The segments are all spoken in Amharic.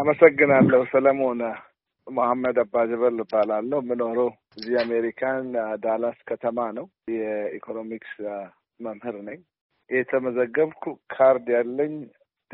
አመሰግናለሁ ሰለሞን። መሐመድ አባጀበል እባላለሁ። የምኖረው እዚህ አሜሪካን ዳላስ ከተማ ነው። የኢኮኖሚክስ መምህር ነኝ። የተመዘገብኩ ካርድ ያለኝ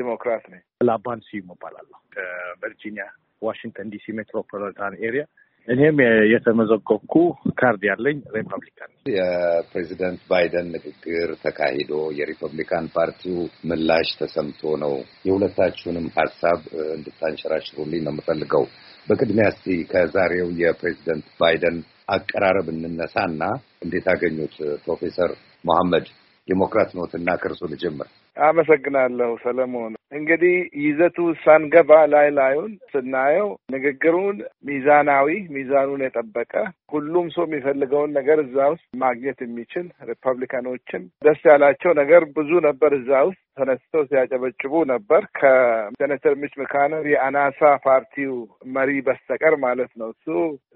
ዲሞክራት ነኝ። ላባን ስዩም እባላለሁ። ከቨርጂኒያ ዋሽንግተን ዲሲ ሜትሮፖሊታን ኤሪያ እኔም የተመዘገብኩ ካርድ ያለኝ ሪፐብሊካን። የፕሬዚደንት ባይደን ንግግር ተካሂዶ የሪፐብሊካን ፓርቲው ምላሽ ተሰምቶ ነው የሁለታችሁንም ሀሳብ እንድታንሸራሽሩልኝ ነው የምፈልገው። በቅድሚያ እስቲ ከዛሬው የፕሬዚደንት ባይደን አቀራረብ እንነሳና እንዴት አገኙት? ፕሮፌሰር መሐመድ ዲሞክራት ኖትና ከእርሶ ልጀምር። አመሰግናለሁ ሰለሞን። እንግዲህ ይዘቱ ሳንገባ ላይ ላዩን ስናየው ንግግሩን ሚዛናዊ፣ ሚዛኑን የጠበቀ ሁሉም ሰው የሚፈልገውን ነገር እዛ ውስጥ ማግኘት የሚችል ሪፐብሊካኖችም ደስ ያላቸው ነገር ብዙ ነበር። እዛ ውስጥ ተነስተው ሲያጨበጭቡ ነበር። ከሴኔተር ሚች መካነር የአናሳ ፓርቲው መሪ በስተቀር ማለት ነው። እሱ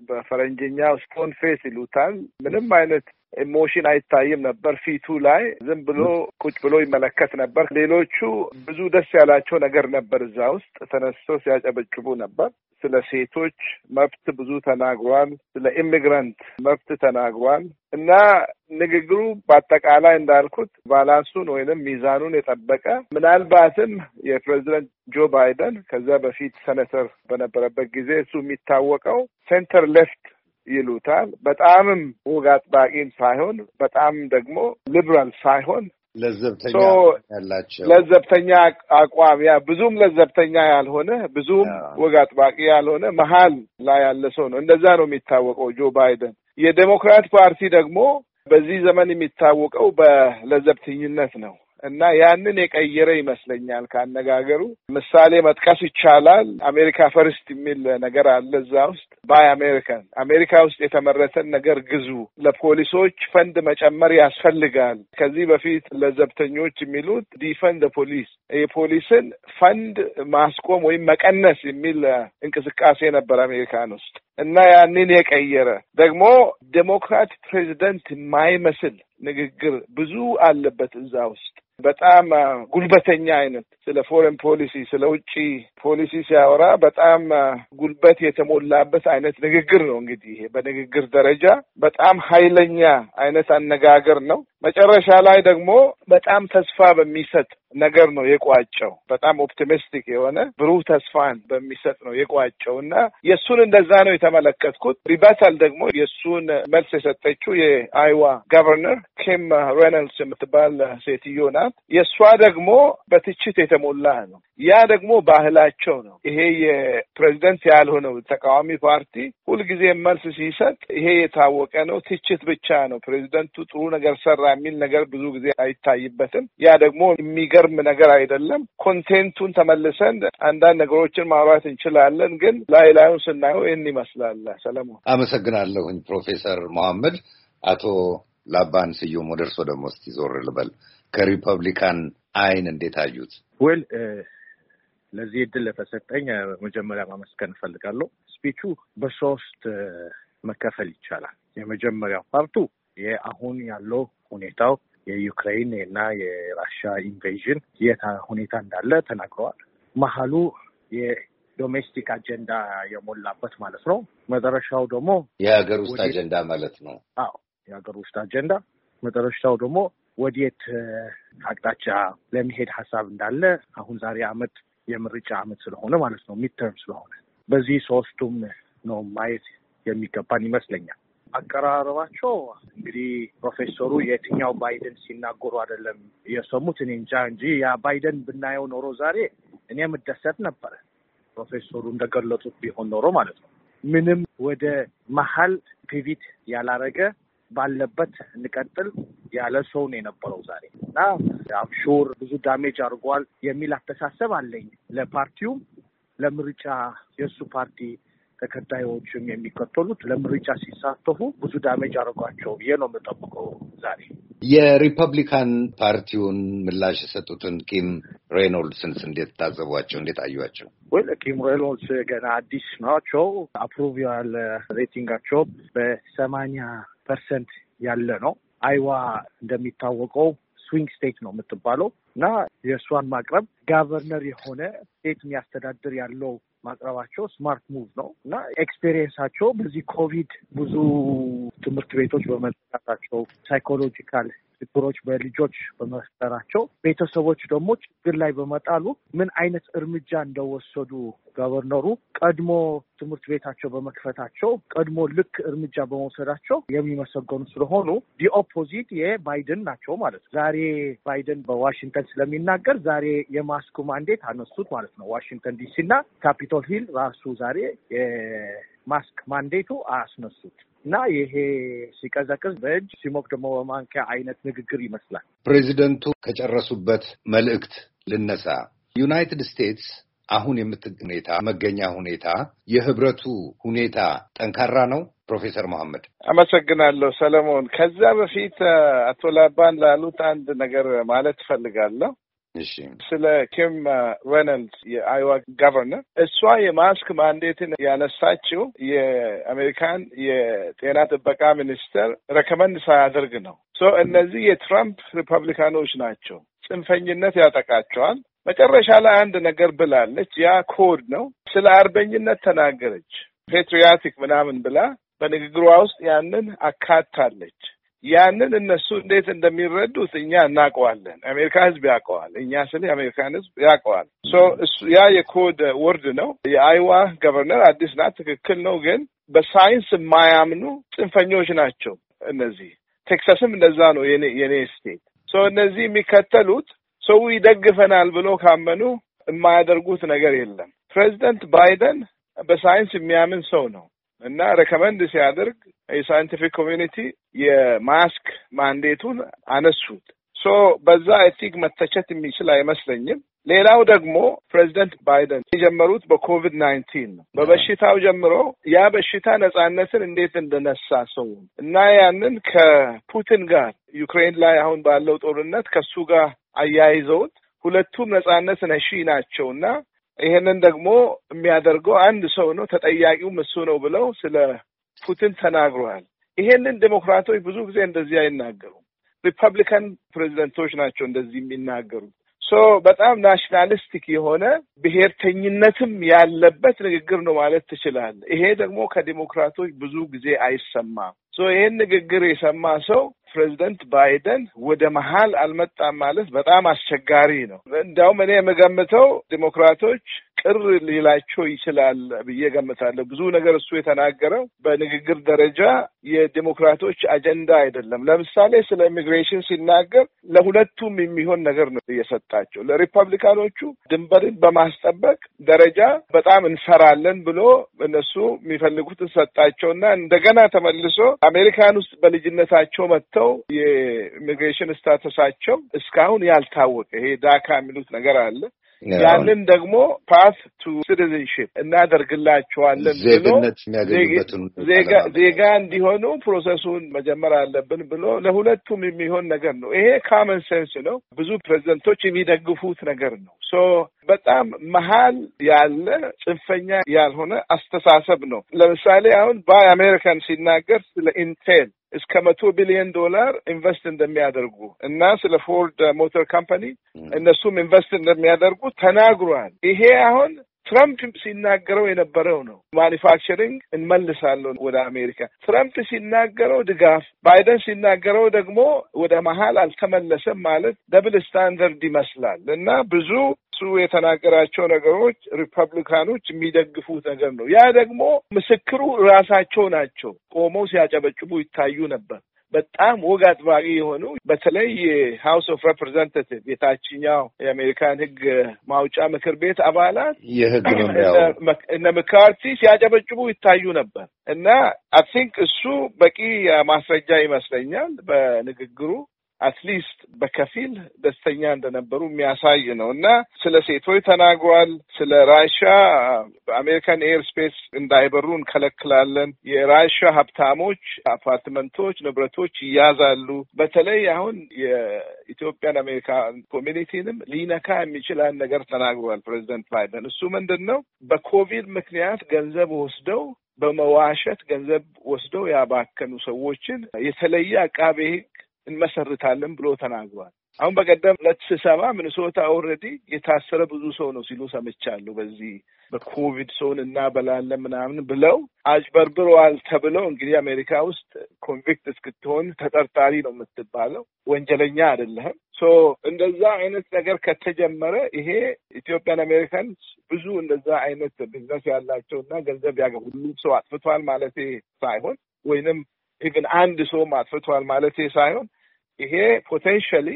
በፈረንጅኛ ስፖን ፌስ ይሉታል። ምንም አይነት ኢሞሽን አይታይም ነበር ፊቱ ላይ ዝም ብሎ ቁጭ ብሎ ይመለከት ነበር። ሌሎቹ ብዙ ደስ ያላቸው ነገር ነበር እዛ ውስጥ ተነስቶ ሲያጨበጭቡ ነበር። ስለ ሴቶች መብት ብዙ ተናግሯል። ስለ ኢሚግራንት መብት ተናግሯል እና ንግግሩ በአጠቃላይ እንዳልኩት ባላንሱን ወይንም ሚዛኑን የጠበቀ ምናልባትም የፕሬዚደንት ጆ ባይደን ከዛ በፊት ሰነተር በነበረበት ጊዜ እሱ የሚታወቀው ሴንተር ሌፍት ይሉታል። በጣምም ወግ አጥባቂም ሳይሆን በጣም ደግሞ ሊብራል ሳይሆን ለዘብተኛ አቋም ያ ብዙም ለዘብተኛ ያልሆነ ብዙም ወግ አጥባቂ ያልሆነ መሀል ላይ ያለ ሰው ነው። እንደዛ ነው የሚታወቀው ጆ ባይደን። የዴሞክራት ፓርቲ ደግሞ በዚህ ዘመን የሚታወቀው በለዘብተኝነት ነው። እና ያንን የቀየረ ይመስለኛል። ከአነጋገሩ። ምሳሌ መጥቀስ ይቻላል። አሜሪካ ፈርስት የሚል ነገር አለ እዛ ውስጥ ባይ አሜሪካን፣ አሜሪካ ውስጥ የተመረተን ነገር ግዙ፣ ለፖሊሶች ፈንድ መጨመር ያስፈልጋል። ከዚህ በፊት ለዘብተኞች የሚሉት ዲፈንድ ፖሊስ የፖሊስን ፈንድ ማስቆም ወይም መቀነስ የሚል እንቅስቃሴ ነበር አሜሪካን ውስጥ እና ያንን የቀየረ ደግሞ ዴሞክራት ፕሬዚደንት የማይመስል ንግግር ብዙ አለበት እዛ ውስጥ በጣም ጉልበተኛ አይነት ስለ ፎሬን ፖሊሲ ስለ ውጭ ፖሊሲ ሲያወራ በጣም ጉልበት የተሞላበት አይነት ንግግር ነው። እንግዲህ ይሄ በንግግር ደረጃ በጣም ኃይለኛ አይነት አነጋገር ነው። መጨረሻ ላይ ደግሞ በጣም ተስፋ በሚሰጥ ነገር ነው የቋጨው። በጣም ኦፕቲሚስቲክ የሆነ ብሩህ ተስፋን በሚሰጥ ነው የቋጨው እና የእሱን እንደዛ ነው የተመለከትኩት። ሪበታል ደግሞ የእሱን መልስ የሰጠችው የአይዋ ገቨርነር ኪም ሬኖልድስ የምትባል ሴትዮ ናት። የእሷ ደግሞ በትችት የተሞላ ነው። ያ ደግሞ ባህላቸው ነው። ይሄ የፕሬዚደንት ያልሆነው ተቃዋሚ ፓርቲ ሁልጊዜ መልስ ሲሰጥ ይሄ የታወቀ ነው። ትችት ብቻ ነው። ፕሬዚደንቱ ጥሩ ነገር ሰራ የሚል ነገር ብዙ ጊዜ አይታይበትም። ያ ደግሞ የሚገርም ነገር አይደለም። ኮንቴንቱን ተመልሰን አንዳንድ ነገሮችን ማውራት እንችላለን፣ ግን ላይ ላዩን ስናየው ይህን ይመስላል። ሰለሞን አመሰግናለሁኝ። ፕሮፌሰር መሐመድ አቶ ላባን ስዩም ወደ እርሶ ደግሞ እስቲ ዞር ልበል። ከሪፐብሊካን አይን እንዴት አዩት? ወል uh, ለዚህ እድል ለተሰጠኝ መጀመሪያ ማመስገን እፈልጋለሁ። ስፒቹ በሶስት uh, መከፈል ይቻላል። የመጀመሪያው ፓርቱ አሁን ያለው ሁኔታው የዩክሬን እና የራሻ ኢንቬዥን የት ሁኔታ እንዳለ ተናግረዋል። መሀሉ የዶሜስቲክ አጀንዳ የሞላበት ማለት ነው። መጨረሻው ደግሞ የሀገር ውስጥ አጀንዳ ማለት ነው። አዎ የሀገር ውስጥ አጀንዳ መጨረሻው ደግሞ ወዴት አቅጣጫ ለመሄድ ሀሳብ እንዳለ አሁን ዛሬ አመት የምርጫ አመት ስለሆነ ማለት ነው፣ ሚድተርም ስለሆነ በዚህ ሶስቱም ነው ማየት የሚገባን ይመስለኛል። አቀራረባቸው እንግዲህ ፕሮፌሰሩ የትኛው ባይደን ሲናገሩ አይደለም የሰሙት እኔ እንጃ እንጂ ያ ባይደን ብናየው ኖሮ ዛሬ እኔ የምደሰት ነበረ። ፕሮፌሰሩ እንደገለጡት ቢሆን ኖሮ ማለት ነው። ምንም ወደ መሀል ፒቪት ያላረገ ባለበት እንቀጥል ያለ ሰው ነው የነበረው ዛሬ እና አምሹር ብዙ ዳሜጅ አድርጓል የሚል አስተሳሰብ አለኝ ለፓርቲውም ለምርጫ የእሱ ፓርቲ ተከታዮቹም የሚከተሉት ለምርጫ ሲሳተፉ ብዙ ዳሜጅ አድርጓቸው ብዬ ነው የምጠብቀው። ዛሬ የሪፐብሊካን ፓርቲውን ምላሽ የሰጡትን ኪም ሬኖልድስንስ እንዴት ታዘቧቸው? እንዴት አዩቸው? ወይ ኪም ሬኖልድስ ገና አዲስ ናቸው። አፕሩቭ ያለ ሬቲንጋቸው በሰማኒያ ፐርሰንት ያለ ነው። አይዋ እንደሚታወቀው ስዊንግ ስቴት ነው የምትባለው እና የእሷን ማቅረብ ጋቨርነር የሆነ ስቴት የሚያስተዳድር ያለው ማቅረባቸው ስማርት ሙቭ ነው እና ኤክስፔሪየንሳቸው በዚህ ኮቪድ ብዙ ትምህርት ቤቶች በመዘጋታቸው ሳይኮሎጂካል ችግሮች በልጆች በመፍጠራቸው ቤተሰቦች ደግሞ ችግር ላይ በመጣሉ ምን አይነት እርምጃ እንደወሰዱ ገቨርነሩ ቀድሞ ትምህርት ቤታቸው በመክፈታቸው ቀድሞ ልክ እርምጃ በመውሰዳቸው የሚመሰገኑ ስለሆኑ ዲኦፖዚት የባይደን ናቸው ማለት ነው። ዛሬ ባይደን በዋሽንግተን ስለሚናገር ዛሬ የማስኩ ማንዴት አነሱት ማለት ነው። ዋሽንግተን ዲሲ እና ካፒቶል ሂል ራሱ ዛሬ ማስክ ማንዴቱ አያስነሱት እና ይሄ ሲቀዘቅዝ በእጅ ሲሞቅ ደግሞ በማንኪያ አይነት ንግግር ይመስላል። ፕሬዚደንቱ ከጨረሱበት መልእክት ልነሳ። ዩናይትድ ስቴትስ አሁን የምት ሁኔታ መገኛ ሁኔታ የህብረቱ ሁኔታ ጠንካራ ነው። ፕሮፌሰር መሐመድ አመሰግናለሁ ሰለሞን። ከዛ በፊት አቶ ላባን ላሉት አንድ ነገር ማለት እፈልጋለሁ። ስለ ኪም ሬኖልድስ የአይዋ ጋቨርነር እሷ የማስክ ማንዴትን ያነሳችው የአሜሪካን የጤና ጥበቃ ሚኒስቴር ረከመንድ ሳያደርግ ነው። ሶ እነዚህ የትራምፕ ሪፐብሊካኖች ናቸው። ጽንፈኝነት ያጠቃቸዋል። መጨረሻ ላይ አንድ ነገር ብላለች። ያ ኮድ ነው። ስለ አርበኝነት ተናገረች። ፔትሪያቲክ ምናምን ብላ በንግግሯ ውስጥ ያንን አካታለች። ያንን እነሱ እንዴት እንደሚረዱት እኛ እናውቀዋለን። የአሜሪካ ህዝብ ያውቀዋል። እኛ ስለ የአሜሪካን ህዝብ ያውቀዋል። ያ የኮድ ወርድ ነው። የአይዋ ገቨርነር አዲስ ናት፣ ትክክል ነው። ግን በሳይንስ የማያምኑ ጽንፈኞች ናቸው እነዚህ። ቴክሳስም እንደዛ ነው የኔ ስቴት። እነዚህ የሚከተሉት ሰው ይደግፈናል ብሎ ካመኑ የማያደርጉት ነገር የለም። ፕሬዚደንት ባይደን በሳይንስ የሚያምን ሰው ነው። እና ሬከመንድ ሲያደርግ የሳይንቲፊክ ኮሚኒቲ የማስክ ማንዴቱን አነሱት። ሶ በዛ ኤቲክ መተቸት የሚችል አይመስለኝም። ሌላው ደግሞ ፕሬዚደንት ባይደን የጀመሩት በኮቪድ ናይንቲን ነው። በበሽታው ጀምሮ ያ በሽታ ነጻነትን እንዴት እንደነሳ ሰው እና ያንን ከፑቲን ጋር ዩክሬን ላይ አሁን ባለው ጦርነት ከሱ ጋር አያይዘውት ሁለቱም ነጻነት ነሺ ናቸው እና ይሄንን ደግሞ የሚያደርገው አንድ ሰው ነው፣ ተጠያቂውም እሱ ነው ብለው ስለ ፑቲን ተናግረዋል። ይሄንን ዴሞክራቶች ብዙ ጊዜ እንደዚህ አይናገሩም። ሪፐብሊካን ፕሬዚደንቶች ናቸው እንደዚህ የሚናገሩት። ሶ በጣም ናሽናሊስቲክ የሆነ ብሔርተኝነትም ያለበት ንግግር ነው ማለት ትችላለህ። ይሄ ደግሞ ከዴሞክራቶች ብዙ ጊዜ አይሰማም። ሶ ይህን ንግግር የሰማ ሰው ፕሬዚደንት ባይደን ወደ መሀል አልመጣም ማለት በጣም አስቸጋሪ ነው። እንዲያውም እኔ የምገምተው ዲሞክራቶች ቅር ሊላቸው ይችላል ብዬ ገምታለሁ። ብዙ ነገር እሱ የተናገረው በንግግር ደረጃ የዴሞክራቶች አጀንዳ አይደለም። ለምሳሌ ስለ ኢሚግሬሽን ሲናገር ለሁለቱም የሚሆን ነገር ነው እየሰጣቸው። ለሪፐብሊካኖቹ ድንበርን በማስጠበቅ ደረጃ በጣም እንሰራለን ብሎ እነሱ የሚፈልጉትን ሰጣቸውና እንደገና ተመልሶ አሜሪካን ውስጥ በልጅነታቸው መጥተው የኢሚግሬሽን ስታተሳቸው እስካሁን ያልታወቀ ይሄ ዳካ የሚሉት ነገር አለ ያንን ደግሞ ፓስ ቱ ሲቲዝንሽፕ እናደርግላቸዋለን ብሎ ዜጋ እንዲሆኑ ፕሮሰሱን መጀመር አለብን ብሎ ለሁለቱም የሚሆን ነገር ነው። ይሄ ካመን ሴንስ ነው። ብዙ ፕሬዚደንቶች የሚደግፉት ነገር ነው። ሶ በጣም መሀል ያለ ጽንፈኛ ያልሆነ አስተሳሰብ ነው። ለምሳሌ አሁን ባይ አሜሪካን ሲናገር ስለ ኢንቴል እስከ መቶ ቢሊዮን ዶላር ኢንቨስት እንደሚያደርጉ እና ስለ ፎርድ ሞተር ካምፓኒ እነሱም ኢንቨስት እንደሚያደርጉ ተናግሯል። ይሄ አሁን ትራምፕ ሲናገረው የነበረው ነው። ማኒፋክቸሪንግ እንመልሳለሁ ወደ አሜሪካ። ትራምፕ ሲናገረው ድጋፍ፣ ባይደን ሲናገረው ደግሞ ወደ መሀል አልተመለሰም ማለት ደብል ስታንደርድ ይመስላል እና ብዙ እሱ የተናገራቸው ነገሮች ሪፐብሊካኖች የሚደግፉት ነገር ነው። ያ ደግሞ ምስክሩ ራሳቸው ናቸው። ቆመው ሲያጨበጭቡ ይታዩ ነበር። በጣም ወግ አጥባቂ የሆኑ በተለይ ሃውስ ኦፍ ሬፕሬዘንታቲቭ የታችኛው የአሜሪካን ህግ ማውጫ ምክር ቤት አባላት የህግ እነ መካርቲ ሲያጨበጭቡ ይታዩ ነበር እና አይ ቲንክ እሱ በቂ ማስረጃ ይመስለኛል በንግግሩ አትሊስት በከፊል ደስተኛ እንደነበሩ የሚያሳይ ነው እና ስለ ሴቶች ተናግሯል። ስለ ራሻ በአሜሪካን ኤርስፔስ እንዳይበሩ እንከለክላለን፣ የራሻ ሀብታሞች አፓርትመንቶች፣ ንብረቶች ይያዛሉ። በተለይ አሁን የኢትዮጵያን አሜሪካን ኮሚኒቲንም ሊነካ የሚችላን ነገር ተናግሯል ፕሬዚደንት ባይደን። እሱ ምንድን ነው? በኮቪድ ምክንያት ገንዘብ ወስደው በመዋሸት ገንዘብ ወስደው ያባከኑ ሰዎችን የተለየ አቃቤ እንመሰርታለን ብሎ ተናግሯል። አሁን በቀደም ለተሰማ ሚኒሶታ ኦልሬዲ የታሰረ ብዙ ሰው ነው ሲሉ ሰምቻለሁ። በዚህ በኮቪድ ሰውን እናበላለን ምናምን ብለው አጭበርብረዋል ተብለው እንግዲህ አሜሪካ ውስጥ ኮንቪክት እስክትሆን ተጠርጣሪ ነው የምትባለው፣ ወንጀለኛ አይደለህም። ሶ እንደዛ አይነት ነገር ከተጀመረ ይሄ ኢትዮጵያን አሜሪካን ብዙ እንደዛ አይነት ቢዝነስ ያላቸው እና ገንዘብ ያገ ሁሉ ሰው አጥፍቷል ማለት ሳይሆን ወይንም ኢቨን አንድ ሰው አጥፍቷል ማለት ሳይሆን ይሄ ፖቴንሻሊ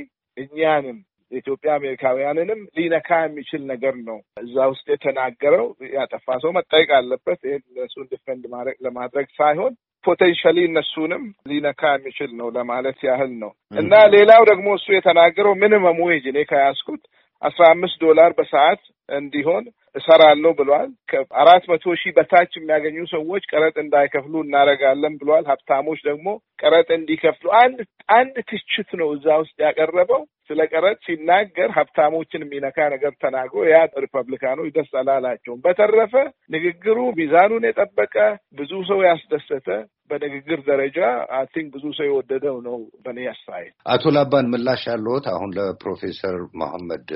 እኛንም የኢትዮጵያ አሜሪካውያንንም ሊነካ የሚችል ነገር ነው። እዛ ውስጥ የተናገረው ያጠፋ ሰው መጠየቅ አለበት። ይህ እነሱን ዲፌንድ ለማድረግ ሳይሆን ፖቴንሻሊ እነሱንም ሊነካ የሚችል ነው ለማለት ያህል ነው እና ሌላው ደግሞ እሱ የተናገረው ሚኒመም ዌጅ እኔ ከያዝኩት አስራ አምስት ዶላር በሰዓት እንዲሆን እሰራለሁ ብለዋል። ከአራት መቶ ሺህ በታች የሚያገኙ ሰዎች ቀረጥ እንዳይከፍሉ እናደርጋለን ብለዋል። ሀብታሞች ደግሞ ቀረጥ እንዲከፍሉ አንድ አንድ ትችት ነው እዛ ውስጥ ያቀረበው። ስለ ቀረጥ ሲናገር ሀብታሞችን የሚነካ ነገር ተናግሮ ያ ሪፐብሊካኖች ደስ አላላቸውም። በተረፈ ንግግሩ ሚዛኑን የጠበቀ ብዙ ሰው ያስደሰተ በንግግር ደረጃ አይ ቲንክ ብዙ ሰው የወደደው ነው በኔ አስተያየት። አቶ ላባን ምላሽ አለዎት? አሁን ለፕሮፌሰር መሐመድ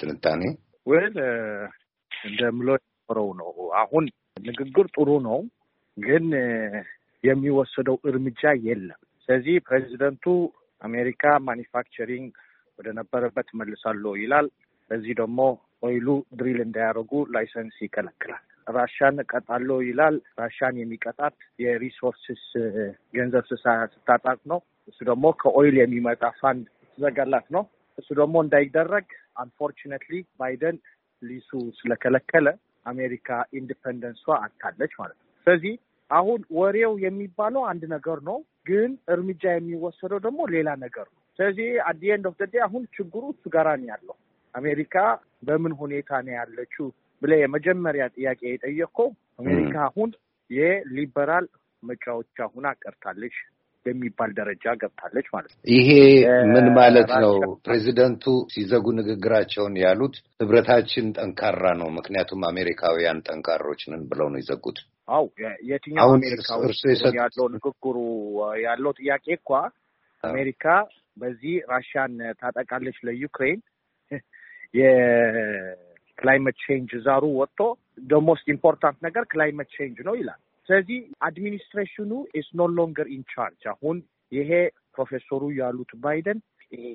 ትንታኔ እንደ እንደምለው የኖረው ነው። አሁን ንግግር ጥሩ ነው፣ ግን የሚወሰደው እርምጃ የለም። ስለዚህ ፕሬዚደንቱ አሜሪካ ማኒፋክቸሪንግ ወደ ነበረበት መልሳለሁ ይላል። በዚህ ደግሞ ኦይሉ ድሪል እንዳያደርጉ ላይሰንስ ይከለክላል። ራሻን እቀጣለሁ ይላል። ራሻን የሚቀጣት የሪሶርስስ ገንዘብ ስታጣት ነው። እሱ ደግሞ ከኦይል የሚመጣ ፋንድ ዘጋላት ነው። እሱ ደግሞ እንዳይደረግ አንፎርችነትሊ ባይደን ሊሱ ስለከለከለ አሜሪካ ኢንዲፐንደንሷ አታለች ማለት ነው። ስለዚህ አሁን ወሬው የሚባለው አንድ ነገር ነው፣ ግን እርምጃ የሚወሰደው ደግሞ ሌላ ነገር ነው። ስለዚህ አዲ ኤንድ ኦፍ አሁን ችግሩ እሱ ጋራ ነው ያለው። አሜሪካ በምን ሁኔታ ነው ያለችው ብለህ የመጀመሪያ ጥያቄ የጠየቅከው አሜሪካ አሁን የሊበራል መጫወቻ ሁና ቀርታለች በሚባል ደረጃ ገብታለች ማለት ነው። ይሄ ምን ማለት ነው? ፕሬዚደንቱ ሲዘጉ ንግግራቸውን ያሉት ህብረታችን ጠንካራ ነው፣ ምክንያቱም አሜሪካውያን ጠንካሮች ነን ብለው ነው የዘጉት። አው የትኛው አሜሪካ ያለው ንግግሩ ያለው ጥያቄ እኳ አሜሪካ በዚህ ራሽያን ታጠቃለች ለዩክሬን የክላይመት ቼንጅ ዛሩ ወጥቶ ደሞስት ኢምፖርታንት ነገር ክላይመት ቼንጅ ነው ይላል። ስለዚህ አድሚኒስትሬሽኑ ኢስ ኖ ሎንገር ኢንቻርጅ አሁን ይሄ ፕሮፌሰሩ ያሉት ባይደን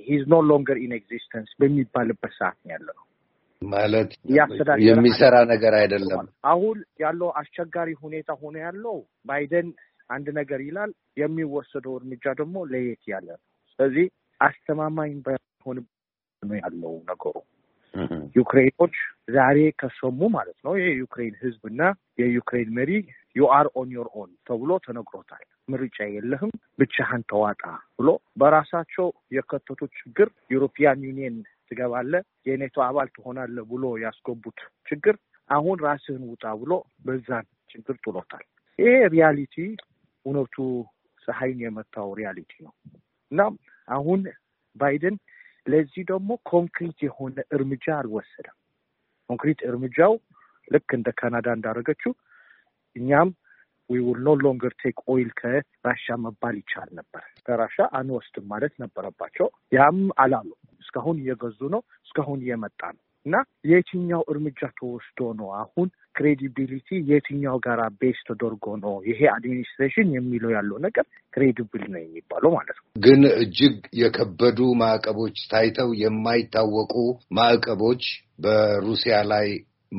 ሂዝ ኖ ሎንገር ኢን ኤግዚስተንስ በሚባልበት ሰዓት ነው ያለ ነው ማለት የሚሰራ ነገር አይደለም። አሁን ያለው አስቸጋሪ ሁኔታ ሆኖ ያለው ባይደን አንድ ነገር ይላል፣ የሚወሰደው እርምጃ ደግሞ ለየት ያለ ነው። ስለዚህ አስተማማኝ ባይሆን ነው ያለው ነገሩ። ዩክሬኖች ዛሬ ከሰሙ ማለት ነው የዩክሬን ህዝብና የዩክሬን መሪ ዩ አር ኦን ዮር ኦን ተብሎ ተነግሮታል። ምርጫ የለህም ብቻህን ተዋጣ ብሎ በራሳቸው የከተቱት ችግር ዩሮፒያን ዩኒየን ትገባለህ፣ የኔቶ አባል ትሆናለህ ብሎ ያስገቡት ችግር አሁን ራስህን ውጣ ብሎ በዛን ችግር ጥሎታል። ይሄ ሪያሊቲ እውነቱ ፀሐይን የመታው ሪያሊቲ ነው እና አሁን ባይደን ለዚህ ደግሞ ኮንክሪት የሆነ እርምጃ አልወሰደም። ኮንክሪት እርምጃው ልክ እንደ ካናዳ እንዳደረገችው እኛም ዊ ውል ኖ ሎንገር ቴክ ኦይል ከራሻ መባል ይቻል ነበር። ከራሻ አንወስድም ማለት ነበረባቸው። ያም አላሉ። እስካሁን እየገዙ ነው። እስካሁን እየመጣ ነው እና የትኛው እርምጃ ተወስዶ ነው? አሁን ክሬዲቢሊቲ የትኛው ጋራ ቤስ ተደርጎ ነው? ይሄ አድሚኒስትሬሽን የሚለው ያለው ነገር ክሬዲብል ነው የሚባለው ማለት ነው። ግን እጅግ የከበዱ ማዕቀቦች ታይተው የማይታወቁ ማዕቀቦች በሩሲያ ላይ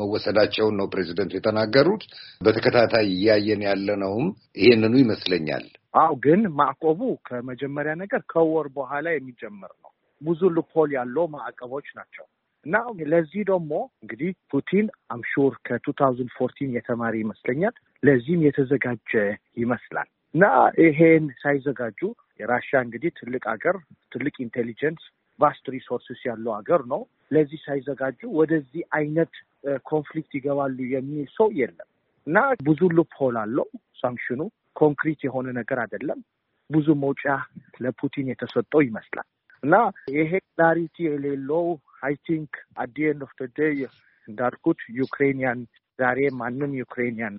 መወሰዳቸውን ነው ፕሬዚደንቱ የተናገሩት። በተከታታይ እያየን ያለነውም ይህንኑ ይመስለኛል። አዎ፣ ግን ማዕቀቡ ከመጀመሪያ ነገር ከወር በኋላ የሚጀምር ነው። ብዙ ልፖል ያለው ማዕቀቦች ናቸው እና ለዚህ ደግሞ እንግዲህ ፑቲን አምሹር ከ ታውዝንድ ፎርቲን የተማሪ ይመስለኛል። ለዚህም የተዘጋጀ ይመስላል እና ይሄን ሳይዘጋጁ የራሻ እንግዲህ ትልቅ ሀገር ትልቅ ኢንቴሊጀንስ ቫስት ሪሶርስስ ያለው ሀገር ነው። ለዚህ ሳይዘጋጁ ወደዚህ አይነት ኮንፍሊክት ይገባሉ የሚል ሰው የለም እና ብዙ ሉፕሆል አለው ሳንክሽኑ። ኮንክሪት የሆነ ነገር አይደለም። ብዙ መውጫ ለፑቲን የተሰጠው ይመስላል እና ይሄ ክላሪቲ የሌለው አይ ቲንክ አት ዲ ኤንድ ኦፍ ዘ ዴይ እንዳልኩት ዩክሬንያን ዛሬ ማንም ዩክሬንያን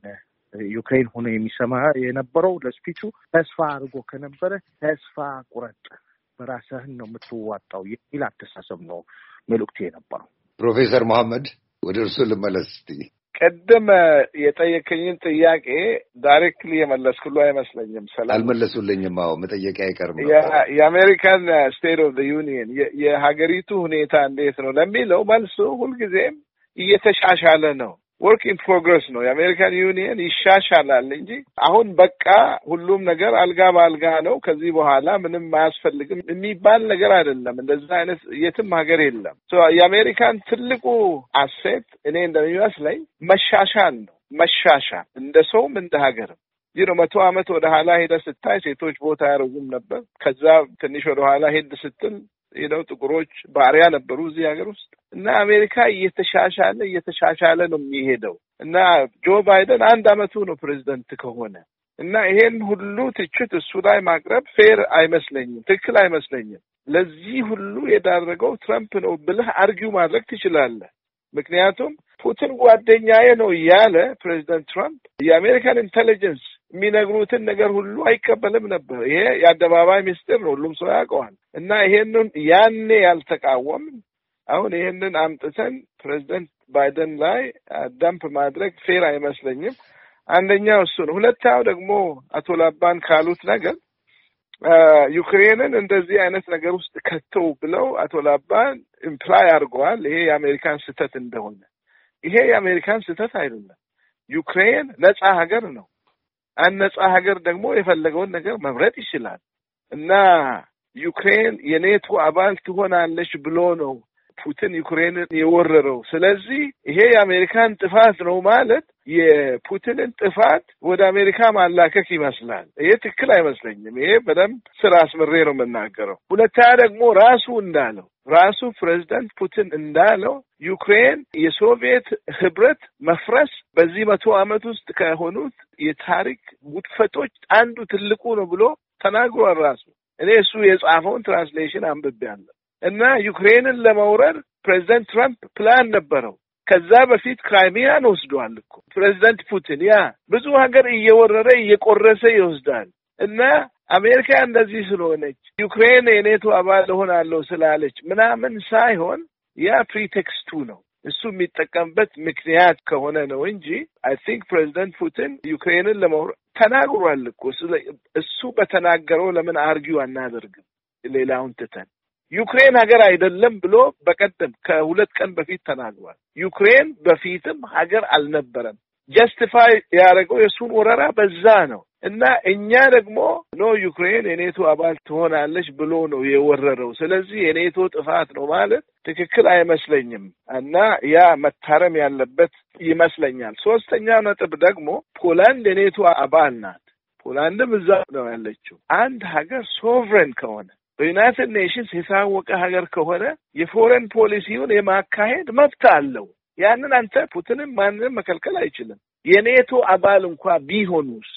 ዩክሬን ሆኖ የሚሰማ የነበረው ለስፒቹ ተስፋ አድርጎ ከነበረ ተስፋ ቁረጥ በራስህን ነው የምትዋጣው የሚል አተሳሰብ ነው መልእክቱ የነበረው። ፕሮፌሰር መሐመድ ወደ እርሱ ልመለስ እስቲ። ቅድም የጠየከኝን ጥያቄ ዳይሬክትሊ የመለስክሉ አይመስለኝም። ሰላም አልመለሱልኝም። አዎ መጠየቅ አይቀርም። የአሜሪካን ስቴት ኦፍ ዩኒየን የሀገሪቱ ሁኔታ እንዴት ነው ለሚለው መልሱ ሁልጊዜም እየተሻሻለ ነው ወርክ ኢን ፕሮግረስ ነው። የአሜሪካን ዩኒየን ይሻሻላል እንጂ አሁን በቃ ሁሉም ነገር አልጋ በአልጋ ነው፣ ከዚህ በኋላ ምንም አያስፈልግም የሚባል ነገር አይደለም። እንደዛ አይነት የትም ሀገር የለም። የአሜሪካን ትልቁ አሴት እኔ እንደሚመስለኝ መሻሻል ነው። መሻሻል እንደ ሰውም እንደ ሀገርም ይህ ነው። መቶ ዓመት ወደ ኋላ ሄደ ስታይ ሴቶች ቦታ አያረጉም ነበር። ከዛ ትንሽ ወደ ኋላ ሄድ ስትል ሄደው ጥቁሮች ባሪያ ነበሩ እዚህ ሀገር ውስጥ እና አሜሪካ እየተሻሻለ እየተሻሻለ ነው የሚሄደው እና ጆ ባይደን አንድ አመቱ ነው ፕሬዚደንት ከሆነ እና ይሄን ሁሉ ትችት እሱ ላይ ማቅረብ ፌር አይመስለኝም፣ ትክክል አይመስለኝም። ለዚህ ሁሉ የዳረገው ትረምፕ ነው ብለህ አርጊው ማድረግ ትችላለህ። ምክንያቱም ፑቲን ጓደኛዬ ነው ያለ ፕሬዚደንት ትራምፕ የአሜሪካን ኢንቴሊጀንስ የሚነግሩትን ነገር ሁሉ አይቀበልም ነበር። ይሄ የአደባባይ ምስጢር ነው፣ ሁሉም ሰው ያውቀዋል። እና ይሄንን ያኔ ያልተቃወም አሁን ይሄንን አምጥተን ፕሬዚደንት ባይደን ላይ ደምፕ ማድረግ ፌር አይመስለኝም። አንደኛው እሱ ነው። ሁለተኛው ደግሞ አቶ ላባን ካሉት ነገር ዩክሬንን እንደዚህ አይነት ነገር ውስጥ ከተው ብለው አቶ ላባን ኢምፕላይ አድርገዋል። ይሄ የአሜሪካን ስህተት እንደሆነ ይሄ የአሜሪካን ስህተት አይደለም። ዩክሬን ነጻ ሀገር ነው። አነጻ ሀገር ደግሞ የፈለገውን ነገር መምረጥ ይችላል እና ዩክሬን የኔቶ አባል ትሆናለች ብሎ ነው ፑቲን ዩክሬንን የወረረው። ስለዚህ ይሄ የአሜሪካን ጥፋት ነው ማለት የፑቲንን ጥፋት ወደ አሜሪካ ማላከክ ይመስላል። ይሄ ትክክል አይመስለኝም። ይሄ በደንብ ስራ አስምሬ ነው የምናገረው። ሁለተኛ ደግሞ ራሱ እንዳለው ራሱ ፕሬዚዳንት ፑቲን እንዳለው ዩክሬን የሶቪየት ህብረት መፍረስ በዚህ መቶ ዓመት ውስጥ ከሆኑት የታሪክ ውጥፈቶች አንዱ ትልቁ ነው ብሎ ተናግሯል። ራሱ እኔ እሱ የጻፈውን ትራንስሌሽን አንብቤያለሁ እና ዩክሬንን ለመውረር ፕሬዚዳንት ትራምፕ ፕላን ነበረው ከዛ በፊት ክራይሚያን ወስዷል እኮ ፕሬዚደንት ፑቲን። ያ ብዙ ሀገር እየወረረ እየቆረሰ ይወስዳል እና አሜሪካ እንደዚህ ስለሆነች ዩክሬን የኔቶ አባል እሆናለሁ ስላለች ምናምን ሳይሆን ያ ፕሪቴክስቱ ነው። እሱ የሚጠቀምበት ምክንያት ከሆነ ነው እንጂ አይ ቲንክ ፕሬዚደንት ፑቲን ዩክሬንን ለመውረ ተናግሯል እኮ እሱ በተናገረው ለምን አርጊው አናደርግም? ሌላውን ትተን ዩክሬን ሀገር አይደለም ብሎ በቀደም ከሁለት ቀን በፊት ተናግሯል። ዩክሬን በፊትም ሀገር አልነበረም። ጀስቲፋይ ያደረገው የእሱን ወረራ በዛ ነው እና እኛ ደግሞ ኖ ዩክሬን የኔቶ አባል ትሆናለች ብሎ ነው የወረረው። ስለዚህ የኔቶ ጥፋት ነው ማለት ትክክል አይመስለኝም እና ያ መታረም ያለበት ይመስለኛል። ሶስተኛ ነጥብ ደግሞ ፖላንድ የኔቶ አባል ናት። ፖላንድም እዛ ነው ያለችው። አንድ ሀገር ሶቭሬን ከሆነ በዩናይትድ ኔሽንስ የታወቀ ሀገር ከሆነ የፎረን ፖሊሲውን የማካሄድ መብት አለው። ያንን አንተ ፑቲንም ማንንም መከልከል አይችልም። የኔቶ አባል እንኳ ቢሆኑስ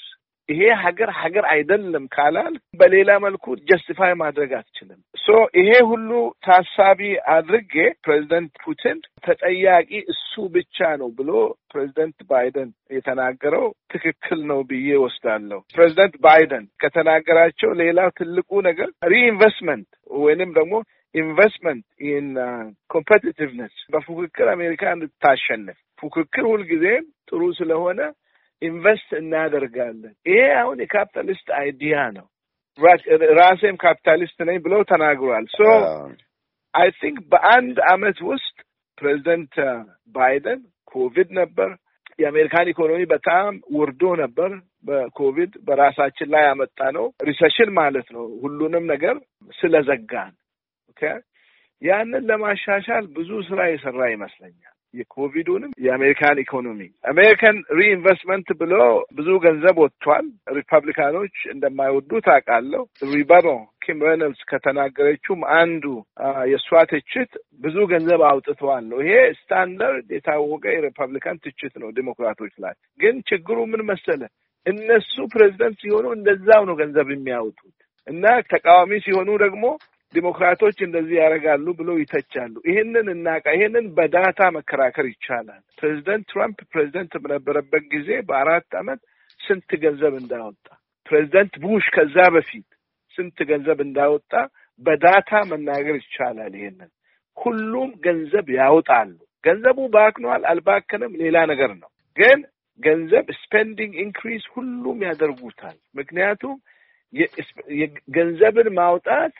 ይሄ ሀገር ሀገር አይደለም ካላል በሌላ መልኩ ጀስቲፋይ ማድረግ አትችልም። ሶ ይሄ ሁሉ ታሳቢ አድርጌ ፕሬዚደንት ፑቲን ተጠያቂ እሱ ብቻ ነው ብሎ ፕሬዚደንት ባይደን የተናገረው ትክክል ነው ብዬ ወስዳለሁ። ፕሬዚደንት ባይደን ከተናገራቸው ሌላው ትልቁ ነገር ሪኢንቨስትመንት ወይንም ደግሞ ኢንቨስትመንት ኢን ኮምፐቲቲቭነስ በፉክክር አሜሪካ እንድታሸንፍ ፉክክር ሁልጊዜም ጥሩ ስለሆነ ኢንቨስት እናደርጋለን። ይሄ አሁን የካፒታሊስት አይዲያ ነው። ራሴም ካፒታሊስት ነኝ ብለው ተናግሯል። ሶ አይ ቲንክ በአንድ አመት ውስጥ ፕሬዚደንት ባይደን ኮቪድ ነበር፣ የአሜሪካን ኢኮኖሚ በጣም ወርዶ ነበር። በኮቪድ በራሳችን ላይ ያመጣ ነው ሪሰሽን ማለት ነው። ሁሉንም ነገር ስለዘጋን ያንን ለማሻሻል ብዙ ስራ የሰራ ይመስለኛል። የኮቪዱንም የአሜሪካን ኢኮኖሚ አሜሪካን ሪኢንቨስትመንት ብሎ ብዙ ገንዘብ ወጥቷል። ሪፐብሊካኖች እንደማይወዱት አውቃለሁ። ሪበሮ ኪም ሬኖልድስ ከተናገረችውም አንዱ የእሷ ትችት ብዙ ገንዘብ አውጥተዋል ነው። ይሄ ስታንዳርድ የታወቀ የሪፐብሊካን ትችት ነው ዴሞክራቶች ላይ። ግን ችግሩ ምን መሰለ፣ እነሱ ፕሬዚደንት ሲሆኑ እንደዛው ነው ገንዘብ የሚያወጡት እና ተቃዋሚ ሲሆኑ ደግሞ ዲሞክራቶች እንደዚህ ያደርጋሉ ብለው ይተቻሉ። ይህንን እናቃ ይህንን በዳታ መከራከር ይቻላል። ፕሬዚደንት ትራምፕ ፕሬዚደንት በነበረበት ጊዜ በአራት ዓመት ስንት ገንዘብ እንዳወጣ፣ ፕሬዚደንት ቡሽ ከዛ በፊት ስንት ገንዘብ እንዳወጣ በዳታ መናገር ይቻላል። ይህንን ሁሉም ገንዘብ ያወጣሉ። ገንዘቡ ባክኗል አልባከንም ሌላ ነገር ነው። ግን ገንዘብ ስፔንዲንግ ኢንክሪስ ሁሉም ያደርጉታል። ምክንያቱም ገንዘብን ማውጣት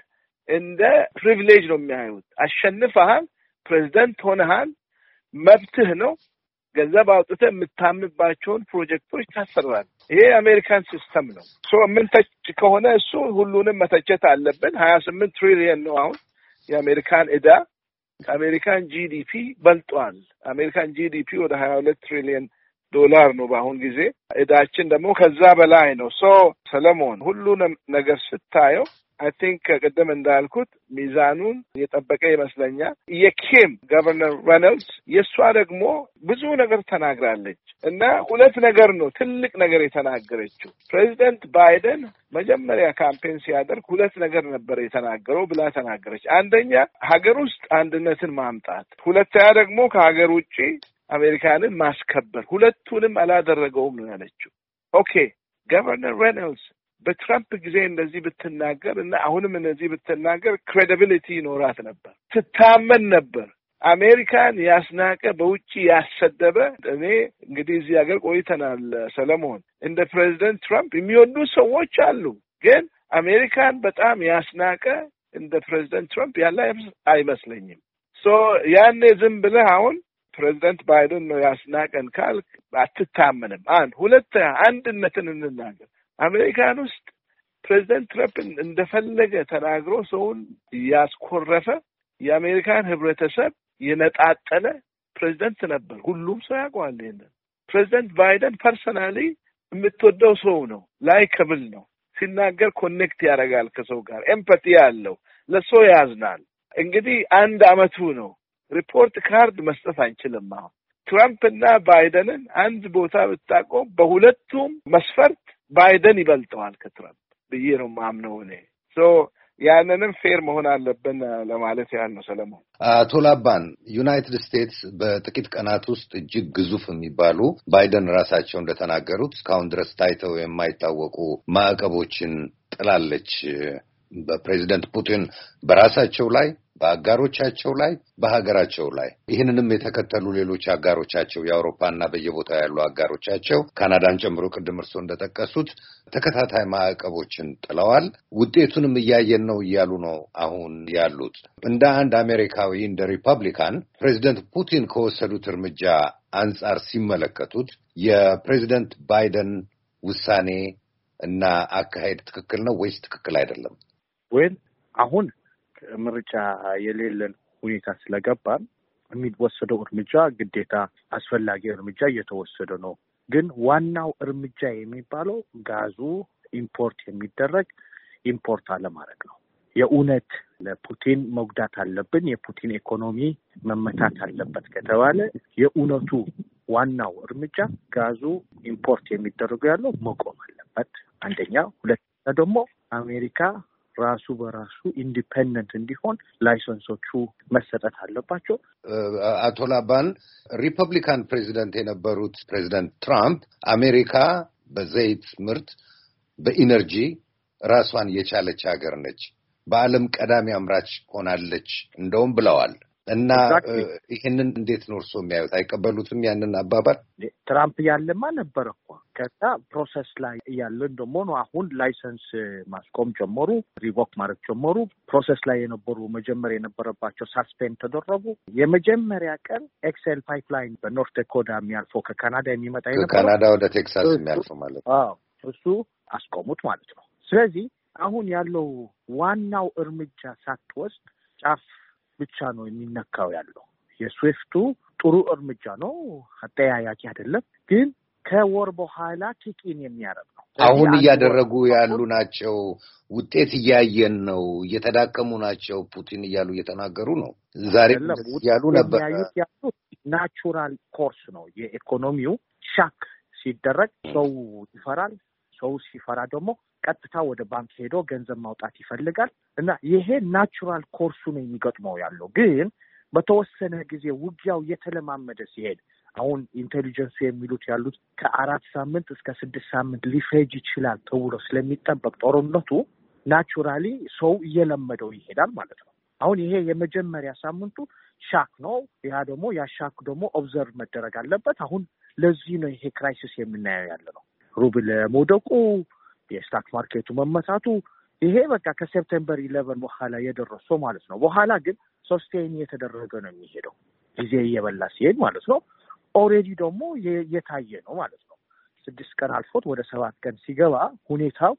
እንደ ፕሪቪሌጅ ነው የሚያዩት። አሸንፈሃል፣ ፕሬዚደንት ሆነሃል፣ መብትህ ነው። ገንዘብ አውጥተህ የምታምንባቸውን ፕሮጀክቶች ታሰራል። ይሄ የአሜሪካን ሲስተም ነው። የምንተች ከሆነ እሱ ሁሉንም መተቸት አለብን። ሀያ ስምንት ትሪሊየን ነው አሁን የአሜሪካን እዳ ከአሜሪካን ጂዲፒ በልጧል። አሜሪካን ጂዲፒ ወደ ሀያ ሁለት ትሪሊየን ዶላር ነው በአሁን ጊዜ። እዳችን ደግሞ ከዛ በላይ ነው። ሶ ሰለሞን ሁሉንም ነገር ስታየው አይ ቲንክ uh, እንዳልኩት ሚዛኑን የጠበቀ ይመስለኛል። የኪም ገቨርነር ረነልድስ የእሷ ደግሞ ብዙ ነገር ተናግራለች እና ሁለት ነገር ነው ትልቅ ነገር የተናገረችው። ፕሬዚደንት ባይደን መጀመሪያ ካምፔን ሲያደርግ ሁለት ነገር ነበር የተናገረው ብላ ተናገረች። አንደኛ ሀገር ውስጥ አንድነትን ማምጣት፣ ሁለተኛ ደግሞ ከሀገር ውጭ አሜሪካንን ማስከበር። ሁለቱንም አላደረገውም ነው ያለችው። ኦኬ ገቨርነር ሬኖልድስ በትራምፕ ጊዜ እንደዚህ ብትናገር እና አሁንም እንደዚህ ብትናገር ክሬዲቢሊቲ ይኖራት ነበር፣ ትታመን ነበር። አሜሪካን ያስናቀ በውጭ ያሰደበ እኔ እንግዲህ እዚህ ሀገር ቆይተናል ሰለሞን፣ እንደ ፕሬዚደንት ትራምፕ የሚወዱ ሰዎች አሉ፣ ግን አሜሪካን በጣም ያስናቀ እንደ ፕሬዚደንት ትራምፕ ያለ አይመስለኝም። ሶ ያኔ ዝም ብለህ አሁን ፕሬዚደንት ባይደን ነው ያስናቀን ካልክ አትታመንም። አንድ ሁለት አንድነትን እንናገር አሜሪካን ውስጥ ፕሬዚደንት ትረምፕን እንደፈለገ ተናግሮ ሰውን ያስኮረፈ የአሜሪካን ህብረተሰብ የነጣጠለ ፕሬዚደንት ነበር። ሁሉም ሰው ያውቀዋል ይሄንን። ፕሬዚደንት ባይደን ፐርሰናሊ የምትወደው ሰው ነው። ላይ ነው ሲናገር ኮኔክት ያደርጋል ከሰው ጋር ኤምፐቲ አለው ለሰው ያዝናል። እንግዲህ አንድ አመቱ ነው። ሪፖርት ካርድ መስጠት አንችልም። አሁን ትራምፕ እና ባይደንን አንድ ቦታ ብታቆም በሁለቱም መስፈርት ባይደን ይበልጠዋል ከትራምፕ ብዬ ነው ማምነው እኔ ሶ ያንንም ፌር መሆን አለብን ለማለት ያህል ነው። ሰለሞን አቶ ላባን፣ ዩናይትድ ስቴትስ በጥቂት ቀናት ውስጥ እጅግ ግዙፍ የሚባሉ ባይደን ራሳቸው እንደተናገሩት እስካሁን ድረስ ታይተው የማይታወቁ ማዕቀቦችን ጥላለች በፕሬዚደንት ፑቲን በራሳቸው ላይ በአጋሮቻቸው ላይ፣ በሀገራቸው ላይ ይህንንም የተከተሉ ሌሎች አጋሮቻቸው የአውሮፓና በየቦታው ያሉ አጋሮቻቸው ካናዳን ጨምሮ ቅድም እርስዎ እንደጠቀሱት ተከታታይ ማዕቀቦችን ጥለዋል። ውጤቱንም እያየን ነው እያሉ ነው አሁን ያሉት። እንደ አንድ አሜሪካዊ እንደ ሪፐብሊካን ፕሬዚደንት ፑቲን ከወሰዱት እርምጃ አንጻር ሲመለከቱት የፕሬዚደንት ባይደን ውሳኔ እና አካሄድ ትክክል ነው ወይስ ትክክል አይደለም? ወይም አሁን ምርጫ የሌለን ሁኔታ ስለገባን የሚወሰደው እርምጃ ግዴታ አስፈላጊ እርምጃ እየተወሰደ ነው። ግን ዋናው እርምጃ የሚባለው ጋዙ ኢምፖርት የሚደረግ ኢምፖርት አለማድረግ ነው። የእውነት ለፑቲን መጉዳት አለብን፣ የፑቲን ኢኮኖሚ መመታት አለበት ከተባለ የእውነቱ ዋናው እርምጃ ጋዙ ኢምፖርት የሚደረጉ ያለው መቆም አለበት አንደኛ። ሁለተኛ ደግሞ አሜሪካ ራሱ በራሱ ኢንዲፔንደንት እንዲሆን ላይሰንሶቹ መሰጠት አለባቸው። አቶ ላባን ሪፐብሊካን ፕሬዚደንት የነበሩት ፕሬዚደንት ትራምፕ አሜሪካ በዘይት ምርት በኢነርጂ ራሷን የቻለች ሀገር ነች፣ በዓለም ቀዳሚ አምራች ሆናለች እንደውም ብለዋል። እና ይህንን እንዴት ነው እርስዎ የሚያዩት? አይቀበሉትም ያንን አባባል? ትራምፕ ያለማ ነበር እኮ ከዛ ፕሮሰስ ላይ እያለን ደግሞ ነው አሁን ላይሰንስ ማስቆም ጀመሩ፣ ሪቮክ ማድረግ ጀመሩ። ፕሮሰስ ላይ የነበሩ መጀመሪያ የነበረባቸው ሳስፔንድ ተደረጉ። የመጀመሪያ ቀን ኤክስኤል ፓይፕላይን በኖርት ዳኮታ የሚያልፈው ከካናዳ የሚመጣ ከካናዳ ወደ ቴክሳስ የሚያልፈው ማለት ነው እሱ አስቆሙት ማለት ነው። ስለዚህ አሁን ያለው ዋናው እርምጃ ሳትወስድ ጫፍ ብቻ ነው የሚነካው ያለው። የስዊፍቱ ጥሩ እርምጃ ነው፣ አጠያያቂ አይደለም። ግን ከወር በኋላ ኪቂን የሚያረብ ነው። አሁን እያደረጉ ያሉ ናቸው። ውጤት እያየን ነው። እየተዳከሙ ናቸው ፑቲን እያሉ እየተናገሩ ነው። ዛሬ ያሉ ነበር። ናቹራል ኮርስ ነው የኢኮኖሚው ሻክ ሲደረግ ሰው ይፈራል፣ ሰው ሲፈራ ደግሞ ቀጥታ ወደ ባንክ ሄዶ ገንዘብ ማውጣት ይፈልጋል እና ይሄ ናቹራል ኮርሱ ነው የሚገጥመው ያለው። ግን በተወሰነ ጊዜ ውጊያው የተለማመደ ሲሄድ አሁን ኢንቴሊጀንሱ የሚሉት ያሉት ከአራት ሳምንት እስከ ስድስት ሳምንት ሊፈጅ ይችላል ተብሎ ስለሚጠበቅ ጦርነቱ ናቹራሊ ሰው እየለመደው ይሄዳል ማለት ነው። አሁን ይሄ የመጀመሪያ ሳምንቱ ሻክ ነው። ያ ደግሞ ያ ሻክ ደግሞ ኦብዘርቭ መደረግ አለበት። አሁን ለዚህ ነው ይሄ ክራይሲስ የምናየው ያለ ነው። ሩብል መውደቁ፣ የስታክ ማርኬቱ መመታቱ ይሄ በቃ ከሴፕቴምበር ኢለቨን በኋላ የደረሰው ማለት ነው። በኋላ ግን ሶስቴን እየተደረገ ነው የሚሄደው ጊዜ እየበላ ሲሄድ ማለት ነው። ኦልሬዲ ደግሞ የታየ ነው ማለት ነው። ስድስት ቀን አልፎት ወደ ሰባት ቀን ሲገባ ሁኔታው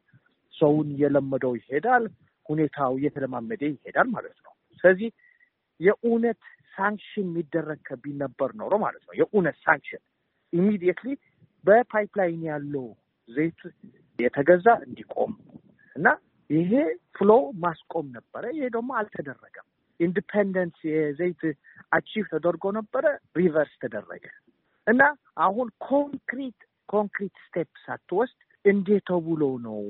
ሰውን እየለመደው ይሄዳል። ሁኔታው እየተለማመደ ይሄዳል ማለት ነው። ስለዚህ የእውነት ሳንክሽን የሚደረግ ከቢል ነበር ኖሮ ማለት ነው የእውነት ሳንክሽን ኢሚዲየትሊ በፓይፕላይን ያለው ዘይት የተገዛ እንዲቆም እና ይሄ ፍሎ ማስቆም ነበረ። ይሄ ደግሞ አልተደረገም። ኢንዲፔንደንስ የዘይት አቺቭ ተደርጎ ነበረ፣ ሪቨርስ ተደረገ እና አሁን ኮንክሪት ኮንክሪት ስቴፕ ሳትወስድ እንዴት ተብሎ ነው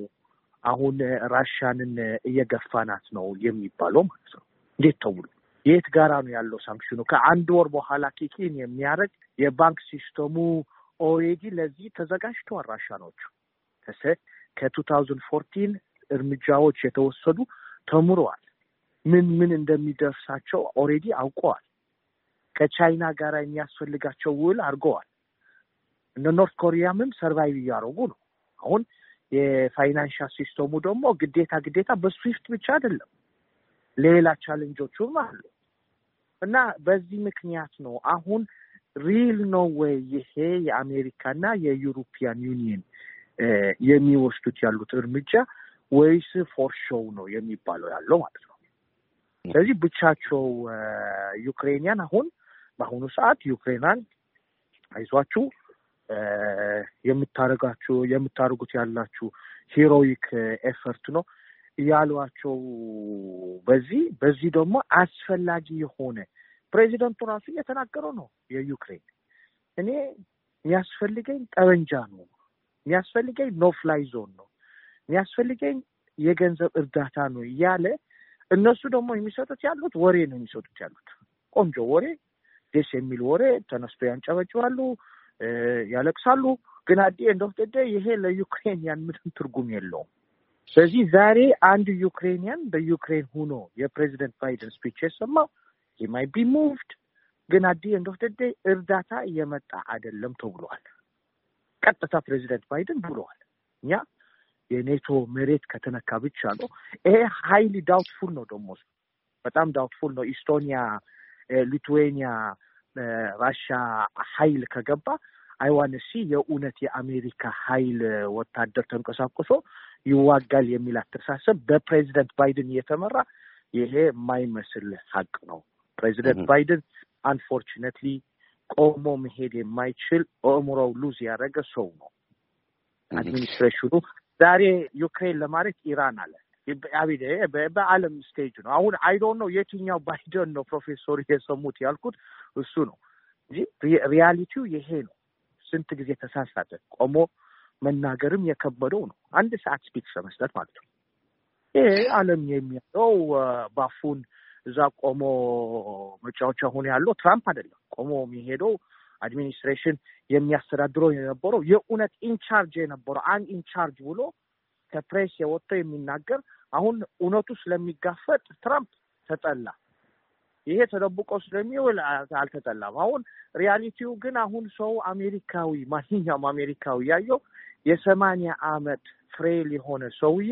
አሁን ራሻንን እየገፋናት ነው የሚባለው ማለት ነው? እንዴት ተብሎ የት ጋራ ነው ያለው ሳንክሽኑ? ከአንድ ወር በኋላ ኪኪን የሚያደርግ የባንክ ሲስተሙ ኦሬዲ ለዚህ ተዘጋጅተዋል ራሻኖቹ ከሰ ከ2014 እርምጃዎች የተወሰዱ ተምረዋል። ምን ምን እንደሚደርሳቸው ኦሬዲ አውቀዋል። ከቻይና ጋር የሚያስፈልጋቸው ውል አድርገዋል። እነ ኖርት ኮሪያምም ሰርቫይቭ እያደረጉ ነው። አሁን የፋይናንሻል ሲስተሙ ደግሞ ግዴታ ግዴታ በስዊፍት ብቻ አይደለም፣ ሌላ ቻለንጆቹም አሉ እና በዚህ ምክንያት ነው አሁን ሪል ነው ወይ ይሄ የአሜሪካና የዩሮፒያን ዩኒየን የሚወስዱት ያሉት እርምጃ ወይስ ፎር ሾው ነው የሚባለው ያለው ማለት ነው። ስለዚህ ብቻቸው ዩክሬንያን አሁን በአሁኑ ሰዓት ዩክሬናን አይዟችሁ የምታረጋችሁ የምታደርጉት ያላችሁ ሂሮይክ ኤፈርት ነው ያሏቸው በዚህ በዚህ ደግሞ አስፈላጊ የሆነ ፕሬዚደንቱ ራሱ እየተናገረው ነው የዩክሬን እኔ የሚያስፈልገኝ ጠበንጃ ነው፣ የሚያስፈልገኝ ኖ ፍላይ ዞን ነው፣ የሚያስፈልገኝ የገንዘብ እርዳታ ነው እያለ እነሱ ደግሞ የሚሰጡት ያሉት ወሬ ነው የሚሰጡት ያሉት ቆንጆ ወሬ፣ ደስ የሚል ወሬ ተነስቶ ያንጨበጭባሉ፣ ያለቅሳሉ። ግን አዲ ኤንድ ይሄ ለዩክሬንያን ምንም ትርጉም የለውም። ስለዚህ ዛሬ አንድ ዩክሬንያን በዩክሬን ሁኖ የፕሬዚደንት ባይደን ስፒች የሰማው ሂ ማይ ቢ ሙቭድ ግን አዲ ኤንድ ኦፍ ደደይ እርዳታ እየመጣ አይደለም ተብሏል። ቀጥታ ፕሬዚደንት ባይደን ብለዋል። እኛ የኔቶ መሬት ከተነካ ብቻ ነው። ይሄ ሀይሊ ዳውትፉል ነው ደግሞ በጣም ዳውትፉል ነው። ኢስቶኒያ፣ ሊትዌኒያ፣ ራሽያ ሀይል ከገባ አይዋንሲ የእውነት የአሜሪካ ሀይል ወታደር ተንቀሳቅሶ ይዋጋል የሚል አስተሳሰብ በፕሬዚደንት ባይደን እየተመራ ይሄ የማይመስል ሀቅ ነው። ፕሬዚደንት ባይደን አንፎርችነትሊ ቆሞ መሄድ የማይችል እምሮው ሉዝ ያደረገ ሰው ነው። አድሚኒስትሬሽኑ ዛሬ ዩክሬን ለማለት ኢራን አለ። በዓለም ስቴጅ ነው አሁን። አይዶን ነው የትኛው ባይደን ነው ፕሮፌሰሩ የሰሙት ያልኩት እሱ ነው እንጂ ሪያሊቲው ይሄ ነው። ስንት ጊዜ ተሳሳተ። ቆሞ መናገርም የከበደው ነው። አንድ ሰዓት ስፒክስ ለመስጠት ማለት ነው። ይሄ ዓለም የሚያለው ባፉን እዛ ቆሞ መጫወቻ አሁን ያለው ትራምፕ አይደለም። ቆሞ የሚሄደው አድሚኒስትሬሽን የሚያስተዳድረው የነበረው የእውነት ኢንቻርጅ የነበረው አንድ ኢንቻርጅ ብሎ ከፕሬስ የወጥተው የሚናገር አሁን እውነቱ ስለሚጋፈጥ ትራምፕ ተጠላ። ይሄ ተደብቆ ስለሚውል አልተጠላም። አሁን ሪያሊቲው ግን አሁን ሰው አሜሪካዊ ማንኛውም አሜሪካዊ ያየው የሰማንያ አመት ፍሬል የሆነ ሰውዬ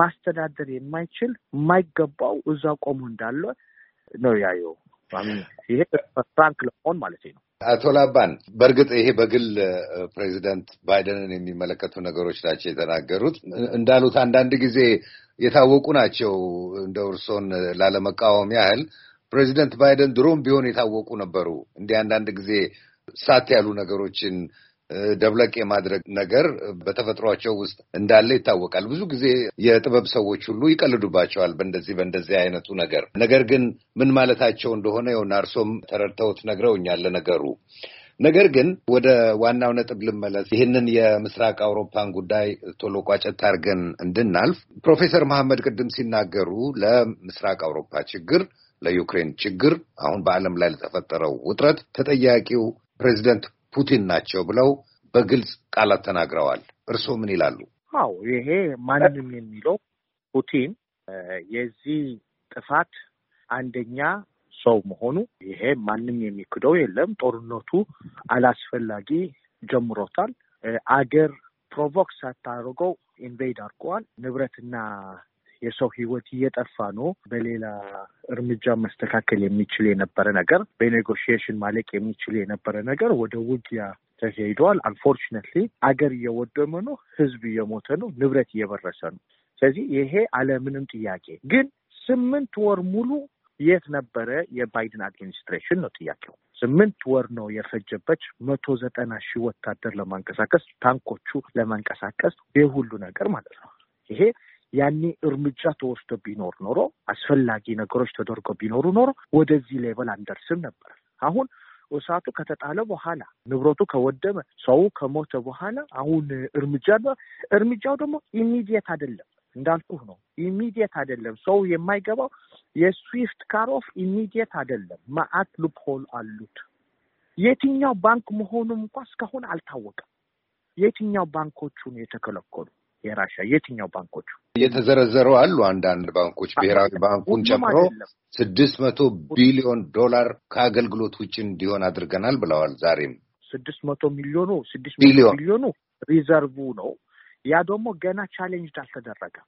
ማስተዳደር የማይችል የማይገባው እዛ ቆሞ እንዳለ ነው ያየው። ይሄ ፍራንክ ለመሆን ማለት ነው። አቶ ላባን በእርግጥ ይሄ በግል ፕሬዚደንት ባይደንን የሚመለከቱ ነገሮች ናቸው የተናገሩት። እንዳሉት አንዳንድ ጊዜ የታወቁ ናቸው። እንደ እርሶን ላለመቃወም ያህል ፕሬዚደንት ባይደን ድሮም ቢሆን የታወቁ ነበሩ። እንዲህ አንዳንድ ጊዜ ሳት ያሉ ነገሮችን ደብለቅ የማድረግ ነገር በተፈጥሯቸው ውስጥ እንዳለ ይታወቃል። ብዙ ጊዜ የጥበብ ሰዎች ሁሉ ይቀልዱባቸዋል በእንደዚህ በእንደዚህ አይነቱ ነገር። ነገር ግን ምን ማለታቸው እንደሆነ የሆነ እርሶም ተረድተውት ነግረውኛል ለነገሩ። ነገር ግን ወደ ዋናው ነጥብ ልመለስ። ይህንን የምስራቅ አውሮፓን ጉዳይ ቶሎ ቋጨት አድርገን እንድናልፍ ፕሮፌሰር መሐመድ ቅድም ሲናገሩ ለምስራቅ አውሮፓ ችግር፣ ለዩክሬን ችግር፣ አሁን በዓለም ላይ ለተፈጠረው ውጥረት ተጠያቂው ፕሬዚደንት ፑቲን ናቸው ብለው በግልጽ ቃላት ተናግረዋል። እርስዎ ምን ይላሉ? አዎ ይሄ ማንም የሚለው ፑቲን የዚህ ጥፋት አንደኛ ሰው መሆኑ ይሄ ማንም የሚክደው የለም። ጦርነቱ አላስፈላጊ ጀምሮታል። አገር ፕሮቮክ ሳታደርገው ኢንቬይድ አድርገዋል። ንብረትና የሰው ህይወት እየጠፋ ነው። በሌላ እርምጃ መስተካከል የሚችል የነበረ ነገር በኔጎሽዬሽን ማለቅ የሚችል የነበረ ነገር ወደ ውጊያ ተሄደዋል። አንፎርችነትሊ አገር እየወደመ ነው፣ ህዝብ እየሞተ ነው፣ ንብረት እየበረሰ ነው። ስለዚህ ይሄ አለምንም ጥያቄ ግን ስምንት ወር ሙሉ የት ነበረ የባይደን አድሚኒስትሬሽን ነው ጥያቄው። ስምንት ወር ነው የፈጀበች መቶ ዘጠና ሺህ ወታደር ለማንቀሳቀስ ታንኮቹ ለማንቀሳቀስ ይህ ሁሉ ነገር ማለት ነው። ይሄ ያኔ እርምጃ ተወስዶ ቢኖር ኖሮ አስፈላጊ ነገሮች ተደርጎ ቢኖሩ ኖሮ ወደዚህ ሌቨል አንደርስም ነበር። አሁን እሳቱ ከተጣለ በኋላ ንብረቱ ከወደመ ሰው ከሞተ በኋላ አሁን እርምጃ እርምጃው ደግሞ ኢሚዲየት አይደለም፣ እንዳልኩህ ነው። ኢሚዲየት አይደለም። ሰው የማይገባው የስዊፍት ካሮፍ ኢሚዲየት አይደለም። ማአት ሉፕሆል አሉት። የትኛው ባንክ መሆኑም እንኳ እስካሁን አልታወቀም። የትኛው ባንኮቹን የተከለከሉ የራሻ የትኛው ባንኮቹ የተዘረዘሩ አሉ። አንዳንድ ባንኮች ብሔራዊ ባንኩን ጨምሮ ስድስት መቶ ቢሊዮን ዶላር ከአገልግሎት ውጭ እንዲሆን አድርገናል ብለዋል። ዛሬም ስድስት መቶ ሚሊዮኑ ስድስት መቶ ሚሊዮኑ ሪዘርቭ ነው። ያ ደግሞ ገና ቻሌንጅ አልተደረገም።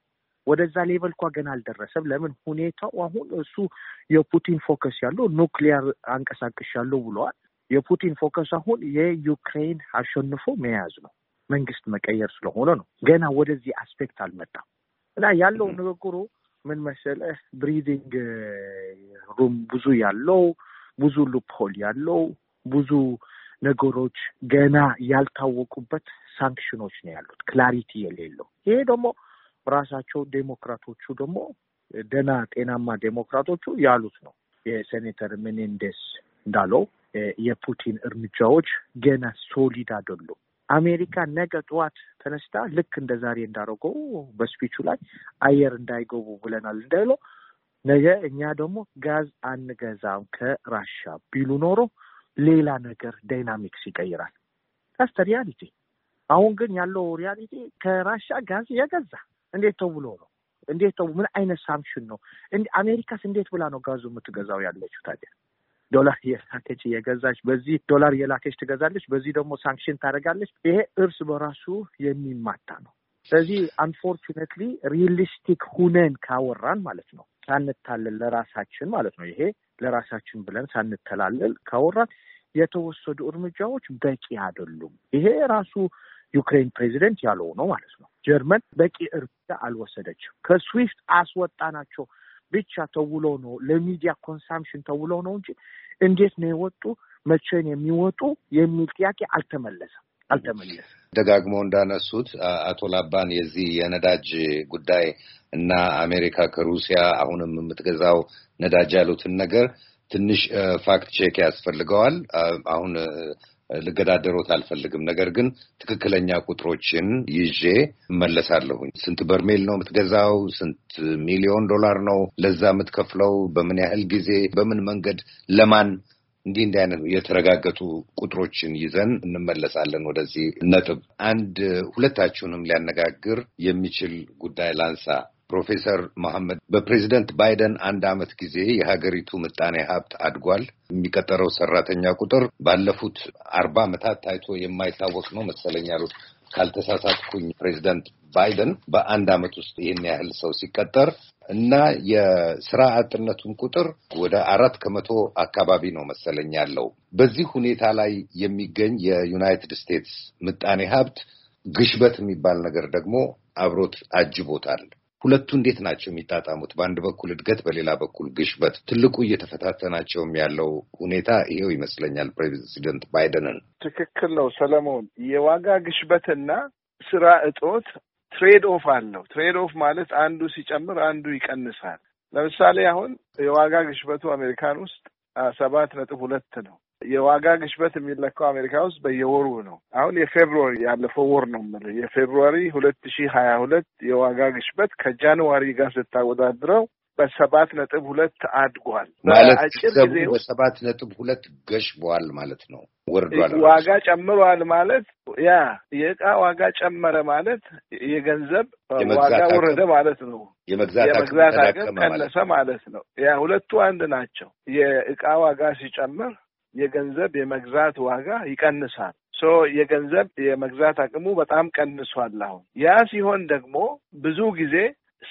ወደዛ ሌቨል እኳ ገና አልደረሰም። ለምን ሁኔታው አሁን እሱ የፑቲን ፎከስ ያለው ኑክሊየር ያለው ብለዋል። የፑቲን ፎከስ አሁን የዩክሬን አሸንፎ መያዝ ነው። መንግስት መቀየር ስለሆነ ነው። ገና ወደዚህ አስፔክት አልመጣም እና ያለው ንግግሩ ምን መሰለህ ብሪዲንግ ሩም ብዙ ያለው ብዙ ሉፕሆል ያለው ብዙ ነገሮች ገና ያልታወቁበት ሳንክሽኖች ነው ያሉት፣ ክላሪቲ የሌለው። ይሄ ደግሞ ራሳቸው ዴሞክራቶቹ ደግሞ ደህና ጤናማ ዴሞክራቶቹ ያሉት ነው። የሴኔተር ሜኔንዴስ እንዳለው የፑቲን እርምጃዎች ገና ሶሊድ አይደሉም። አሜሪካ ነገ ጠዋት ተነስታ ልክ እንደ ዛሬ እንዳደረገው በስፒቹ ላይ አየር እንዳይገቡ ብለናል እንዳይለው ነገ እኛ ደግሞ ጋዝ አንገዛም ከራሻ ቢሉ ኖሮ ሌላ ነገር ዳይናሚክስ ይቀይራል። ስተ ሪያሊቲ አሁን ግን ያለው ሪያሊቲ ከራሻ ጋዝ የገዛ እንዴት ብሎ ነው? እንዴት ተው ምን አይነት ሳምሽን ነው? አሜሪካስ እንዴት ብላ ነው ጋዙ የምትገዛው ያለችው ታዲያ? ዶላር የላከች የገዛች በዚህ ዶላር የላከች ትገዛለች፣ በዚህ ደግሞ ሳንክሽን ታደርጋለች። ይሄ እርስ በራሱ የሚማታ ነው። ስለዚህ አንፎርቹኔትሊ ሪሊስቲክ ሁነን ካወራን ማለት ነው ሳንታለል ለራሳችን ማለት ነው ይሄ ለራሳችን ብለን ሳንተላለል ካወራን የተወሰዱ እርምጃዎች በቂ አይደሉም። ይሄ ራሱ ዩክሬን ፕሬዚደንት ያለው ነው ማለት ነው። ጀርመን በቂ እርምጃ አልወሰደችም። ከስዊፍት አስወጣናቸው ብቻ ተውሎ ነው ለሚዲያ ኮንሳምሽን ተውሎ ነው እንጂ እንዴት ነው የወጡ መቼን የሚወጡ የሚል ጥያቄ አልተመለሰም አልተመለሰም። ደጋግሞ እንዳነሱት አቶ ላባን የዚህ የነዳጅ ጉዳይ እና አሜሪካ ከሩሲያ አሁንም የምትገዛው ነዳጅ ያሉትን ነገር ትንሽ ፋክት ቼክ ያስፈልገዋል። አሁን ልገዳደሮት አልፈልግም። ነገር ግን ትክክለኛ ቁጥሮችን ይዤ እመለሳለሁኝ። ስንት በርሜል ነው የምትገዛው? ስንት ሚሊዮን ዶላር ነው ለዛ የምትከፍለው? በምን ያህል ጊዜ፣ በምን መንገድ፣ ለማን እንዲህ እንዲህ አይነት የተረጋገጡ ቁጥሮችን ይዘን እንመለሳለን ወደዚህ ነጥብ። አንድ ሁለታችሁንም ሊያነጋግር የሚችል ጉዳይ ላንሳ። ፕሮፌሰር መሐመድ በፕሬዚደንት ባይደን አንድ ዓመት ጊዜ የሀገሪቱ ምጣኔ ሀብት አድጓል። የሚቀጠረው ሰራተኛ ቁጥር ባለፉት አርባ ዓመታት ታይቶ የማይታወቅ ነው መሰለኝ ያሉት ካልተሳሳትኩኝ ፕሬዚደንት ባይደን በአንድ ዓመት ውስጥ ይህን ያህል ሰው ሲቀጠር እና የስራ አጥነቱን ቁጥር ወደ አራት ከመቶ አካባቢ ነው መሰለኝ ያለው። በዚህ ሁኔታ ላይ የሚገኝ የዩናይትድ ስቴትስ ምጣኔ ሀብት ግሽበት የሚባል ነገር ደግሞ አብሮት አጅቦታል። ሁለቱ እንዴት ናቸው የሚጣጣሙት? በአንድ በኩል እድገት፣ በሌላ በኩል ግሽበት። ትልቁ እየተፈታተናቸውም ያለው ሁኔታ ይሄው ይመስለኛል። ፕሬዚደንት ባይደንን ትክክል ነው ሰለሞን። የዋጋ ግሽበትና ስራ እጦት ትሬድ ኦፍ አለው። ትሬድ ኦፍ ማለት አንዱ ሲጨምር አንዱ ይቀንሳል። ለምሳሌ አሁን የዋጋ ግሽበቱ አሜሪካን ውስጥ ሰባት ነጥብ ሁለት ነው። የዋጋ ግሽበት የሚለካው አሜሪካ ውስጥ በየወሩ ነው። አሁን የፌብሩዋሪ ያለፈው ወር ነው የምልህ የፌብሩዋሪ ሁለት ሺህ ሀያ ሁለት የዋጋ ግሽበት ከጃንዋሪ ጋር ስታወዳድረው በሰባት ነጥብ ሁለት አድጓል። ጊዜ በሰባት ነጥብ ሁለት ገሽቧል ማለት ነው። ወርዷል፣ ዋጋ ጨምሯል ማለት ያ የእቃ ዋጋ ጨመረ ማለት የገንዘብ ዋጋ ወረደ ማለት ነው። የመግዛት አቅም ቀነሰ ማለት ነው። ያ ሁለቱ አንድ ናቸው። የእቃ ዋጋ ሲጨምር የገንዘብ የመግዛት ዋጋ ይቀንሳል። ሶ የገንዘብ የመግዛት አቅሙ በጣም ቀንሷል። አሁን ያ ሲሆን ደግሞ ብዙ ጊዜ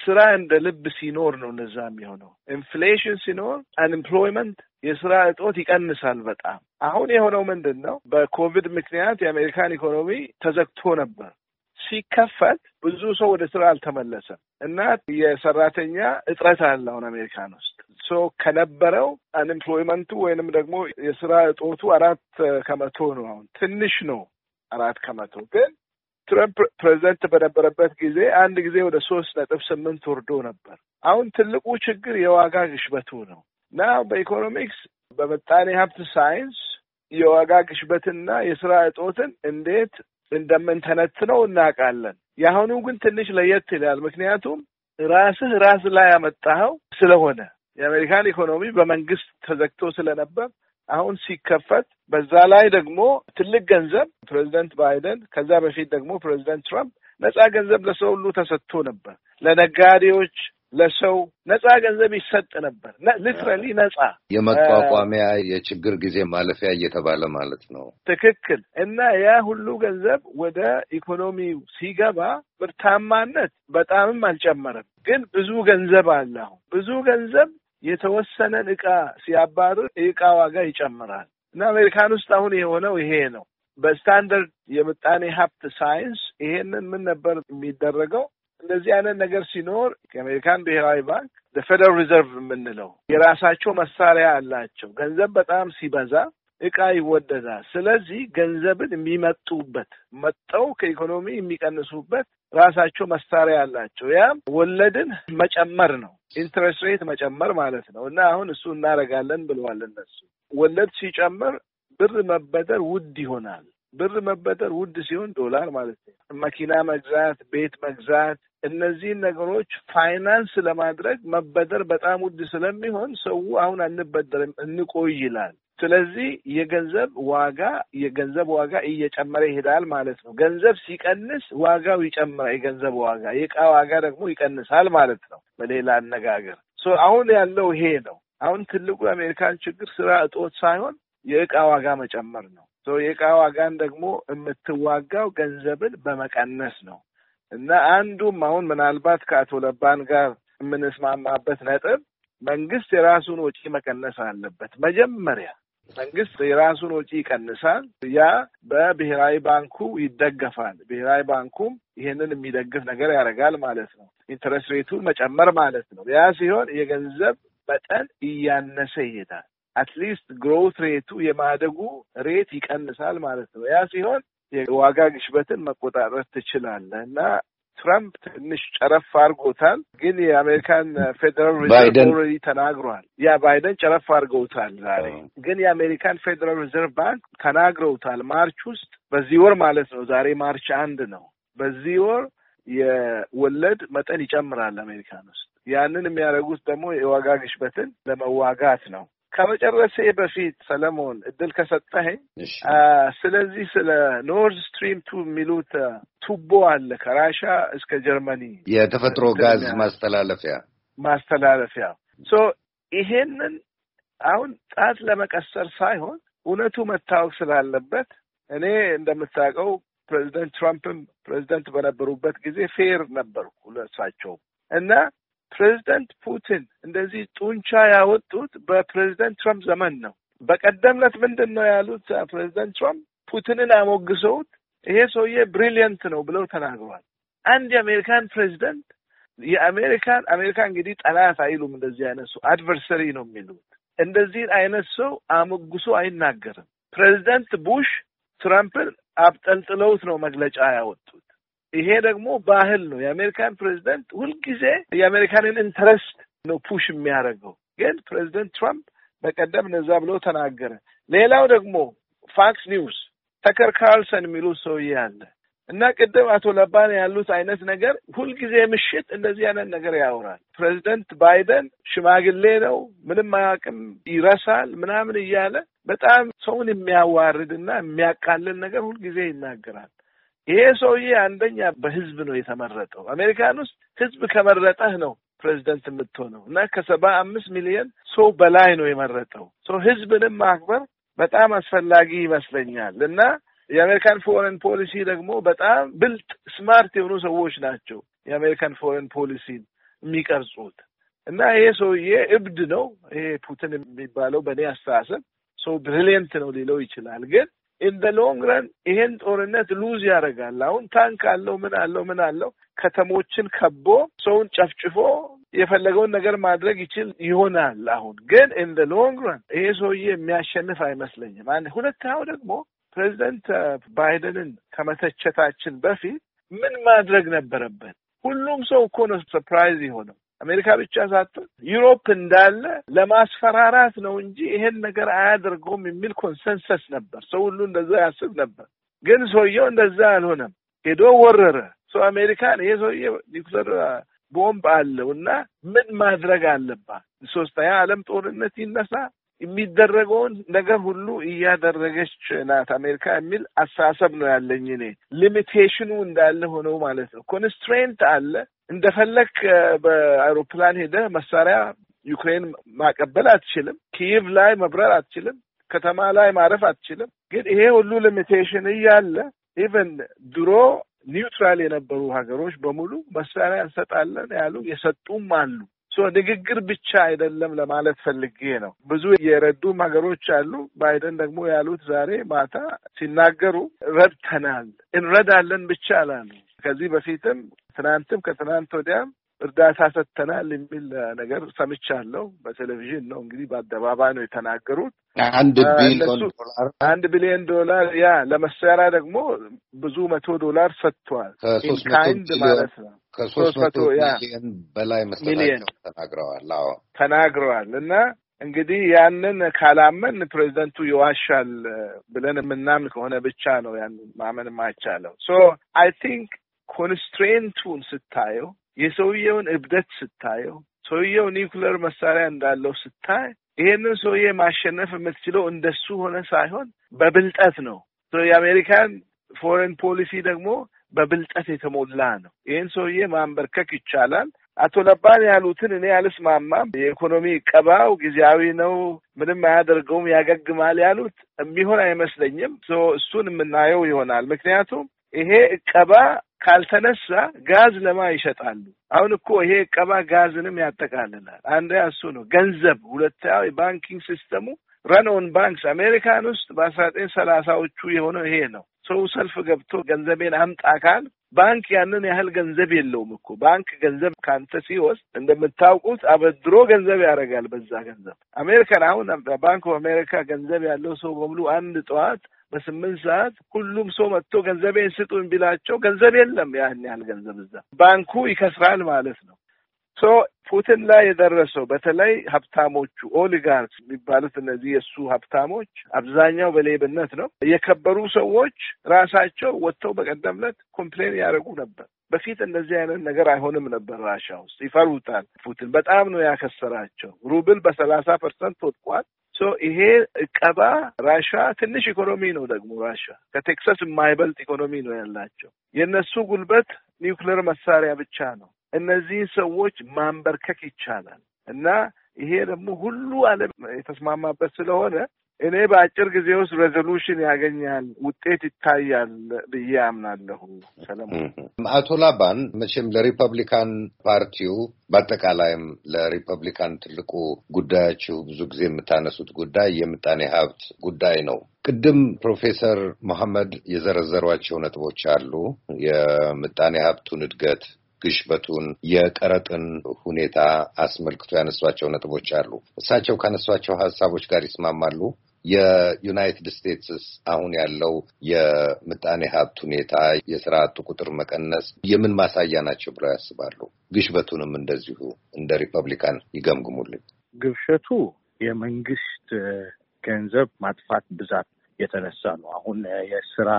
ስራ እንደ ልብ ሲኖር ነው እነዛ የሚሆነው። ኢንፍሌሽን ሲኖር አንኤምፕሎይመንት የስራ እጦት ይቀንሳል በጣም። አሁን የሆነው ምንድን ነው? በኮቪድ ምክንያት የአሜሪካን ኢኮኖሚ ተዘግቶ ነበር። ሲከፈት ብዙ ሰው ወደ ስራ አልተመለሰም። እና የሰራተኛ እጥረት አለ አሁን አሜሪካን ውስጥ ሶ ከነበረው አንኤምፕሎይመንቱ ወይንም ደግሞ የስራ እጦቱ አራት ከመቶ ነው። አሁን ትንሽ ነው አራት ከመቶ ግን ትረምፕ ፕሬዚደንት በነበረበት ጊዜ አንድ ጊዜ ወደ ሶስት ነጥብ ስምንት ወርዶ ነበር። አሁን ትልቁ ችግር የዋጋ ግሽበቱ ነው እና በኢኮኖሚክስ በምጣኔ ሀብት ሳይንስ የዋጋ ግሽበትና የስራ እጦትን እንዴት እንደምንተነትነው እናውቃለን። የአሁኑ ግን ትንሽ ለየት ይላል። ምክንያቱም ራስህ ራስ ላይ ያመጣኸው ስለሆነ የአሜሪካን ኢኮኖሚ በመንግስት ተዘግቶ ስለነበር አሁን ሲከፈት በዛ ላይ ደግሞ ትልቅ ገንዘብ ፕሬዚደንት ባይደን ከዛ በፊት ደግሞ ፕሬዚደንት ትራምፕ ነፃ ገንዘብ ለሰው ሁሉ ተሰጥቶ ነበር። ለነጋዴዎች፣ ለሰው ነጻ ገንዘብ ይሰጥ ነበር። ሊትራሊ ነጻ የመቋቋሚያ የችግር ጊዜ ማለፊያ እየተባለ ማለት ነው። ትክክል። እና ያ ሁሉ ገንዘብ ወደ ኢኮኖሚው ሲገባ ምርታማነት በጣምም አልጨመረም፣ ግን ብዙ ገንዘብ አለ። አሁን ብዙ ገንዘብ የተወሰነን እቃ ሲያባርር እቃ ዋጋ ይጨምራል። እና አሜሪካን ውስጥ አሁን የሆነው ይሄ ነው። በስታንደርድ የምጣኔ ሀብት ሳይንስ ይሄንን ምን ነበር የሚደረገው? እንደዚህ አይነት ነገር ሲኖር የአሜሪካን ብሔራዊ ባንክ ለፌደራል ሪዘርቭ የምንለው የራሳቸው መሳሪያ አላቸው። ገንዘብ በጣም ሲበዛ እቃ ይወደዳል። ስለዚህ ገንዘብን የሚመጡበት መጠው ከኢኮኖሚ የሚቀንሱበት ራሳቸው መሳሪያ አላቸው። ያም ወለድን መጨመር ነው፣ ኢንትረስት ሬት መጨመር ማለት ነው። እና አሁን እሱ እናደርጋለን ብለዋል እነሱ። ወለድ ሲጨምር ብር መበደር ውድ ይሆናል። ብር መበደር ውድ ሲሆን ዶላር ማለት ነው። መኪና መግዛት፣ ቤት መግዛት እነዚህን ነገሮች ፋይናንስ ለማድረግ መበደር በጣም ውድ ስለሚሆን ሰው አሁን አንበደርም እንቆይ ይላል። ስለዚህ የገንዘብ ዋጋ የገንዘብ ዋጋ እየጨመረ ይሄዳል ማለት ነው። ገንዘብ ሲቀንስ ዋጋው ይጨምራል። የገንዘብ ዋጋ የእቃ ዋጋ ደግሞ ይቀንሳል ማለት ነው። በሌላ አነጋገር አሁን ያለው ይሄ ነው። አሁን ትልቁ የአሜሪካን ችግር ስራ እጦት ሳይሆን የእቃ ዋጋ መጨመር ነው። የእቃ ዋጋን ደግሞ የምትዋጋው ገንዘብን በመቀነስ ነው እና አንዱም አሁን ምናልባት ከአቶ ለባን ጋር የምንስማማበት ነጥብ መንግስት የራሱን ወጪ መቀነስ አለበት። መጀመሪያ መንግስት የራሱን ወጪ ይቀንሳል። ያ በብሔራዊ ባንኩ ይደገፋል። ብሔራዊ ባንኩም ይሄንን የሚደግፍ ነገር ያደርጋል ማለት ነው። ኢንተረስት ሬቱን መጨመር ማለት ነው። ያ ሲሆን የገንዘብ መጠን እያነሰ ይሄዳል። አትሊስት ግሮውት ሬቱ የማደጉ ሬት ይቀንሳል ማለት ነው። ያ ሲሆን የዋጋ ግሽበትን መቆጣጠር ትችላለ እና ትራምፕ ትንሽ ጨረፍ አድርጎታል። ግን የአሜሪካን ፌዴራል ሪዘርቭ ኦልሬዲ ተናግሯል። ያ ባይደን ጨረፍ አድርገውታል። ዛሬ ግን የአሜሪካን ፌዴራል ሪዘርቭ ባንክ ተናግረውታል። ማርች ውስጥ በዚህ ወር ማለት ነው። ዛሬ ማርች አንድ ነው። በዚህ ወር የወለድ መጠን ይጨምራል አሜሪካን ውስጥ። ያንን የሚያደርጉት ደግሞ የዋጋ ግሽበትን ለመዋጋት ነው። ከመጨረሴ በፊት ሰለሞን እድል ከሰጠኸኝ፣ ስለዚህ ስለ ኖርዝ ስትሪም ቱ የሚሉት ቱቦ አለ ከራሻ እስከ ጀርመኒ የተፈጥሮ ጋዝ ማስተላለፊያ ማስተላለፊያ ሶ ይሄንን አሁን ጣት ለመቀሰር ሳይሆን እውነቱ መታወቅ ስላለበት እኔ እንደምታውቀው ፕሬዚደንት ትራምፕም ፕሬዚደንት በነበሩበት ጊዜ ፌር ነበርኩ ለእሳቸውም እና ፕሬዚደንት ፑቲን እንደዚህ ጡንቻ ያወጡት በፕሬዚደንት ትራምፕ ዘመን ነው። በቀደምለት ምንድን ነው ያሉት ፕሬዚደንት ትራምፕ ፑቲንን አሞግሰውት ይሄ ሰውዬ ብሪሊየንት ነው ብለው ተናግሯል። አንድ የአሜሪካን ፕሬዚደንት የአሜሪካን አሜሪካ እንግዲህ ጠላት አይሉም እንደዚህ አይነት ሰው አድቨርሰሪ ነው የሚሉት። እንደዚህ አይነት ሰው አሞግሶ አይናገርም። ፕሬዚደንት ቡሽ ትራምፕን አብጠልጥለውት ነው መግለጫ ያወጡት። ይሄ ደግሞ ባህል ነው። የአሜሪካን ፕሬዚደንት ሁልጊዜ የአሜሪካንን ኢንተረስት ነው ፑሽ የሚያደርገው። ግን ፕሬዚደንት ትራምፕ በቀደም ነዛ ብሎ ተናገረ። ሌላው ደግሞ ፋክስ ኒውስ ተከር ካርልሰን የሚሉ ሰውዬ አለ እና ቅድም አቶ ለባን ያሉት አይነት ነገር ሁልጊዜ ምሽት እንደዚህ አይነት ነገር ያወራል። ፕሬዚደንት ባይደን ሽማግሌ ነው፣ ምንም አያውቅም፣ ይረሳል ምናምን እያለ በጣም ሰውን የሚያዋርድ እና የሚያቃልል ነገር ሁልጊዜ ይናገራል። ይሄ ሰውዬ አንደኛ በህዝብ ነው የተመረጠው። አሜሪካን ውስጥ ህዝብ ከመረጠህ ነው ፕሬዚደንት የምትሆነው እና ከሰባ አምስት ሚሊዮን ሰው በላይ ነው የመረጠው። ሰው ህዝብንም ማክበር በጣም አስፈላጊ ይመስለኛል እና የአሜሪካን ፎሬን ፖሊሲ ደግሞ በጣም ብልጥ ስማርት የሆኑ ሰዎች ናቸው የአሜሪካን ፎሬን ፖሊሲን የሚቀርጹት እና ይሄ ሰውዬ እብድ ነው። ይሄ ፑቲን የሚባለው በእኔ አስተሳሰብ ሰው ብሪሊየንት ነው ሊለው ይችላል ግን ኢን ደ ሎንግ ረን ይሄን ጦርነት ሉዝ ያደርጋል። አሁን ታንክ አለው ምን አለው ምን አለው ከተሞችን ከቦ ሰውን ጨፍጭፎ የፈለገውን ነገር ማድረግ ይችል ይሆናል። አሁን ግን ኢን ደ ሎንግ ረን ይሄ ሰውዬ የሚያሸንፍ አይመስለኝም። አንድ ሁለተኛው ደግሞ ፕሬዚደንት uh, ባይደንን ከመተቸታችን በፊት ምን ማድረግ ነበረበት? ሁሉም ሰው እኮ ነው ሰርፕራይዝ የሆነው አሜሪካ ብቻ ሳትሆን ዩሮፕ እንዳለ ለማስፈራራት ነው እንጂ ይሄን ነገር አያደርገውም የሚል ኮንሰንሰስ ነበር። ሰው ሁሉ እንደዛ ያስብ ነበር። ግን ሰውየው እንደዛ አልሆነም። ሄዶ ወረረ። ሰው አሜሪካን ይሄ ሰውዬ ኒኩለር ቦምብ አለው እና ምን ማድረግ አለባት? ሶስተኛ ዓለም ጦርነት ይነሳ የሚደረገውን ነገር ሁሉ እያደረገች ናት አሜሪካ የሚል አስተሳሰብ ነው ያለኝ እኔ። ሊሚቴሽኑ እንዳለ ሆነው ማለት ነው። ኮንስትሬንት አለ። እንደፈለግ በአውሮፕላን ሄደ መሳሪያ ዩክሬን ማቀበል አትችልም። ኪይቭ ላይ መብረር አትችልም። ከተማ ላይ ማረፍ አትችልም። ግን ይሄ ሁሉ ሊሚቴሽን እያለ ኢቨን ድሮ ኒውትራል የነበሩ ሀገሮች በሙሉ መሳሪያ እንሰጣለን ያሉ የሰጡም አሉ። ንግግር ብቻ አይደለም ለማለት ፈልጌ ነው። ብዙ የረዱም ሀገሮች አሉ። ባይደን ደግሞ ያሉት ዛሬ ማታ ሲናገሩ ረድተናል፣ እንረዳለን ብቻ አላሉ። ከዚህ በፊትም ትናንትም ከትናንት ወዲያም እርዳታ ሰጥተናል የሚል ነገር ሰምቻለሁ። በቴሌቪዥን ነው እንግዲህ በአደባባይ ነው የተናገሩት። አንድ ቢሊዮን አንድ ቢሊዮን ዶላር ያ ለመሳሪያ ደግሞ ብዙ መቶ ዶላር ሰጥቷል። ከሶስት ማለት ነው ከሶስት መቶ ሚሊዮን በላይ መሰላቸው ተናግረዋል። አዎ ተናግረዋል እና እንግዲህ ያንን ካላመን ፕሬዚደንቱ ይዋሻል ብለን የምናምን ከሆነ ብቻ ነው ያንን ማመን ማይቻለው። ሶ አይ ቲንክ ኮንስትሬንቱን ስታየው የሰውየውን እብደት ስታየው፣ ሰውየው ኒውክለር መሳሪያ እንዳለው ስታይ ይሄንን ሰውዬ ማሸነፍ የምትችለው እንደሱ ሆነ ሳይሆን በብልጠት ነው። የአሜሪካን ፎሬን ፖሊሲ ደግሞ በብልጠት የተሞላ ነው። ይህን ሰውዬ ማንበርከክ ይቻላል። አቶ ለባን ያሉትን እኔ አልስማማም። የኢኮኖሚ ቀባው ጊዜያዊ ነው፣ ምንም አያደርገውም፣ ያገግማል ያሉት የሚሆን አይመስለኝም። እሱን የምናየው ይሆናል። ምክንያቱም ይሄ እቀባ ካልተነሳ ጋዝ ለማ ይሸጣሉ። አሁን እኮ ይሄ ቀባ ጋዝንም ያጠቃልላል። አንድ እሱ ነው ገንዘብ፣ ሁለተኛው የባንኪንግ ሲስተሙ ረን ኦን ባንክስ አሜሪካን ውስጥ በአስራ ዘጠኝ ሰላሳዎቹ የሆነው ይሄ ነው። ሰው ሰልፍ ገብቶ ገንዘቤን አምጣ ካል ባንክ ያንን ያህል ገንዘብ የለውም እኮ ባንክ ገንዘብ ካንተ ሲወስድ እንደምታውቁት አበድሮ ገንዘብ ያደርጋል። በዛ ገንዘብ አሜሪካን አሁን ባንክ ኦፍ አሜሪካ ገንዘብ ያለው ሰው በሙሉ አንድ ጠዋት በስምንት ሰዓት ሁሉም ሰው መጥቶ ገንዘቤን ስጡኝ ቢላቸው ገንዘብ የለም። ያን ያህል ገንዘብ እዛ ባንኩ ይከስራል ማለት ነው። ሶ ፑቲን ላይ የደረሰው በተለይ ሀብታሞቹ ኦሊጋርክስ የሚባሉት እነዚህ የእሱ ሀብታሞች አብዛኛው በሌብነት ነው የከበሩ ሰዎች ራሳቸው ወጥተው በቀደም ዕለት ኮምፕሌን ያደርጉ ነበር። በፊት እንደዚህ አይነት ነገር አይሆንም ነበር። ራሻ ውስጥ ይፈሩታል። ፑቲን በጣም ነው ያከሰራቸው። ሩብል በሰላሳ ፐርሰንት ወድቋል። ይሄ እቀባ ራሻ ትንሽ ኢኮኖሚ ነው። ደግሞ ራሻ ከቴክሳስ የማይበልጥ ኢኮኖሚ ነው ያላቸው። የእነሱ ጉልበት ኒውክሌር መሳሪያ ብቻ ነው። እነዚህን ሰዎች ማንበርከክ ይቻላል እና ይሄ ደግሞ ሁሉ ዓለም የተስማማበት ስለሆነ እኔ በአጭር ጊዜ ውስጥ ሬዞሉሽን ያገኛል፣ ውጤት ይታያል ብዬ አምናለሁ። ሰለሞን አቶ ላባን መቼም ለሪፐብሊካን ፓርቲው በአጠቃላይም ለሪፐብሊካን ትልቁ ጉዳያችሁ ብዙ ጊዜ የምታነሱት ጉዳይ የምጣኔ ሀብት ጉዳይ ነው። ቅድም ፕሮፌሰር መሐመድ የዘረዘሯቸው ነጥቦች አሉ። የምጣኔ ሀብቱን እድገት ግሽበቱን የቀረጥን ሁኔታ አስመልክቶ ያነሷቸው ነጥቦች አሉ። እሳቸው ካነሷቸው ሀሳቦች ጋር ይስማማሉ? የዩናይትድ ስቴትስስ አሁን ያለው የምጣኔ ሀብት ሁኔታ፣ የስራ አጡ ቁጥር መቀነስ የምን ማሳያ ናቸው ብለው ያስባሉ? ግሽበቱንም እንደዚሁ እንደ ሪፐብሊካን ይገምግሙልኝ። ግብሸቱ የመንግስት ገንዘብ ማጥፋት ብዛት የተነሳ ነው። አሁን የስራ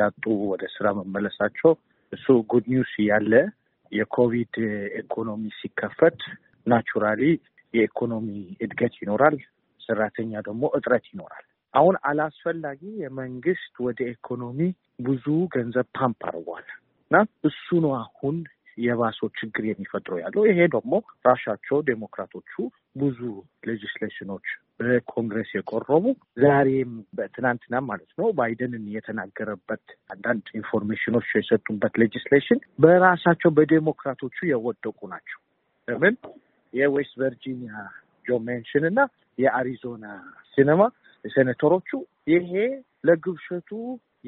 ያጡ ወደ ስራ መመለሳቸው እሱ ጉድ ኒውስ ያለ የኮቪድ ኢኮኖሚ ሲከፈት ናቹራሊ የኢኮኖሚ እድገት ይኖራል። ሰራተኛ ደግሞ እጥረት ይኖራል። አሁን አላስፈላጊ የመንግስት ወደ ኢኮኖሚ ብዙ ገንዘብ ፓምፕ አድርጓል እና እሱ ነው አሁን የባሶ ችግር የሚፈጥረው ያለው። ይሄ ደግሞ ራሻቸው ዴሞክራቶቹ ብዙ ሌጅስሌሽኖች በኮንግረስ የቆረቡ ዛሬም በትናንትና ማለት ነው ባይደንን የተናገረበት አንዳንድ ኢንፎርሜሽኖች የሰጡበት ሌጅስሌሽን በራሳቸው በዴሞክራቶቹ የወደቁ ናቸው። ለምን የዌስት ቨርጂኒያ ጆን ሜንሽን እና የአሪዞና ሲነማ ሴኔተሮቹ ይሄ ለግብሸቱ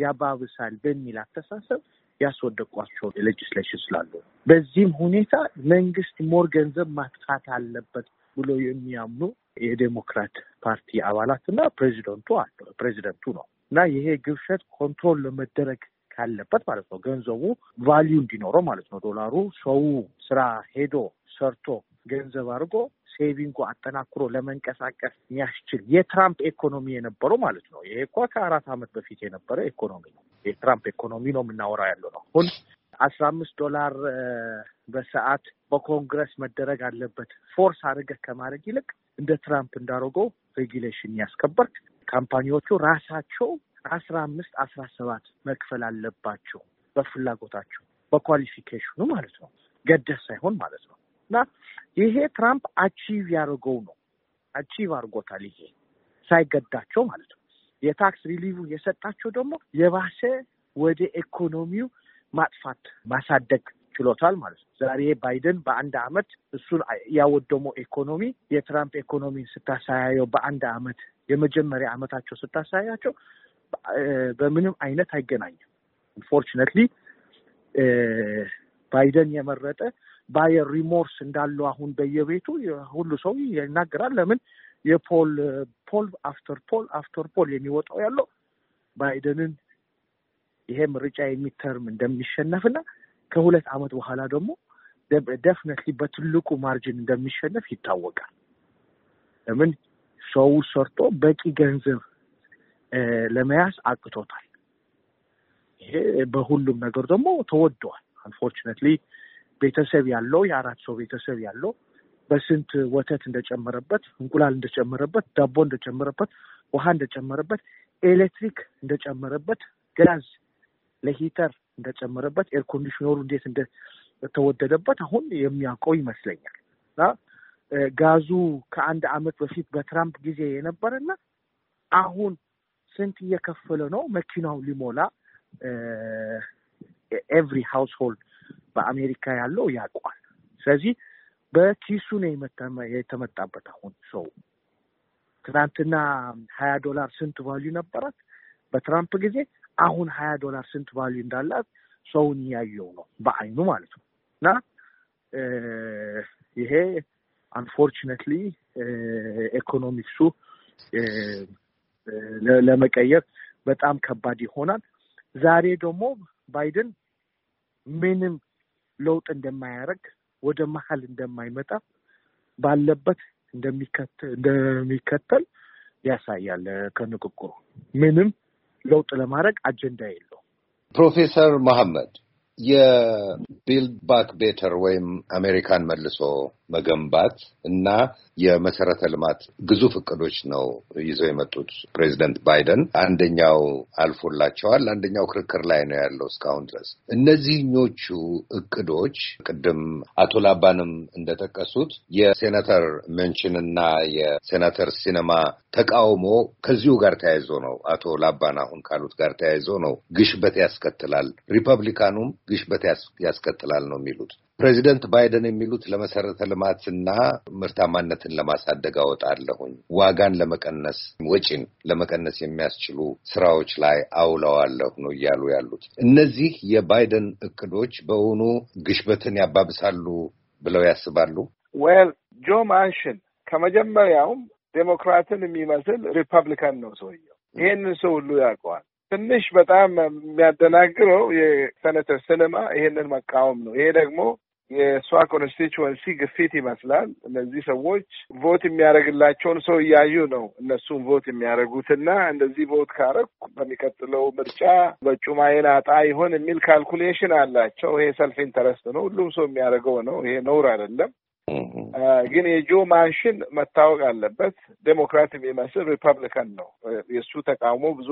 ያባብሳል በሚል አተሳሰብ ያስወደቋቸው ሌጅስሌሽን ስላሉ በዚህም ሁኔታ መንግስት ሞር ገንዘብ ማጥፋት አለበት ብሎ የሚያምኑ የዴሞክራት ፓርቲ አባላት እና ፕሬዚደንቱ አለ ፕሬዚደንቱ ነው እና ይሄ ግብሸት ኮንትሮል ለመደረግ ካለበት ማለት ነው ገንዘቡ ቫሊዩ እንዲኖረው ማለት ነው ዶላሩ ሰው ስራ ሄዶ ሰርቶ ገንዘብ አድርጎ ሴቪንጉ አጠናክሮ ለመንቀሳቀስ የሚያስችል የትራምፕ ኢኮኖሚ የነበረው ማለት ነው። ይሄ እኳ ከአራት ዓመት በፊት የነበረ ኢኮኖሚ ነው። የትራምፕ ኢኮኖሚ ነው የምናወራው ያለው ነው። አሁን አስራ አምስት ዶላር በሰዓት በኮንግረስ መደረግ አለበት ፎርስ አድርገህ ከማድረግ ይልቅ እንደ ትራምፕ እንዳደረገው ሬጊሌሽን ያስከበርክ ካምፓኒዎቹ ራሳቸው አስራ አምስት አስራ ሰባት መክፈል አለባቸው በፍላጎታቸው በኳሊፊኬሽኑ ማለት ነው ገደስ ሳይሆን ማለት ነው። እና ይሄ ትራምፕ አቺቭ ያደርገው ነው አቺቭ አድርጎታል። ይሄ ሳይገዳቸው ማለት ነው። የታክስ ሪሊቭ የሰጣቸው ደግሞ የባሰ ወደ ኢኮኖሚው ማጥፋት ማሳደግ ችሎታል ማለት ነው። ዛሬ ባይደን በአንድ አመት እሱን ያወደመው ኢኮኖሚ የትራምፕ ኢኮኖሚ ስታሳያየው በአንድ አመት የመጀመሪያ አመታቸው ስታሳያቸው በምንም አይነት አይገናኝም። ኢንፎርችነትሊ ባይደን የመረጠ ባየር ሪሞርስ እንዳለው አሁን በየቤቱ ሁሉ ሰው ይናገራል። ለምን የፖል ፖል አፍተር ፖል አፍተር ፖል የሚወጣው ያለው ባይደንን ይሄ ምርጫ የሚተርም እንደሚሸነፍና ከሁለት ዓመት በኋላ ደግሞ ደፍነትሊ በትልቁ ማርጅን እንደሚሸነፍ ይታወቃል። ለምን ሰው ሰርቶ በቂ ገንዘብ ለመያዝ አቅቶታል። ይሄ በሁሉም ነገር ደግሞ ተወደዋል። አንፎርችነትሊ ቤተሰብ ያለው የአራት ሰው ቤተሰብ ያለው በስንት ወተት እንደጨመረበት፣ እንቁላል እንደጨመረበት፣ ዳቦ እንደጨመረበት፣ ውሃ እንደጨመረበት፣ ኤሌክትሪክ እንደጨመረበት፣ ጋዝ ለሂተር እንደጨመረበት፣ ኤር ኮንዲሽነሩ እንዴት እንደተወደደበት አሁን የሚያውቀው ይመስለኛል። ጋዙ ከአንድ ዓመት በፊት በትራምፕ ጊዜ የነበረና አሁን ስንት እየከፈለ ነው መኪናው ሊሞላ ኤቭሪ ሃውስሆልድ በአሜሪካ ያለው ያውቋል። ስለዚህ በኪሱ ነው የተመጣበት። አሁን ሰው ትናንትና ሀያ ዶላር ስንት ቫልዩ ነበራት በትራምፕ ጊዜ፣ አሁን ሀያ ዶላር ስንት ቫሊዩ እንዳላት ሰውን እያየው ነው በአይኑ ማለት ነው። እና ይሄ አንፎርችነትሊ ኢኮኖሚክሱ ለመቀየር በጣም ከባድ ይሆናል። ዛሬ ደግሞ ባይደን ምንም ለውጥ እንደማያደርግ ወደ መሀል እንደማይመጣ ባለበት እንደሚከተል ያሳያል። ከንግግሩ ምንም ለውጥ ለማድረግ አጀንዳ የለው ፕሮፌሰር መሐመድ የቢልድ ባክ ቤተር ወይም አሜሪካን መልሶ መገንባት እና የመሰረተ ልማት ግዙፍ እቅዶች ነው ይዘው የመጡት ፕሬዚደንት ባይደን። አንደኛው አልፎላቸዋል፣ አንደኛው ክርክር ላይ ነው ያለው እስካሁን ድረስ። እነዚህኞቹ እቅዶች ቅድም አቶ ላባንም እንደጠቀሱት የሴናተር መንሽንና የሴናተር ሲነማ ተቃውሞ ከዚሁ ጋር ተያይዞ ነው። አቶ ላባን አሁን ካሉት ጋር ተያይዞ ነው ግሽበት ያስከትላል፣ ሪፐብሊካኑም ግሽበት ያስከትላል ነው የሚሉት። ፕሬዚደንት ባይደን የሚሉት ለመሰረተ ልማትና ምርታማነትን ለማሳደግ አወጣለሁኝ፣ ዋጋን ለመቀነስ፣ ወጪን ለመቀነስ የሚያስችሉ ስራዎች ላይ አውለዋለሁ ነው እያሉ ያሉት። እነዚህ የባይደን እቅዶች በውኑ ግሽበትን ያባብሳሉ ብለው ያስባሉ? ዌል ጆ ማንሽን ከመጀመሪያውም ዴሞክራትን የሚመስል ሪፐብሊካን ነው ሰውየው። ይሄንን ሰው ሁሉ ያውቀዋል። ትንሽ በጣም የሚያደናግረው የሴኔተር ሲኒማ ይሄንን መቃወም ነው። ይሄ ደግሞ የእሷ ኮንስቲቹዋንሲ ግፊት ይመስላል። እነዚህ ሰዎች ቮት የሚያደርግላቸውን ሰው እያዩ ነው እነሱም ቮት የሚያደርጉትና እንደዚህ ቮት ካረግኩ በሚቀጥለው ምርጫ በጩ አጣ ይሆን የሚል ካልኩሌሽን አላቸው። ይሄ ሰልፍ ኢንተረስት ነው፣ ሁሉም ሰው የሚያደርገው ነው። ይሄ ነውር አይደለም። ግን የጆ ማንሽን መታወቅ አለበት። ዴሞክራት የሚመስል ሪፐብሊካን ነው። የእሱ ተቃውሞ ብዙ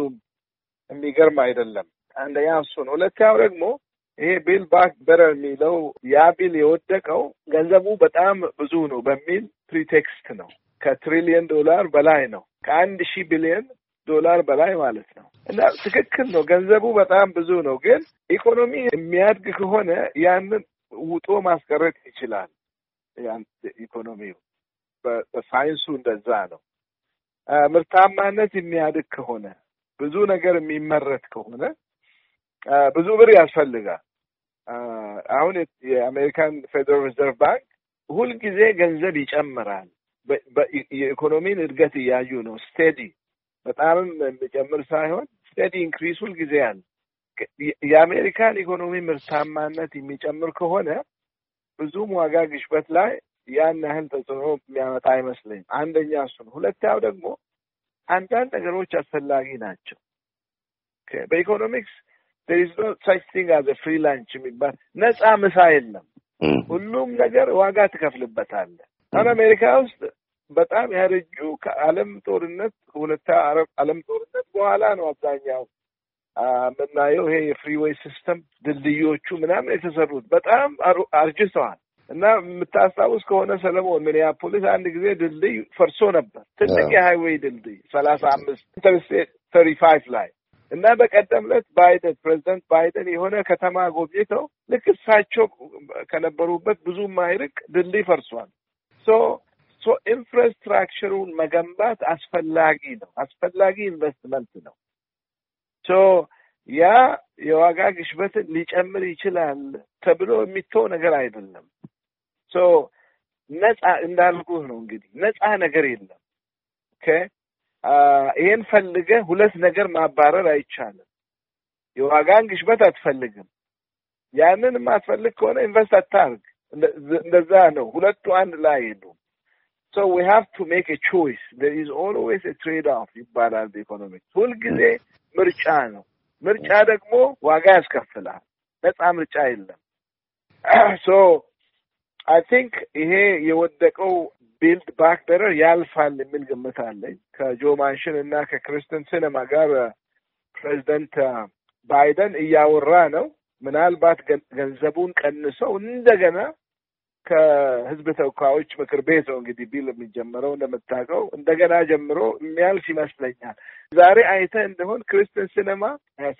የሚገርም አይደለም። አንደኛ እሱ ነው። ሁለተኛው ደግሞ ይሄ ቢል ባክ በረር የሚለው ያ ቢል የወደቀው ገንዘቡ በጣም ብዙ ነው በሚል ፕሪቴክስት ነው። ከትሪሊየን ዶላር በላይ ነው። ከአንድ ሺህ ቢሊየን ዶላር በላይ ማለት ነው። እና ትክክል ነው፣ ገንዘቡ በጣም ብዙ ነው። ግን ኢኮኖሚ የሚያድግ ከሆነ ያንን ውጦ ማስቀረት ይችላል። ኢኮኖሚው በሳይንሱ እንደዛ ነው። ምርታማነት የሚያድግ ከሆነ ብዙ ነገር የሚመረት ከሆነ ብዙ ብር ያስፈልጋል። አሁን የአሜሪካን ፌዴራል ሪዘርቭ ባንክ ሁልጊዜ ገንዘብ ይጨምራል። የኢኮኖሚን እድገት እያዩ ነው። ስቴዲ በጣምም የሚጨምር ሳይሆን ስቴዲ ኢንክሪስ ሁልጊዜ አለ። የአሜሪካን ኢኮኖሚ ምርታማነት የሚጨምር ከሆነ ብዙም ዋጋ ግሽበት ላይ ያን ያህል ተጽዕኖ የሚያመጣ አይመስለኝም። አንደኛ እሱ ነው። ሁለተኛው ደግሞ አንዳንድ ነገሮች አስፈላጊ ናቸው። በኢኮኖሚክስ ኖ ሳች ቲንግ አዘ ፍሪ ላንች የሚባል ነፃ ምሳ የለም። ሁሉም ነገር ዋጋ ትከፍልበታለህ። አሁን አሜሪካ ውስጥ በጣም ያረጁ ከዓለም ጦርነት ሁለታ ዓለም ጦርነት በኋላ ነው አብዛኛው የምናየው ይሄ የፍሪዌይ ሲስተም ድልድዮቹ ምናምን የተሰሩት በጣም አርጅተዋል። እና የምታስታውስ ከሆነ ሰለሞን ሚኒያፖሊስ አንድ ጊዜ ድልድይ ፈርሶ ነበር። ትልቅ የሃይዌይ ድልድይ ሰላሳ አምስት ኢንተርስቴት ተሪ ፋይቭ ላይ እና በቀደም ዕለት ባይደን ፕሬዚደንት ባይደን የሆነ ከተማ ጎብኝተው ልክ እሳቸው ከነበሩበት ብዙ ማይርቅ ድልድይ ፈርሷል። ሶ ኢንፍራስትራክቸሩን መገንባት አስፈላጊ ነው፣ አስፈላጊ ኢንቨስትመንት ነው። ሶ ያ የዋጋ ግሽበትን ሊጨምር ይችላል ተብሎ የሚተው ነገር አይደለም። ሶ ነጻ እንዳልኩህ ነው እንግዲህ ነጻ ነገር የለም። ይሄን ፈልገ ሁለት ነገር ማባረር አይቻልም። የዋጋን ግሽበት አትፈልግም። ያንን ማትፈልግ ከሆነ ኢንቨስት አታርግ። እንደዛ ነው። ሁለቱ አንድ ላይ አይሄዱም። ሶ ዊ ሃቭ ቱ ሜክ ኤ ቾይስ ዜር ኢዝ ኦልዌይስ ኤ ትሬድ ኦፍ ይባላል በኢኮኖሚክስ። ሁልጊዜ ምርጫ ነው። ምርጫ ደግሞ ዋጋ ያስከፍላል። ነፃ ምርጫ የለም። ሶ አይ ቲንክ ይሄ የወደቀው ቢልድ ባክ በረር ያልፋል የሚል ግምት አለኝ። ከጆ ማንሽን እና ከክሪስትን ሲነማ ጋር ፕሬዚደንት ባይደን እያወራ ነው። ምናልባት ገንዘቡን ቀንሰው እንደገና ከህዝብ ተወካዮች ምክር ቤት ነው እንግዲህ ቢል የሚጀምረው እንደምታውቀው እንደገና ጀምሮ የሚያልፍ ይመስለኛል። ዛሬ አይተህ እንደሆን ክሪስትን ሲነማ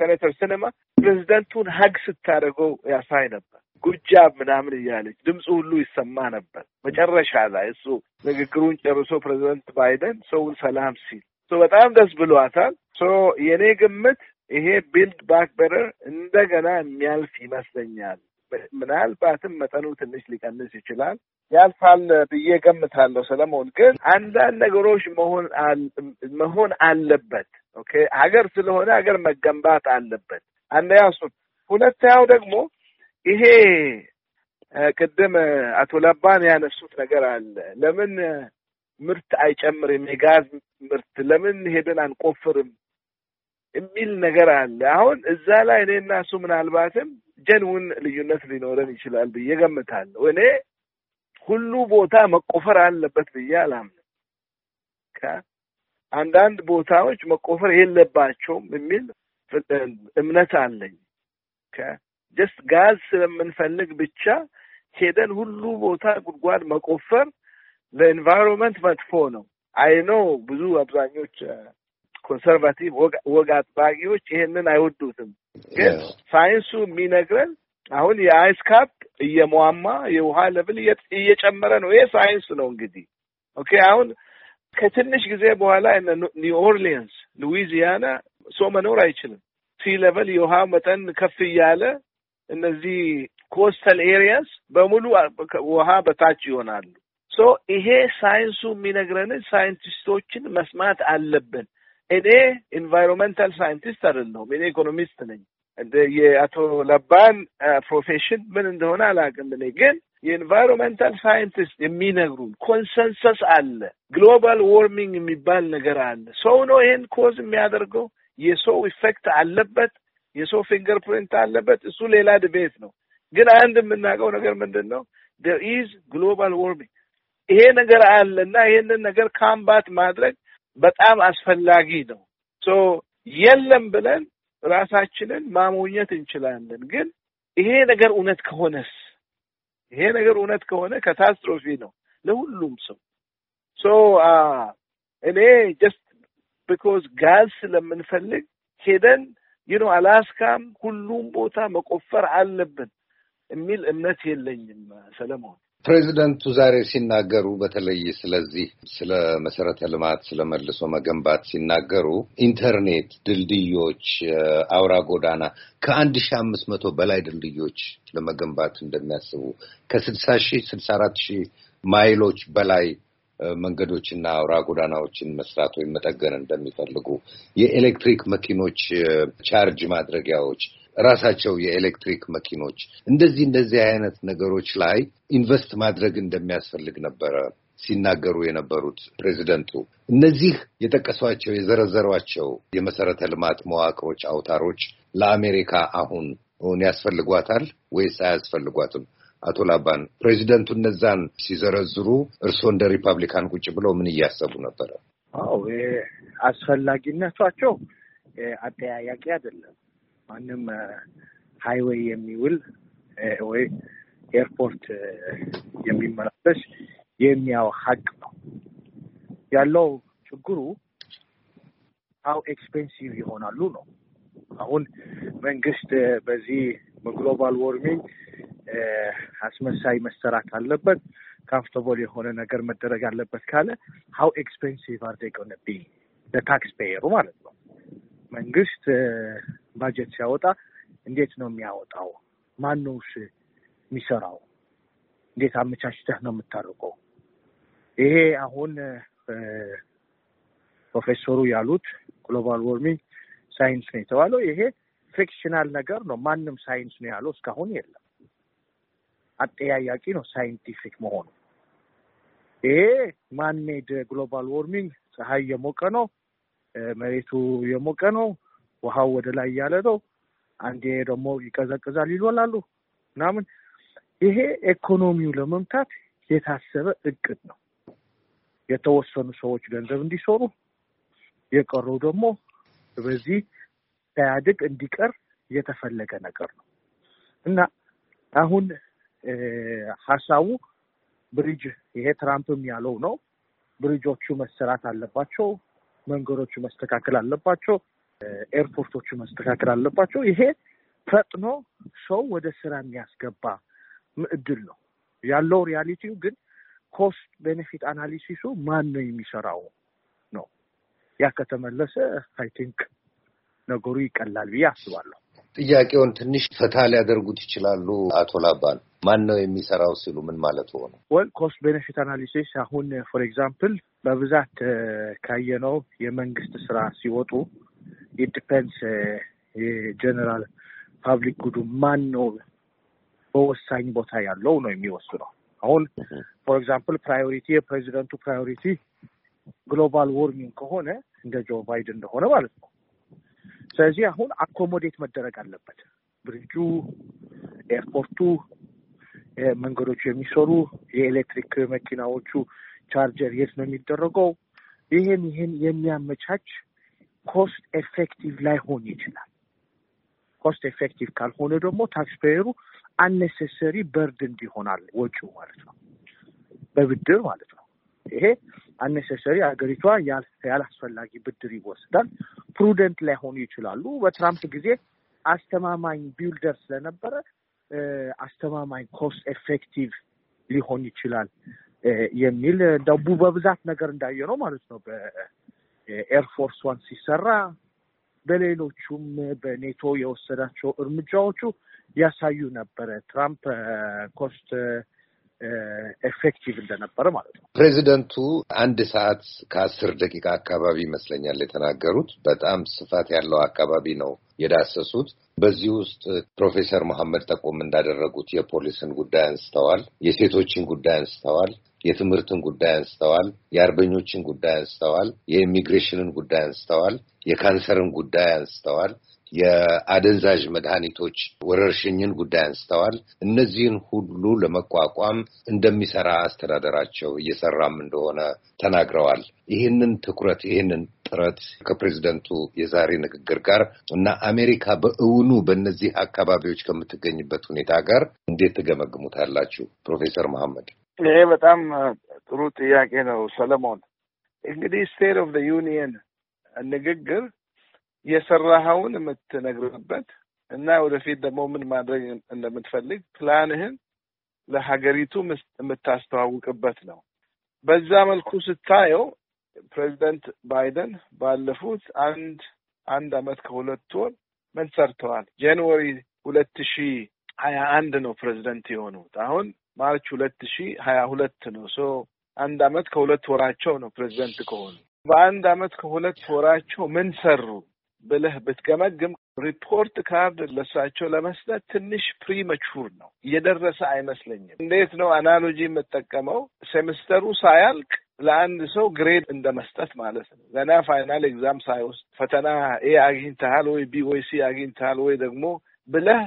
ሴኔተር ሲነማ ፕሬዚደንቱን ሀግ ስታደርገው ያሳይ ነበር። ጎጃም ምናምን እያለች ድምፁ ሁሉ ይሰማ ነበር። መጨረሻ ላይ እሱ ንግግሩን ጨርሶ ፕሬዚደንት ባይደን ሰውን ሰላም ሲል በጣም ደስ ብሏታል። የእኔ ግምት ይሄ ቢልድ ባክ በረር እንደገና የሚያልፍ ይመስለኛል። ምናልባትም መጠኑ ትንሽ ሊቀንስ ይችላል። ያልፋል ብዬ ገምታለሁ። ሰለሞን ግን አንዳንድ ነገሮች መሆን አለበት። ኦኬ ሀገር ስለሆነ ሀገር መገንባት አለበት። አንደኛ እሱ። ሁለተኛው ደግሞ ይሄ ቅድም አቶ ለባን ያነሱት ነገር አለ። ለምን ምርት አይጨምርም? የጋዝ ምርት ለምን ሄደን አንቆፍርም የሚል ነገር አለ። አሁን እዛ ላይ እኔ እና እሱ ምናልባትም ጀንውን ልዩነት ሊኖረን ይችላል ብዬ ገምታለሁ። እኔ ሁሉ ቦታ መቆፈር አለበት ብዬ አላምንም። አንዳንድ ቦታዎች መቆፈር የለባቸውም የሚል እምነት አለኝ። ጀስት ጋዝ ስለምንፈልግ ብቻ ሄደን ሁሉ ቦታ ጉድጓድ መቆፈር ለኤንቫይሮንመንት መጥፎ ነው። ኖ ብዙ አብዛኞች ኮንሰርቫቲቭ ወግ አጥባቂዎች ይሄንን አይወዱትም። ግን ሳይንሱ የሚነግረን አሁን የአይስ ካፕ እየሟማ የውሃ ለብል እየጨመረ ነው። ይሄ ሳይንስ ነው እንግዲህ። ኦኬ አሁን ከትንሽ ጊዜ በኋላ ኒው ኦርሊንስ ሉዊዚያና ሰው መኖር አይችልም። ሲ ለቨል የውሃ መጠን ከፍ እያለ እነዚህ ኮስተል ኤሪያስ በሙሉ ውሃ በታች ይሆናሉ። ሶ ይሄ ሳይንሱ የሚነግረን ሳይንቲስቶችን መስማት አለብን። እኔ ኢንቫይሮንመንታል ሳይንቲስት አይደለሁም። እኔ ኢኮኖሚስት ነኝ። የአቶ ለባን ፕሮፌሽን ምን እንደሆነ አላውቅም። እኔ ግን የኤንቫይሮንመንታል ሳይንቲስት የሚነግሩን ኮንሰንሰስ አለ። ግሎባል ዎርሚንግ የሚባል ነገር አለ። ሰው ነው ይህን ኮዝ የሚያደርገው። የሰው ኢፌክት አለበት። የሰው ፊንገር ፕሪንት አለበት። እሱ ሌላ ድቤት ነው። ግን አንድ የምናውቀው ነገር ምንድን ነው? ዴር ኢዝ ግሎባል ዋርሚንግ ይሄ ነገር አለ እና ይሄንን ነገር ካምባት ማድረግ በጣም አስፈላጊ ነው። ሶ የለም ብለን ራሳችንን ማሞኘት እንችላለን። ግን ይሄ ነገር እውነት ከሆነስ ይሄ ነገር እውነት ከሆነ ካታስትሮፊ ነው ለሁሉም ሰው። ሶ uh, እኔ ጀስት ቢኮዝ ጋዝ ስለምንፈልግ ሄደን ይህ ነው። አላስካም ሁሉም ቦታ መቆፈር አለብን የሚል እምነት የለኝም ሰለሞን። ፕሬዚደንቱ ዛሬ ሲናገሩ በተለይ ስለዚህ ስለ መሰረተ ልማት ስለ መልሶ መገንባት ሲናገሩ ኢንተርኔት፣ ድልድዮች፣ አውራ ጎዳና ከአንድ ሺ አምስት መቶ በላይ ድልድዮች ለመገንባት እንደሚያስቡ ከስልሳ ሺህ ስልሳ አራት ሺህ ማይሎች በላይ መንገዶችና አውራ ጎዳናዎችን መስራት ወይም መጠገን እንደሚፈልጉ የኤሌክትሪክ መኪኖች ቻርጅ ማድረጊያዎች ራሳቸው የኤሌክትሪክ መኪኖች እንደዚህ እንደዚህ አይነት ነገሮች ላይ ኢንቨስት ማድረግ እንደሚያስፈልግ ነበረ ሲናገሩ የነበሩት ፕሬዚደንቱ። እነዚህ የጠቀሷቸው የዘረዘሯቸው የመሰረተ ልማት መዋቅሮች አውታሮች ለአሜሪካ አሁን ያስፈልጓታል ወይስ አያስፈልጓትም? አቶ ላባን ፕሬዚደንቱ እነዛን ሲዘረዝሩ እርስዎ እንደ ሪፐብሊካን ቁጭ ብለው ምን እያሰቡ ነበረ? አዎ አስፈላጊነቷቸው አጠያያቂ አይደለም። ማንም ሃይዌይ የሚውል ወይ ኤርፖርት የሚመላለስ የሚያው ሀቅ ነው ያለው። ችግሩ ሀው ኤክስፔንሲቭ ይሆናሉ ነው። አሁን መንግስት በዚህ በግሎባል ዎርሚንግ አስመሳይ መሰራት አለበት። ካምፍርታብል የሆነ ነገር መደረግ አለበት ካለ ሀው ኤክስፔንሲቭ አር ዴይ ጎነ ቢ ለታክስ ፔየሩ ማለት ነው። መንግስት ባጀት ሲያወጣ እንዴት ነው የሚያወጣው? ማን ነው የሚሰራው? እንዴት አመቻችተህ ነው የምታርቀው? ይሄ አሁን ፕሮፌሰሩ ያሉት ግሎባል ዎርሚንግ ሳይንስ ነው የተባለው ይሄ ፊክሽናል ነገር ነው። ማንም ሳይንስ ነው ያለው እስካሁን የለም። አጠያያቂ ነው ሳይንቲፊክ መሆኑ። ይሄ ማንሜድ ግሎባል ዎርሚንግ ፀሐይ የሞቀ ነው፣ መሬቱ የሞቀ ነው፣ ውሃው ወደ ላይ ያለ ነው። አንዴ ደግሞ ይቀዘቅዛል ይሎላሉ ምናምን። ይሄ ኢኮኖሚው ለመምታት የታሰበ እቅድ ነው። የተወሰኑ ሰዎች ገንዘብ እንዲሰሩ የቀረው ደግሞ በዚህ ሳያድግ እንዲቀር የተፈለገ ነገር ነው እና አሁን ሀሳቡ ብሪጅ ይሄ ትራምፕም ያለው ነው። ብሪጆቹ መሰራት አለባቸው፣ መንገዶቹ መስተካከል አለባቸው፣ ኤርፖርቶቹ መስተካከል አለባቸው። ይሄ ፈጥኖ ሰው ወደ ስራ የሚያስገባ እድል ነው ያለው። ሪያሊቲው ግን ኮስት ቤኔፊት አናሊሲሱ ማን ነው የሚሰራው ነው። ያ ከተመለሰ አይ ቲንክ ነገሩ ይቀላል ብዬ አስባለሁ። ጥያቄውን ትንሽ ፈታ ሊያደርጉት ይችላሉ አቶ ላባን ማን ነው የሚሰራው ሲሉ ምን ማለት ሆነ? ወል ኮስት ቤኔፊት አናሊሲስ አሁን ፎር ኤግዛምፕል በብዛት ካየነው የመንግስት ስራ ሲወጡ ኢንዲፔንስ የጀነራል ፓብሊክ ጉዱ ማን ነው በወሳኝ ቦታ ያለው ነው የሚወስነው። አሁን ፎር ኤግዛምፕል ፕራዮሪቲ የፕሬዚደንቱ ፕራዮሪቲ ግሎባል ዎርሚንግ ከሆነ እንደ ጆ ባይደን እንደሆነ ማለት ነው ስለዚህ አሁን አኮሞዴት መደረግ አለበት። ብሪጁ፣ ኤርፖርቱ፣ መንገዶቹ የሚሰሩ የኤሌክትሪክ መኪናዎቹ ቻርጀር የት ነው የሚደረገው? ይህን ይህን የሚያመቻች ኮስት ኤፌክቲቭ ላይሆን ይችላል። ኮስት ኤፌክቲቭ ካልሆነ ደግሞ ታክስፔየሩ አንኔሴሰሪ በርድ እንዲሆናል ወጪው ማለት ነው፣ በብድር ማለት ነው። ይሄ አነሰሰሪ ሀገሪቷ ያላስፈላጊ ብድር ይወስዳል። ፕሩደንት ላይሆኑ ይችላሉ። በትራምፕ ጊዜ አስተማማኝ ቢልደር ስለነበረ አስተማማኝ ኮስት ኤፌክቲቭ ሊሆን ይችላል የሚል ደቡ በብዛት ነገር እንዳየ ነው ማለት ነው። በኤርፎርስ ዋን ሲሰራ በሌሎቹም በኔቶ የወሰዳቸው እርምጃዎቹ ያሳዩ ነበረ ትራምፕ ኮስት ኤፌክቲቭ እንደነበረ ማለት ነው። ፕሬዚደንቱ አንድ ሰዓት ከአስር ደቂቃ አካባቢ ይመስለኛል የተናገሩት። በጣም ስፋት ያለው አካባቢ ነው የዳሰሱት። በዚህ ውስጥ ፕሮፌሰር መሐመድ ጠቆም እንዳደረጉት የፖሊስን ጉዳይ አንስተዋል። የሴቶችን ጉዳይ አንስተዋል። የትምህርትን ጉዳይ አንስተዋል። የአርበኞችን ጉዳይ አንስተዋል። የኢሚግሬሽንን ጉዳይ አንስተዋል። የካንሰርን ጉዳይ አንስተዋል። የአደንዛዥ መድኃኒቶች ወረርሽኝን ጉዳይ አንስተዋል። እነዚህን ሁሉ ለመቋቋም እንደሚሰራ አስተዳደራቸው እየሰራም እንደሆነ ተናግረዋል። ይህንን ትኩረት ይህንን ጥረት ከፕሬዚደንቱ የዛሬ ንግግር ጋር እና አሜሪካ በእውኑ በእነዚህ አካባቢዎች ከምትገኝበት ሁኔታ ጋር እንዴት ትገመግሙታላችሁ? ፕሮፌሰር መሐመድ ይሄ በጣም ጥሩ ጥያቄ ነው ሰለሞን። እንግዲህ ስቴት ኦፍ ዩኒየን ንግግር የሰራኸውን የምትነግርበት እና ወደፊት ደግሞ ምን ማድረግ እንደምትፈልግ ፕላንህን ለሀገሪቱ የምታስተዋውቅበት ነው። በዛ መልኩ ስታየው ፕሬዚደንት ባይደን ባለፉት አንድ አንድ አመት ከሁለት ወር ምን ሰርተዋል? ጃንዋሪ ሁለት ሺ ሀያ አንድ ነው ፕሬዚደንት የሆኑት። አሁን ማርች ሁለት ሺ ሀያ ሁለት ነው። ሶ አንድ አመት ከሁለት ወራቸው ነው ፕሬዚደንት ከሆኑ። በአንድ አመት ከሁለት ወራቸው ምን ሰሩ? ብለህ ብትገመግም ሪፖርት ካርድ ለሳቸው ለመስጠት ትንሽ ፕሪመቹር ነው። እየደረሰ አይመስለኝም። እንዴት ነው አናሎጂ የምጠቀመው? ሴምስተሩ ሳያልቅ ለአንድ ሰው ግሬድ እንደ መስጠት ማለት ነው። ገና ፋይናል ኤግዛም ሳይወስድ ፈተና ኤ አግኝተሃል ወይ ቢ ወይ ሲ አግኝተሃል ወይ ደግሞ ብለህ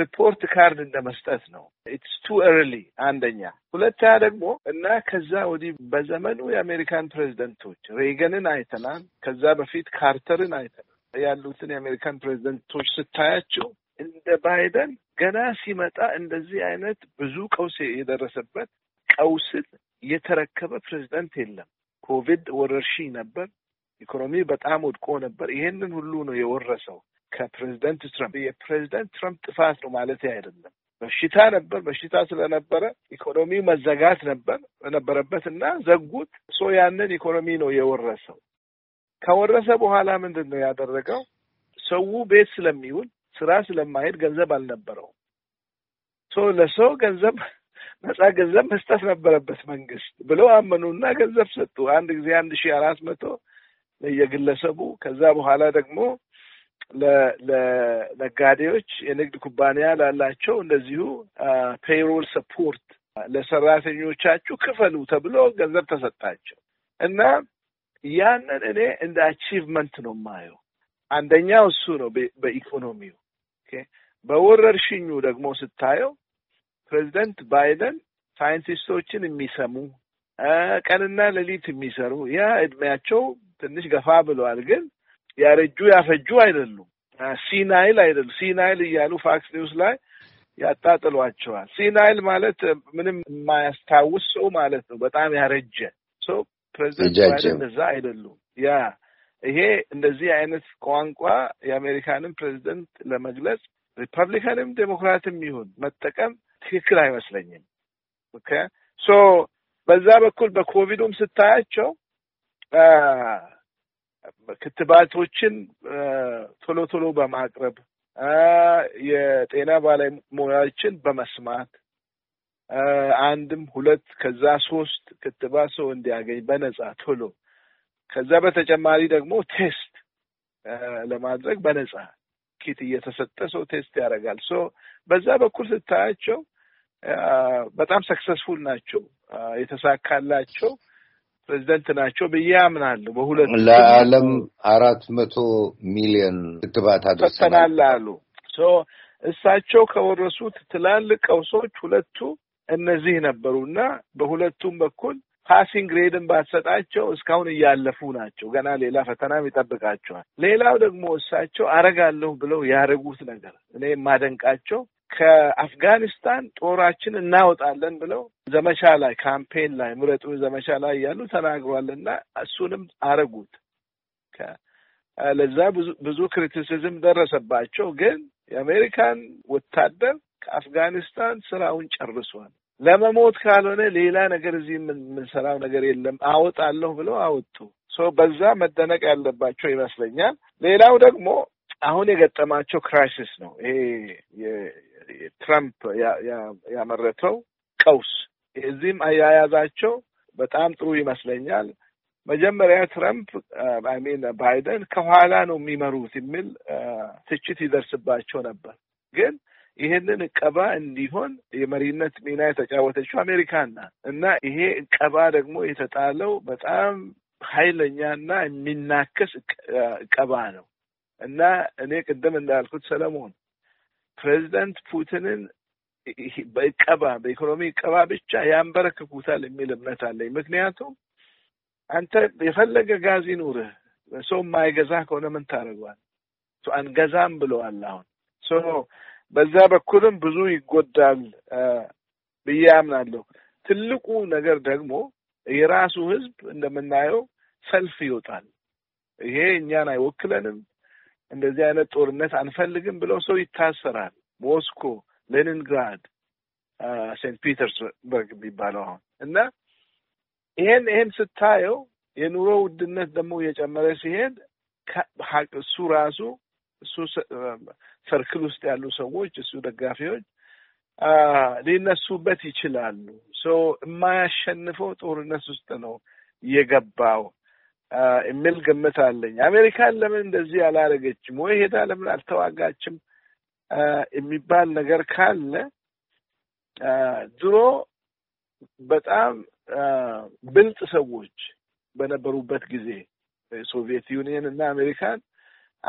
ሪፖርት ካርድ እንደ መስጠት ነው። ኢትስ ቱ ኤርሊ አንደኛ። ሁለተኛ ደግሞ እና ከዛ ወዲህ በዘመኑ የአሜሪካን ፕሬዚደንቶች ሬገንን አይተናል። ከዛ በፊት ካርተርን አይተናል። ያሉትን የአሜሪካን ፕሬዚደንቶች ስታያቸው እንደ ባይደን ገና ሲመጣ እንደዚህ አይነት ብዙ ቀውስ የደረሰበት ቀውስን የተረከበ ፕሬዚደንት የለም። ኮቪድ ወረርሽኝ ነበር። ኢኮኖሚ በጣም ወድቆ ነበር። ይሄንን ሁሉ ነው የወረሰው ከፕሬዚደንት ትራምፕ። የፕሬዚደንት ትራምፕ ጥፋት ነው ማለት አይደለም። በሽታ ነበር። በሽታ ስለነበረ ኢኮኖሚ መዘጋት ነበር ነበረበት እና ዘጉት። ሶ ያንን ኢኮኖሚ ነው የወረሰው። ከወረሰ በኋላ ምንድን ነው ያደረገው? ሰው ቤት ስለሚውል ስራ ስለማሄድ ገንዘብ አልነበረው። ለሰው ገንዘብ ነጻ ገንዘብ መስጠት ነበረበት መንግስት ብለው አመኑና ገንዘብ ሰጡ። አንድ ጊዜ አንድ ሺህ አራት መቶ ለየግለሰቡ ከዛ በኋላ ደግሞ ለነጋዴዎች የንግድ ኩባንያ ላላቸው እንደዚሁ ፔይሮል ሰፖርት ለሰራተኞቻችሁ ክፈሉ ተብሎ ገንዘብ ተሰጣቸው እና ያንን እኔ እንደ አቺቭመንት ነው የማየው። አንደኛው እሱ ነው። በኢኮኖሚው በወረርሽኙ ደግሞ ስታየው ፕሬዚደንት ባይደን ሳይንቲስቶችን የሚሰሙ ቀንና ሌሊት የሚሰሩ ያ እድሜያቸው ትንሽ ገፋ ብለዋል፣ ግን ያረጁ ያፈጁ አይደሉም። ሲናይል አይደሉ ሲናይል እያሉ ፋክስ ኒውስ ላይ ያጣጥሏቸዋል። ሲናይል ማለት ምንም የማያስታውስ ሰው ማለት ነው። በጣም ያረጀ ሰው ፕሬዚደንት ባይደን እዛ አይደሉም። ያ ይሄ እንደዚህ አይነት ቋንቋ የአሜሪካንን ፕሬዚደንት ለመግለጽ ሪፐብሊካንም ዴሞክራትም ይሁን መጠቀም ትክክል አይመስለኝም። ሶ በዛ በኩል በኮቪዱም ስታያቸው ክትባቶችን ቶሎ ቶሎ በማቅረብ የጤና ባለሙያዎችን በመስማት አንድም ሁለት ከዛ ሶስት ክትባት ሰው እንዲያገኝ በነጻ ቶሎ ከዛ በተጨማሪ ደግሞ ቴስት ለማድረግ በነጻ ኪት እየተሰጠ ሰው ቴስት ያደርጋል። ሶ በዛ በኩል ስታያቸው በጣም ሰክሰስፉል ናቸው፣ የተሳካላቸው ፕሬዚደንት ናቸው ብዬ አምናለሁ። በሁለት ለዓለም አራት መቶ ሚሊዮን ክትባት አድርሰናል አሉ። እሳቸው ከወረሱት ትላልቅ ቀውሶች ሁለቱ እነዚህ ነበሩ እና በሁለቱም በኩል ፓሲንግ ግሬድን ባትሰጣቸው እስካሁን እያለፉ ናቸው። ገና ሌላ ፈተናም ይጠብቃቸዋል። ሌላው ደግሞ እሳቸው አረጋለሁ ብለው ያደረጉት ነገር እኔ የማደንቃቸው ከአፍጋኒስታን ጦራችን እናወጣለን ብለው ዘመቻ ላይ ካምፔን ላይ ምረጡ ዘመቻ ላይ እያሉ ተናግሯል እና እሱንም አረጉት። ለዛ ብዙ ክሪቲሲዝም ደረሰባቸው። ግን የአሜሪካን ወታደር ከአፍጋኒስታን ስራውን ጨርሷል። ለመሞት ካልሆነ ሌላ ነገር እዚህ የምንሰራው ነገር የለም አወጣለሁ ብለው አወጡ። በዛ መደነቅ ያለባቸው ይመስለኛል። ሌላው ደግሞ አሁን የገጠማቸው ክራይሲስ ነው። ይሄ የትራምፕ ያመረተው ቀውስ እዚህም አያያዛቸው በጣም ጥሩ ይመስለኛል። መጀመሪያ ትራምፕ ሚን ባይደን ከኋላ ነው የሚመሩት የሚል ትችት ይደርስባቸው ነበር። ግን ይሄንን እቀባ እንዲሆን የመሪነት ሚና የተጫወተችው አሜሪካን ናት እና ይሄ እቀባ ደግሞ የተጣለው በጣም ኃይለኛና የሚናከስ እቀባ ነው እና እኔ ቅድም እንዳልኩት ሰለሞን ፕሬዚደንት ፑቲንን በእቀባ በኢኮኖሚ እቀባ ብቻ ያንበረክኩታል የሚል እምነት አለኝ። ምክንያቱም አንተ የፈለገ ጋዝ ይኑርህ ሰው የማይገዛ ከሆነ ምን ታደርገዋል? አንገዛም ብለዋል። አሁን በዛ በኩልም ብዙ ይጎዳል ብዬ አምናለሁ። ትልቁ ነገር ደግሞ የራሱ ህዝብ እንደምናየው ሰልፍ ይወጣል። ይሄ እኛን አይወክለንም፣ እንደዚህ አይነት ጦርነት አንፈልግም ብለው ሰው ይታሰራል። ሞስኮ፣ ሌኒንግራድ፣ ሴንት ፒተርስበርግ የሚባለው አሁን እና ይሄን ይሄን ስታየው የኑሮ ውድነት ደግሞ እየጨመረ ሲሄድ እሱ ራሱ እሱ ሰርክል ውስጥ ያሉ ሰዎች እሱ ደጋፊዎች ሊነሱበት ይችላሉ። ሰው የማያሸንፈው ጦርነት ውስጥ ነው የገባው የሚል ግምት አለኝ። አሜሪካን ለምን እንደዚህ አላደረገችም ወይ ሄዳ ለምን አልተዋጋችም የሚባል ነገር ካለ ድሮ በጣም ብልጥ ሰዎች በነበሩበት ጊዜ ሶቪየት ዩኒየን እና አሜሪካን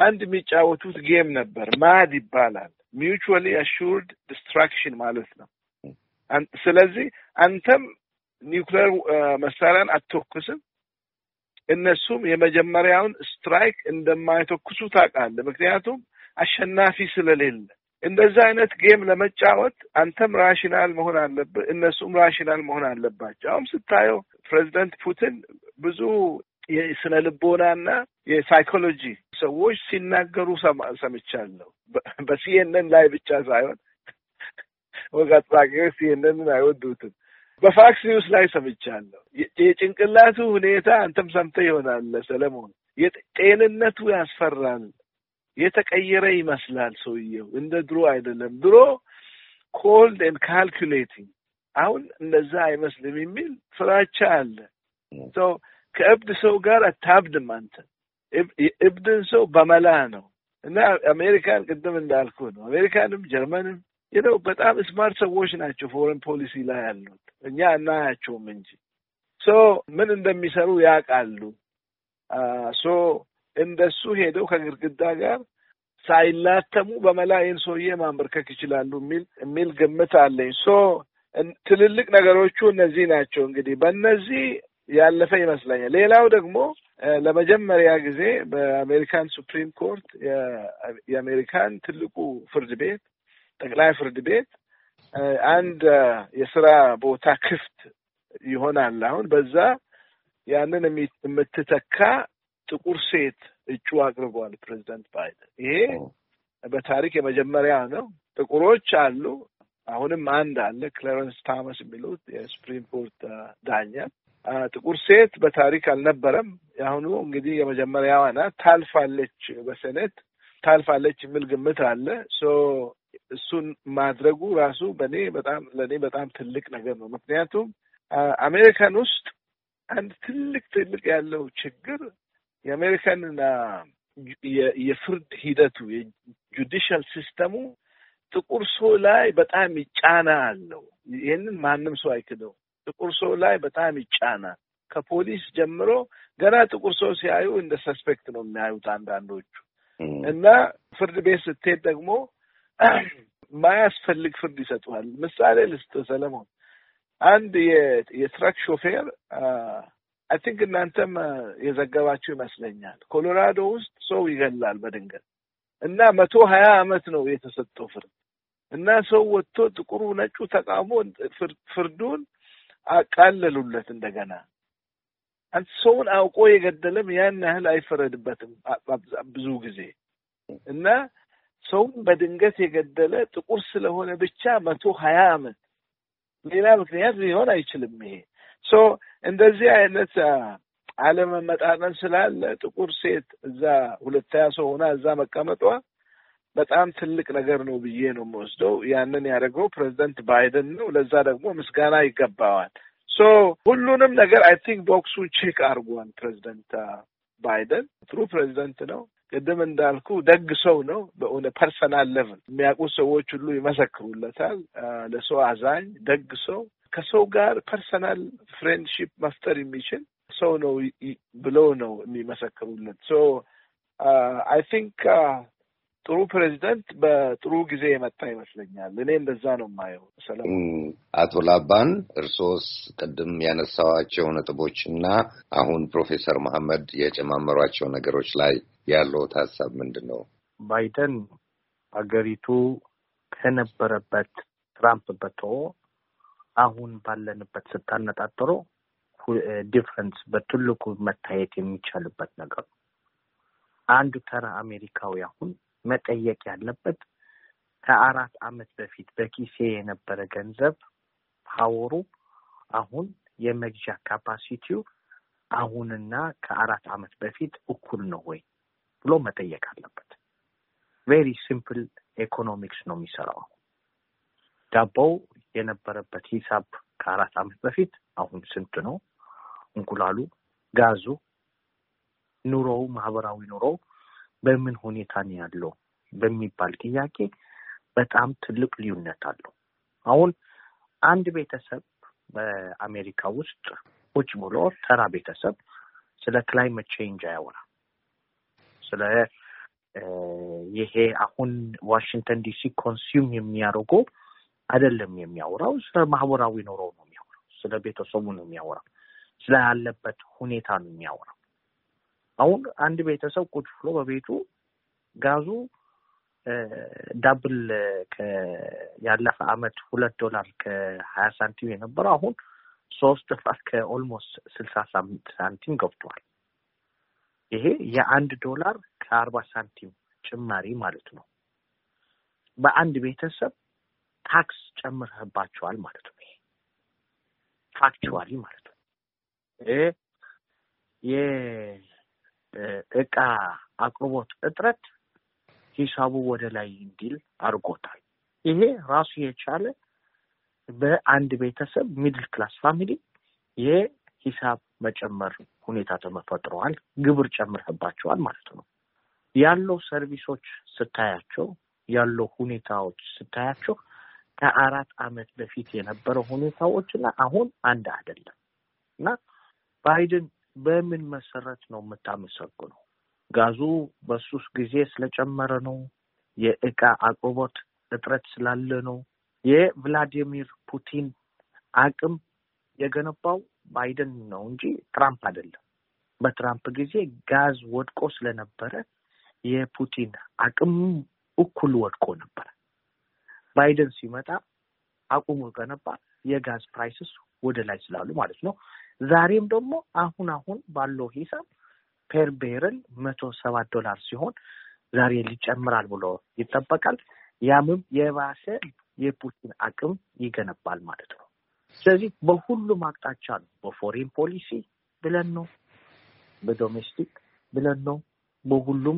አንድ የሚጫወቱት ጌም ነበር። ማድ ይባላል። ሚውቹዋሊ አሹርድ ዲስትራክሽን ማለት ነው። ስለዚህ አንተም ኒውክሌር መሳሪያን አትተኩስም፣ እነሱም የመጀመሪያውን ስትራይክ እንደማይተኩሱ ታውቃለህ። ምክንያቱም አሸናፊ ስለሌለ እንደዛ አይነት ጌም ለመጫወት አንተም ራሽናል መሆን አለብህ፣ እነሱም ራሽናል መሆን አለባቸው። አሁን ስታየው ፕሬዚደንት ፑቲን ብዙ የስነ ልቦናና የሳይኮሎጂ ሰዎች ሲናገሩ ሰምቻለሁ። በሲኤንን ላይ ብቻ ሳይሆን ወግ አጥባቂዎች ሲኤንንን አይወዱትም። በፋክስ ኒውስ ላይ ሰምቻለሁ። የጭንቅላቱ ሁኔታ አንተም ሰምተህ ይሆናል ሰለሞን። ጤንነቱ ያስፈራል። የተቀየረ ይመስላል ሰውየው። እንደ ድሮ አይደለም። ድሮ ኮልድ ኤንድ ካልኩሌቲንግ፣ አሁን እንደዛ አይመስልም የሚል ፍራቻ አለ። ከእብድ ሰው ጋር አታብድም። አንተ እብድን ሰው በመላ ነው እና አሜሪካን ቅድም እንዳልኩ ነው። አሜሪካንም ጀርመንም የነው በጣም ስማርት ሰዎች ናቸው ፎሬን ፖሊሲ ላይ ያሉት እኛ እናያቸውም እንጂ ሶ ምን እንደሚሰሩ ያውቃሉ። ሶ እንደሱ ሄደው ከግድግዳ ጋር ሳይላተሙ በመላ ይህን ሰውዬ ማንበርከክ ይችላሉ የሚል ግምት አለኝ። ሶ ትልልቅ ነገሮቹ እነዚህ ናቸው። እንግዲህ በእነዚህ ያለፈ ይመስለኛል። ሌላው ደግሞ ለመጀመሪያ ጊዜ በአሜሪካን ሱፕሪም ኮርት የአሜሪካን ትልቁ ፍርድ ቤት ጠቅላይ ፍርድ ቤት አንድ የስራ ቦታ ክፍት ይሆናል። አሁን በዛ ያንን የምትተካ ጥቁር ሴት እጩ አቅርቧል ፕሬዚደንት ባይደን። ይሄ በታሪክ የመጀመሪያ ነው። ጥቁሮች አሉ። አሁንም አንድ አለ፣ ክለረንስ ታመስ የሚሉት የሱፕሪም ኮርት ዳኛ ጥቁር ሴት በታሪክ አልነበረም። የአሁኑ እንግዲህ የመጀመሪያዋ ናት። ታልፋለች፣ በሴኔት ታልፋለች የሚል ግምት አለ። እሱን ማድረጉ ራሱ በእኔ በጣም ለእኔ በጣም ትልቅ ነገር ነው። ምክንያቱም አሜሪካን ውስጥ አንድ ትልቅ ትልቅ ያለው ችግር የአሜሪካንና የፍርድ ሂደቱ የጁዲሻል ሲስተሙ ጥቁር ሰው ላይ በጣም ይጫና አለው። ይህንን ማንም ሰው አይክደው። ጥቁር ሰው ላይ በጣም ይጫናል። ከፖሊስ ጀምሮ ገና ጥቁር ሰው ሲያዩ እንደ ሰስፔክት ነው የሚያዩት አንዳንዶቹ። እና ፍርድ ቤት ስትሄድ ደግሞ ማያስፈልግ ፍርድ ይሰጡሃል። ምሳሌ ልስጥ ሰለሞን፣ አንድ የትራክ ሾፌር አይ ቲንክ እናንተም የዘገባችሁ ይመስለኛል። ኮሎራዶ ውስጥ ሰው ይገላል በድንገት እና መቶ ሀያ አመት ነው የተሰጠው ፍርድ እና ሰው ወጥቶ ጥቁሩ ነጩ ተቃውሞ ፍርዱን አቃለሉለት እንደገና። ሰውን አውቆ የገደለም ያን ያህል አይፈረድበትም ብዙ ጊዜ እና ሰውን በድንገት የገደለ ጥቁር ስለሆነ ብቻ መቶ ሀያ አመት ሌላ ምክንያት ሊሆን አይችልም። ይሄ ሶ እንደዚህ አይነት አለመመጣጠን ስላለ ጥቁር ሴት እዛ ሁለት ሰው ሆና እዛ መቀመጧ በጣም ትልቅ ነገር ነው ብዬ ነው የምወስደው። ያንን ያደረገው ፕሬዚደንት ባይደን ነው። ለዛ ደግሞ ምስጋና ይገባዋል። ሶ ሁሉንም ነገር አይ ቲንክ ቦክሱ ቼክ አድርጓል ፕሬዚደንት ባይደን ጥሩ ፕሬዚደንት ነው። ቅድም እንዳልኩ ደግ ሰው ነው። በሆነ ፐርሰናል ሌቭል የሚያውቁ ሰዎች ሁሉ ይመሰክሩለታል። ለሰው አዛኝ፣ ደግ ሰው፣ ከሰው ጋር ፐርሰናል ፍሬንድሺፕ መፍጠር የሚችል ሰው ነው ብለው ነው የሚመሰክሩለት። ሶ አይ ቲንክ ጥሩ ፕሬዚደንት በጥሩ ጊዜ የመጣ ይመስለኛል። እኔ እንደዛ ነው የማየው። ሰለሞን፣ አቶ ላባን እርሶስ ቅድም ያነሳዋቸው ነጥቦች እና አሁን ፕሮፌሰር መሐመድ የጨማመሯቸው ነገሮች ላይ ያለዎት ሀሳብ ምንድን ነው? ባይደን ሀገሪቱ ከነበረበት ትራምፕ በቶ አሁን ባለንበት ስታነጣጥሮ ዲፍረንስ በትልቁ መታየት የሚቻልበት ነገር ነው። አንድ ተራ አሜሪካዊ አሁን መጠየቅ ያለበት ከአራት አመት በፊት በኪሴ የነበረ ገንዘብ ፓወሩ አሁን የመግዣ ካፓሲቲው አሁንና ከአራት አመት በፊት እኩል ነው ወይ ብሎ መጠየቅ አለበት። ቬሪ ሲምፕል ኢኮኖሚክስ ነው የሚሰራው። ዳቦው የነበረበት ሂሳብ ከአራት አመት በፊት አሁን ስንት ነው? እንቁላሉ፣ ጋዙ፣ ኑሮው፣ ማህበራዊ ኑሮው በምን ሁኔታ ነው ያለው በሚባል ጥያቄ በጣም ትልቅ ልዩነት አለው። አሁን አንድ ቤተሰብ በአሜሪካ ውስጥ ቁጭ ብሎ ተራ ቤተሰብ ስለ ክላይመት ቼንጅ አያወራ ስለ ይሄ አሁን ዋሽንግተን ዲሲ ኮንሱም የሚያደርገው አይደለም የሚያወራው። ስለ ማህበራዊ ኑሮው ነው የሚያወራው። ስለ ቤተሰቡ ነው የሚያወራው። ስለ ያለበት ሁኔታ ነው የሚያወራው። አሁን አንድ ቤተሰብ ቁጭ ብሎ በቤቱ ጋዙ ዳብል ያለፈ አመት ሁለት ዶላር ከሀያ ሳንቲም የነበረው አሁን ሶስት ዶላር ከኦልሞስት ስልሳ ሳንቲም ገብቷል። ይሄ የአንድ ዶላር ከአርባ ሳንቲም ጭማሪ ማለት ነው። በአንድ ቤተሰብ ታክስ ጨምረህባቸዋል ማለት ነው። ይሄ ፋክቹዋሊ ማለት ነው። ይሄ እቃ አቅርቦት እጥረት ሂሳቡ ወደ ላይ እንዲል አድርጎታል። ይሄ ራሱ የቻለ በአንድ ቤተሰብ ሚድል ክላስ ፋሚሊ የሂሳብ መጨመር ሁኔታ ተፈጥረዋል። ግብር ጨምረህባቸዋል ማለት ነው። ያለው ሰርቪሶች ስታያቸው፣ ያለው ሁኔታዎች ስታያቸው ከአራት አመት በፊት የነበረው ሁኔታዎች አሁን አንድ አይደለም እና ባይደን በምን መሰረት ነው የምታመሰግነው? ጋዙ በሱስ ጊዜ ስለጨመረ ነው? የእቃ አቅርቦት እጥረት ስላለ ነው? የቭላዲሚር ፑቲን አቅም የገነባው ባይደን ነው እንጂ ትራምፕ አይደለም። በትራምፕ ጊዜ ጋዝ ወድቆ ስለነበረ የፑቲን አቅም እኩል ወድቆ ነበረ። ባይደን ሲመጣ አቁሙ ገነባ። የጋዝ ፕራይስስ ወደ ላይ ስላሉ ማለት ነው ዛሬም ደግሞ አሁን አሁን ባለው ሂሳብ ፐር ቤርል መቶ ሰባት ዶላር ሲሆን ዛሬ ሊጨምራል ብሎ ይጠበቃል። ያምም የባሰ የፑቲን አቅም ይገነባል ማለት ነው። ስለዚህ በሁሉም አቅጣጫ ነው። በፎሬን ፖሊሲ ብለን ነው፣ በዶሜስቲክ ብለን ነው፣ በሁሉም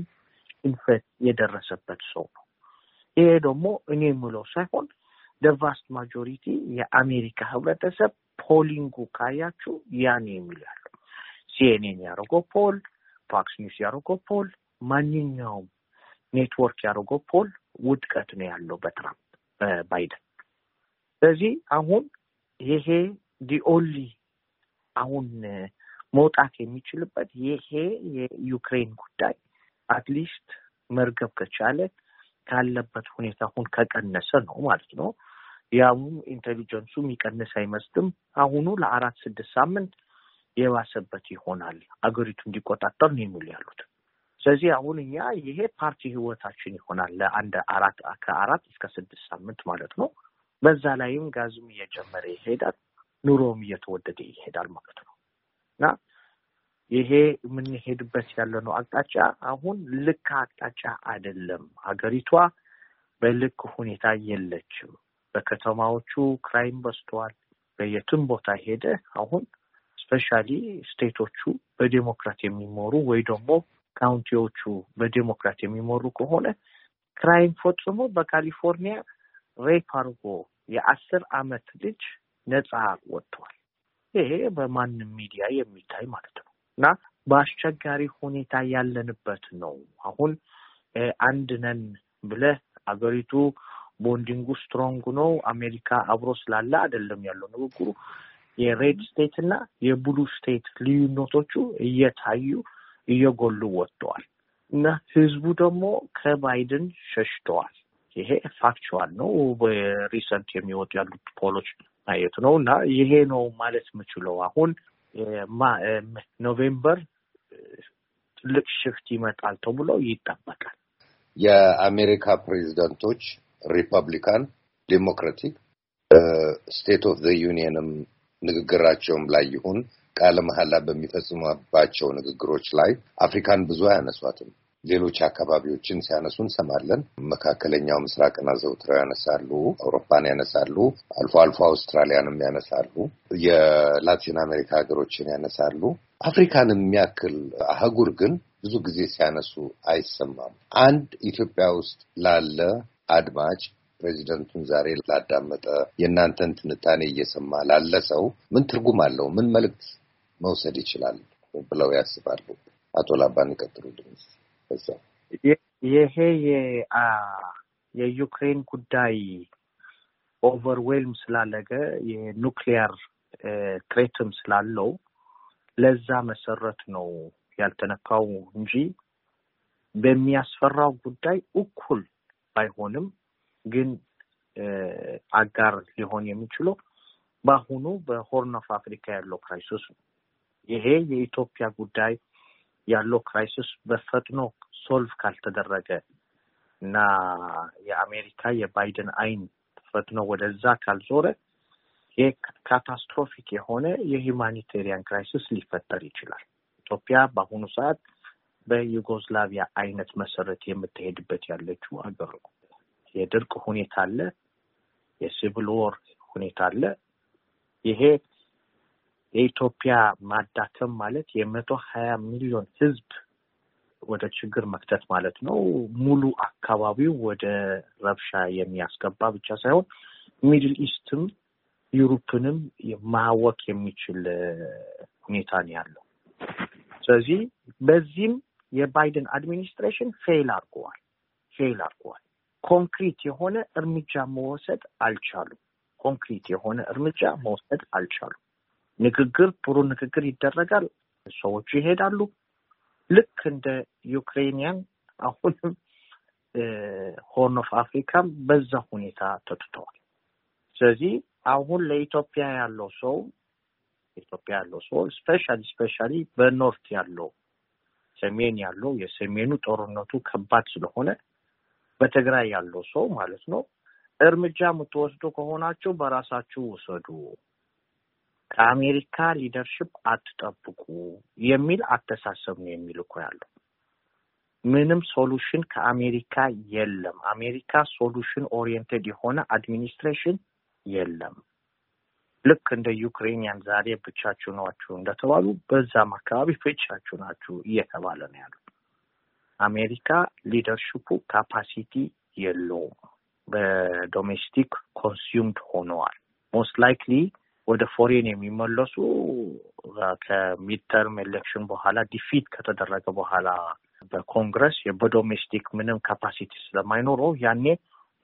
ሽንፈት የደረሰበት ሰው ነው። ይሄ ደግሞ እኔ የምለው ሳይሆን ደቫስት ማጆሪቲ የአሜሪካ ህብረተሰብ ፖሊንጉ ካያችሁ ያን የሚላሉ ሲኤንኤን ያደረገው ፖል፣ ፋክስ ኒውስ ያደረገው ፖል፣ ማንኛውም ኔትወርክ ያደረገው ፖል ውድቀት ነው ያለው በትራምፕ ባይደን። ስለዚህ አሁን ይሄ ዲኦሊ አሁን መውጣት የሚችልበት ይሄ የዩክሬን ጉዳይ አትሊስት መርገብ ከቻለ ካለበት ሁኔታ አሁን ከቀነሰ ነው ማለት ነው። ያውም ኢንቴሊጀንሱም ይቀንስ አይመስልም። አሁኑ ለአራት ስድስት ሳምንት የባሰበት ይሆናል አገሪቱ እንዲቆጣጠር ነው የሚሉ ያሉት። ስለዚህ አሁን እኛ ይሄ ፓርቲ ህይወታችን ይሆናል ለአንድ አራት ከአራት እስከ ስድስት ሳምንት ማለት ነው። በዛ ላይም ጋዝም እየጨመረ ይሄዳል፣ ኑሮም እየተወደደ ይሄዳል ማለት ነው እና ይሄ የምንሄድበት ያለ ነው አቅጣጫ አሁን ልክ አቅጣጫ አይደለም። ሀገሪቷ በልክ ሁኔታ የለችም። በከተማዎቹ ክራይም በስተዋል። በየትም ቦታ ሄደ አሁን ስፔሻሊ ስቴቶቹ በዴሞክራት የሚሞሩ ወይ ደግሞ ካውንቲዎቹ በዴሞክራት የሚሞሩ ከሆነ ክራይም ፈጽሞ በካሊፎርኒያ ሬፕ አርጎ የአስር አመት ልጅ ነጻ ወጥተዋል። ይሄ በማንም ሚዲያ የሚታይ ማለት ነው እና በአስቸጋሪ ሁኔታ ያለንበት ነው። አሁን አንድ ነን ብለህ አገሪቱ ቦንዲንጉ ስትሮንግ ነው። አሜሪካ አብሮ ስላለ አይደለም ያለው ንግግሩ። የሬድ ስቴት እና የብሉ ስቴት ልዩነቶቹ እየታዩ እየጎሉ ወጥተዋል እና ህዝቡ ደግሞ ከባይደን ሸሽተዋል። ይሄ ፋክቹዋል ነው። በሪሰንት የሚወጡ ያሉት ፖሎች ማየት ነው እና ይሄ ነው ማለት የምችለው አሁን ኖቬምበር ትልቅ ሽፍት ይመጣል ተብሎ ይጠበቃል። የአሜሪካ ፕሬዚደንቶች ሪፐብሊካን፣ ዴሞክራቲክ ስቴት ኦፍ ዘ ዩኒየንም ንግግራቸውም ላይ ይሁን ቃለ መሐላ በሚፈጽሙባቸው ንግግሮች ላይ አፍሪካን ብዙ አያነሷትም። ሌሎች አካባቢዎችን ሲያነሱ እንሰማለን። መካከለኛው ምስራቅን አዘውትረው ያነሳሉ። አውሮፓን ያነሳሉ። አልፎ አልፎ አውስትራሊያንም ያነሳሉ። የላቲን አሜሪካ ሀገሮችን ያነሳሉ። አፍሪካን የሚያክል አህጉር ግን ብዙ ጊዜ ሲያነሱ አይሰማም። አንድ ኢትዮጵያ ውስጥ ላለ አድማጭ ፕሬዚደንቱን ዛሬ ላዳመጠ የእናንተን ትንታኔ እየሰማ ላለ ሰው ምን ትርጉም አለው? ምን መልእክት መውሰድ ይችላል ብለው ያስባሉ? አቶ ላባን ይቀጥሉ። ድምፅ በዛው ይሄ የዩክሬን ጉዳይ ኦቨርዌልም ስላለገ የኑክሊያር ትሬትም ስላለው ለዛ መሰረት ነው ያልተነካው እንጂ በሚያስፈራው ጉዳይ እኩል ባይሆንም ግን አጋር ሊሆን የሚችለው በአሁኑ በሆርን ኦፍ አፍሪካ ያለው ክራይሲስ ነው። ይሄ የኢትዮጵያ ጉዳይ ያለው ክራይሲስ በፈጥኖ ሶልቭ ካልተደረገ እና የአሜሪካ የባይደን አይን ፈጥኖ ወደዛ ካልዞረ ይሄ ካታስትሮፊክ የሆነ የሂማኒቴሪያን ክራይሲስ ሊፈጠር ይችላል። ኢትዮጵያ በአሁኑ ሰዓት በዩጎስላቪያ አይነት መሰረት የምትሄድበት ያለችው ሀገር ነው። የድርቅ ሁኔታ አለ፣ የሲቪል ወር ሁኔታ አለ። ይሄ የኢትዮጵያ ማዳከም ማለት የመቶ ሀያ ሚሊዮን ህዝብ ወደ ችግር መክተት ማለት ነው። ሙሉ አካባቢው ወደ ረብሻ የሚያስገባ ብቻ ሳይሆን ሚድል ኢስትም ዩሮፕንም ማወክ የሚችል ሁኔታ ነው ያለው። ስለዚህ በዚህም የባይደን አድሚኒስትሬሽን ፌል አርገዋል ፌል አርገዋል ኮንክሪት የሆነ እርምጃ መወሰድ አልቻሉም። ኮንክሪት የሆነ እርምጃ መውሰድ አልቻሉም። ንግግር ጥሩ ንግግር ይደረጋል፣ ሰዎቹ ይሄዳሉ። ልክ እንደ ዩክሬንያን አሁንም ሆርን ኦፍ አፍሪካም በዛ ሁኔታ ተትተዋል። ስለዚህ አሁን ለኢትዮጵያ ያለው ሰው ኢትዮጵያ ያለው ሰው ስፔሻሊ ስፔሻሊ በኖርት ያለው ሰሜን ያለው የሰሜኑ ጦርነቱ ከባድ ስለሆነ በትግራይ ያለው ሰው ማለት ነው እርምጃ የምትወስዱ ከሆናችሁ በራሳችሁ ውሰዱ፣ ከአሜሪካ ሊደርሽፕ አትጠብቁ የሚል አተሳሰብ ነው የሚል እኮ ያለው። ምንም ሶሉሽን ከአሜሪካ የለም። አሜሪካ ሶሉሽን ኦሪየንተድ የሆነ አድሚኒስትሬሽን የለም። ልክ እንደ ዩክሬንያን ዛሬ ብቻችሁ ናችሁ እንደተባሉ በዛም አካባቢ ብቻችሁ ናችሁ እየተባለ ነው ያሉ። አሜሪካ ሊደርሽፑ ካፓሲቲ የለውም። በዶሜስቲክ ኮንሱምድ ሆነዋል። ሞስት ላይክሊ ወደ ፎሬን የሚመለሱ ከሚድተርም ኤሌክሽን በኋላ ዲፊት ከተደረገ በኋላ በኮንግረስ በዶሜስቲክ ምንም ካፓሲቲ ስለማይኖረው ያኔ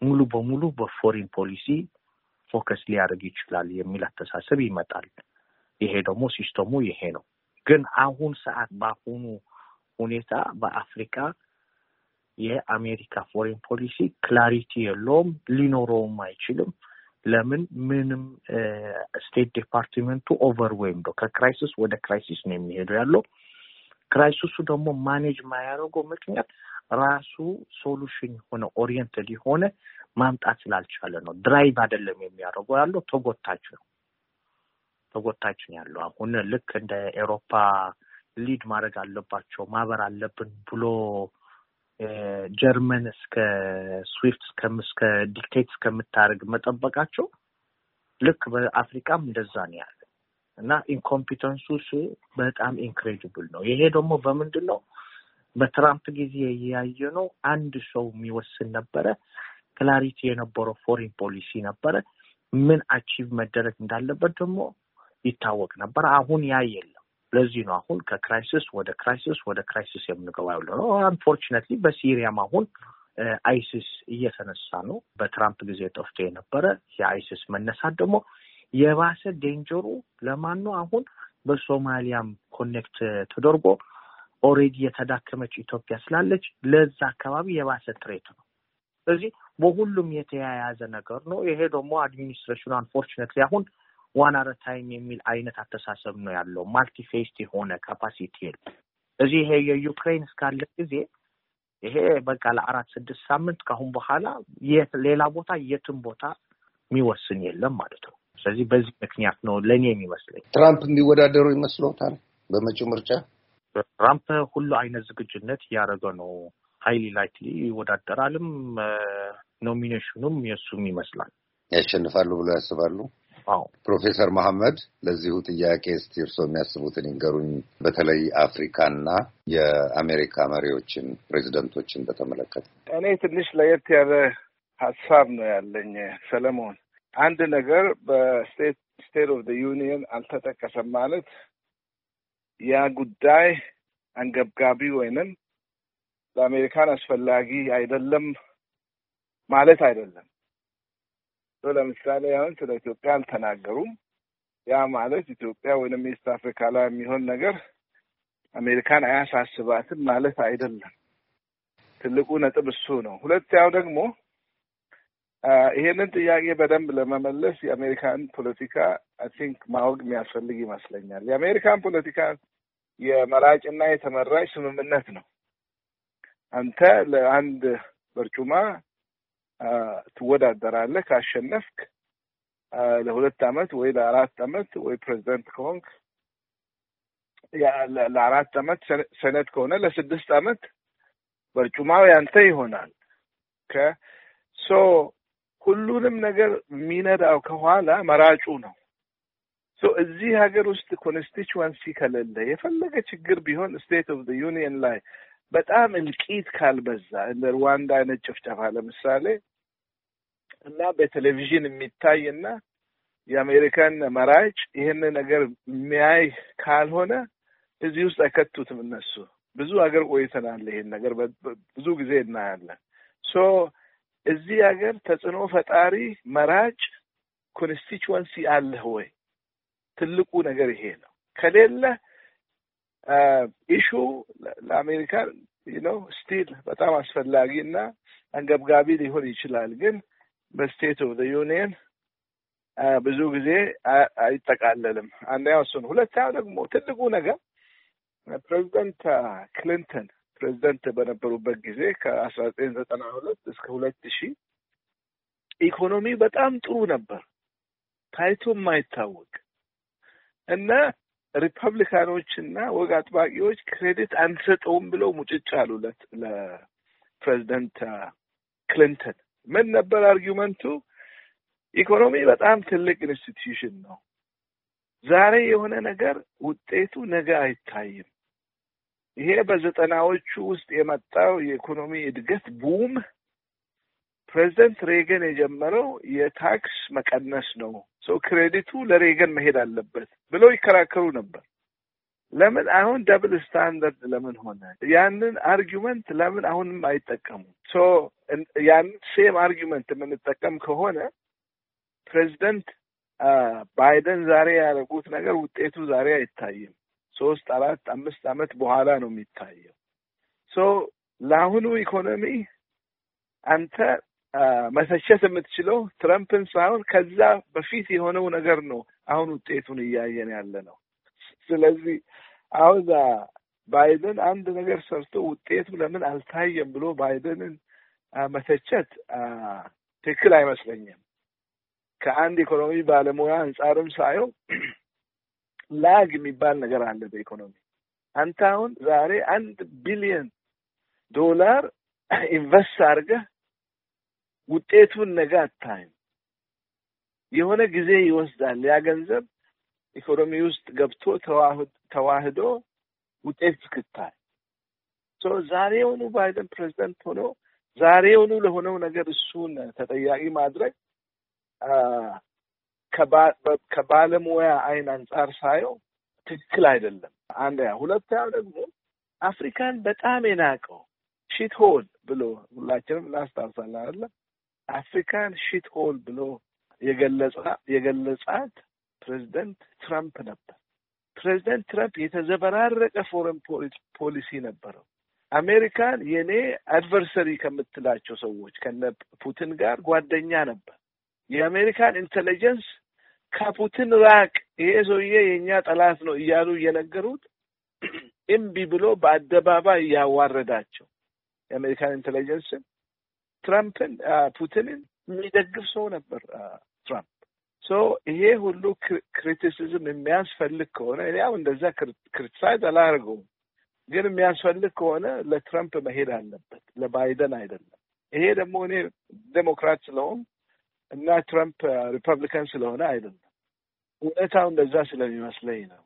ሙሉ በሙሉ በፎሪን ፖሊሲ ፎከስ ሊያደርግ ይችላል የሚል አስተሳሰብ ይመጣል። ይሄ ደግሞ ሲስተሙ ይሄ ነው። ግን አሁን ሰዓት በአሁኑ ሁኔታ በአፍሪካ የአሜሪካ ፎሬን ፖሊሲ ክላሪቲ የለውም፣ ሊኖረውም አይችልም። ለምን ምንም ስቴት ዲፓርትመንቱ ኦቨር ወይም ነው። ከክራይሲስ ወደ ክራይሲስ ነው የሚሄዱ ያለው። ክራይሲሱ ደግሞ ማኔጅ ማያደርገው ምክንያት ራሱ ሶሉሽን የሆነ ኦሪየንትድ የሆነ ማምጣት ስላልቻለ ነው። ድራይቭ አይደለም የሚያደርጉ ያለው ተጎታች ነው ተጎታች ነው ያለው። አሁን ልክ እንደ ኤሮፓ ሊድ ማድረግ አለባቸው ማህበር አለብን ብሎ ጀርመን እስከ ስዊፍት እስከ ዲክቴት እስከምታደርግ መጠበቃቸው ልክ በአፍሪካም እንደዛ ነው ያለ እና ኢንኮምፒተንሱስ በጣም ኢንክሬዲብል ነው። ይሄ ደግሞ በምንድን ነው በትራምፕ ጊዜ እያየ ነው። አንድ ሰው የሚወስን ነበረ። ክላሪቲ የነበረው ፎሪን ፖሊሲ ነበረ። ምን አቺቭ መደረግ እንዳለበት ደግሞ ይታወቅ ነበር። አሁን ያ የለም። ለዚህ ነው አሁን ከክራይሲስ ወደ ክራይሲስ ወደ ክራይሲስ የምንገባ ያለ ነው። አንፎርችነትሊ በሲሪያም አሁን አይሲስ እየተነሳ ነው። በትራምፕ ጊዜ ጠፍቶ የነበረ የአይሲስ መነሳት ደግሞ የባሰ ዴንጀሩ ለማን ነው? አሁን በሶማሊያም ኮኔክት ተደርጎ ኦሬዲ የተዳከመች ኢትዮጵያ ስላለች ለዛ አካባቢ የባሰ ትሬት ነው። ስለዚህ በሁሉም የተያያዘ ነገር ነው። ይሄ ደግሞ አድሚኒስትሬሽኑ አንፎርችነትሊ አሁን ዋን አረ ታይም የሚል አይነት አተሳሰብ ነው ያለው። ማልቲፌስት የሆነ ካፓሲቲ የለ እዚህ ይሄ የዩክሬን እስካለ ጊዜ ይሄ በቃ ለአራት ስድስት ሳምንት ከአሁን በኋላ ሌላ ቦታ የትም ቦታ የሚወስን የለም ማለት ነው። ስለዚህ በዚህ ምክንያት ነው ለእኔ የሚመስለኝ ትራምፕ የሚወዳደሩ ይመስሎታል በመጪው ምርጫ? ትራምፕ ሁሉ አይነት ዝግጅነት እያደረገ ነው። ሀይሊ ላይትሊ ይወዳደራልም ኖሚኔሽኑም የእሱም ይመስላል። ያሸንፋሉ ብሎ ያስባሉ? አዎ። ፕሮፌሰር መሐመድ ለዚሁ ጥያቄ እስቲ እርስዎ የሚያስቡትን ይንገሩኝ። በተለይ አፍሪካና የአሜሪካ መሪዎችን ፕሬዚደንቶችን በተመለከተ። እኔ ትንሽ ለየት ያለ ሀሳብ ነው ያለኝ ሰለሞን። አንድ ነገር በስቴት ስቴት ኦፍ ዩኒየን አልተጠቀሰም ማለት ያ ጉዳይ አንገብጋቢ ወይንም ለአሜሪካን አስፈላጊ አይደለም ማለት አይደለም። ለምሳሌ አሁን ስለ ኢትዮጵያ አልተናገሩም። ያ ማለት ኢትዮጵያ ወይም ኢስት አፍሪካ ላይ የሚሆን ነገር አሜሪካን አያሳስባትም ማለት አይደለም። ትልቁ ነጥብ እሱ ነው። ሁለተኛው ደግሞ ይሄንን ጥያቄ በደንብ ለመመለስ የአሜሪካን ፖለቲካ አይ ቲንክ ማወቅ የሚያስፈልግ ይመስለኛል። የአሜሪካን ፖለቲካ የመራጭና የተመራጭ ስምምነት ነው። አንተ ለአንድ በርጩማ ትወዳደራለህ። ካሸነፍክ ለሁለት ዓመት ወይ ለአራት አመት ወይ ፕሬዚደንት ከሆንክ ለአራት ዓመት ሰነት ከሆነ ለስድስት አመት በርጩማው ያንተ ይሆናል። ሶ ሁሉንም ነገር የሚነዳው ከኋላ መራጩ ነው። ሶ እዚህ ሀገር ውስጥ ኮንስቲቹዋንሲ ከሌለ የፈለገ ችግር ቢሆን ስቴት ኦፍ ዩኒየን ላይ በጣም እልቂት ካልበዛ እንደ ሩዋንዳ አይነት ጭፍጨፋ ለምሳሌ እና በቴሌቪዥን የሚታይ እና የአሜሪካን መራጭ ይህን ነገር የሚያይ ካልሆነ እዚህ ውስጥ አይከቱትም። እነሱ ብዙ ሀገር ቆይተናል። ይሄን ነገር ብዙ ጊዜ እናያለን። ሶ እዚህ ሀገር ተጽዕኖ ፈጣሪ መራጭ ኮንስቲቹዌንሲ አለህ ወይ? ትልቁ ነገር ይሄ ነው። ከሌለህ ኢሹ uh, ለአሜሪካ ነው ስቲል በጣም አስፈላጊ እና አንገብጋቢ ሊሆን ይችላል፣ ግን በስቴት ኦፍ ዩኒየን uh, ብዙ ጊዜ አይጠቃለልም። አንደኛው እሱ ነው። ሁለተኛው ደግሞ ትልቁ ነገር ፕሬዚደንት uh, ክሊንተን ፕሬዚደንት በነበሩበት ጊዜ ከአስራ ዘጠኝ ዘጠና ሁለት እስከ ሁለት ሺህ ኢኮኖሚ በጣም ጥሩ ነበር ታይቶ የማይታወቅ እና ሪፐብሊካኖች እና ወግ አጥባቂዎች ክሬዲት አንሰጠውም ብለው ሙጭጫ አሉለት ለፕሬዚደንት ክሊንተን። ምን ነበር አርጊመንቱ? ኢኮኖሚ በጣም ትልቅ ኢንስቲትዩሽን ነው። ዛሬ የሆነ ነገር ውጤቱ ነገ አይታይም። ይሄ በዘጠናዎቹ ውስጥ የመጣው የኢኮኖሚ እድገት ቡም ፕሬዚደንት ሬገን የጀመረው የታክስ መቀነስ ነው ክሬዲቱ ለሬገን መሄድ አለበት ብለው ይከራከሩ ነበር። ለምን አሁን ደብል ስታንዳርድ ለምን ሆነ? ያንን አርጊመንት ለምን አሁንም አይጠቀሙም? ሶ ያንን ሴም አርጊመንት የምንጠቀም ከሆነ ፕሬዚደንት ባይደን uh, ዛሬ ያደረጉት ነገር ውጤቱ ዛሬ አይታይም። ሶስት አራት አምስት ዓመት በኋላ ነው የሚታየው። ሶ ለአሁኑ ኢኮኖሚ አንተ መተቸት የምትችለው ትረምፕን ሳይሆን ከዛ በፊት የሆነው ነገር ነው። አሁን ውጤቱን እያየን ያለ ነው። ስለዚህ አሁን ባይደን አንድ ነገር ሰርቶ ውጤቱ ለምን አልታየም ብሎ ባይደንን መተቸት ትክክል አይመስለኝም። ከአንድ ኢኮኖሚ ባለሙያ አንጻርም ሳየው ላግ የሚባል ነገር አለ በኢኮኖሚ። አንተ አሁን ዛሬ አንድ ቢሊዮን ዶላር ኢንቨስት አድርገህ ውጤቱን ነገ አታይም። የሆነ ጊዜ ይወስዳል። ያ ገንዘብ ኢኮኖሚ ውስጥ ገብቶ ተዋህዶ ውጤት እስክታይ ዛሬውኑ ባይደን ፕሬዚደንት ሆኖ ዛሬውኑ ለሆነው ነገር እሱን ተጠያቂ ማድረግ ከባለሙያ አይን አንጻር ሳየው ትክክል አይደለም። አንድ ያ ሁለተኛው ደግሞ አፍሪካን በጣም የናቀው ሺት ሆል ብሎ ሁላችንም እናስታውሳለን አይደለ? አፍሪካን ሺት ሆል ብሎ የገለጻት ፕሬዚደንት ትራምፕ ነበር። ፕሬዚደንት ትራምፕ የተዘበራረቀ ፎረን ፖሊሲ ነበረው። አሜሪካን የኔ አድቨርሰሪ ከምትላቸው ሰዎች ከነ ፑቲን ጋር ጓደኛ ነበር። የአሜሪካን ኢንቴሊጀንስ ከፑቲን ራቅ፣ ይሄ ሰውዬ የእኛ ጠላት ነው እያሉ እየነገሩት እምቢ ብሎ በአደባባይ እያዋረዳቸው የአሜሪካን ኢንቴሊጀንስን ትራምፕን ፑቲንን የሚደግፍ ሰው ነበር ትራምፕ። ሶ ይሄ ሁሉ ክሪቲሲዝም የሚያስፈልግ ከሆነ ያው እንደዛ ክሪቲሳይዝ አላደርገውም፣ ግን የሚያስፈልግ ከሆነ ለትራምፕ መሄድ አለበት ለባይደን አይደለም። ይሄ ደግሞ እኔ ዴሞክራት ስለሆን እና ትራምፕ ሪፐብሊካን ስለሆነ አይደለም፣ እውነታው እንደዛ ስለሚመስለኝ ነው።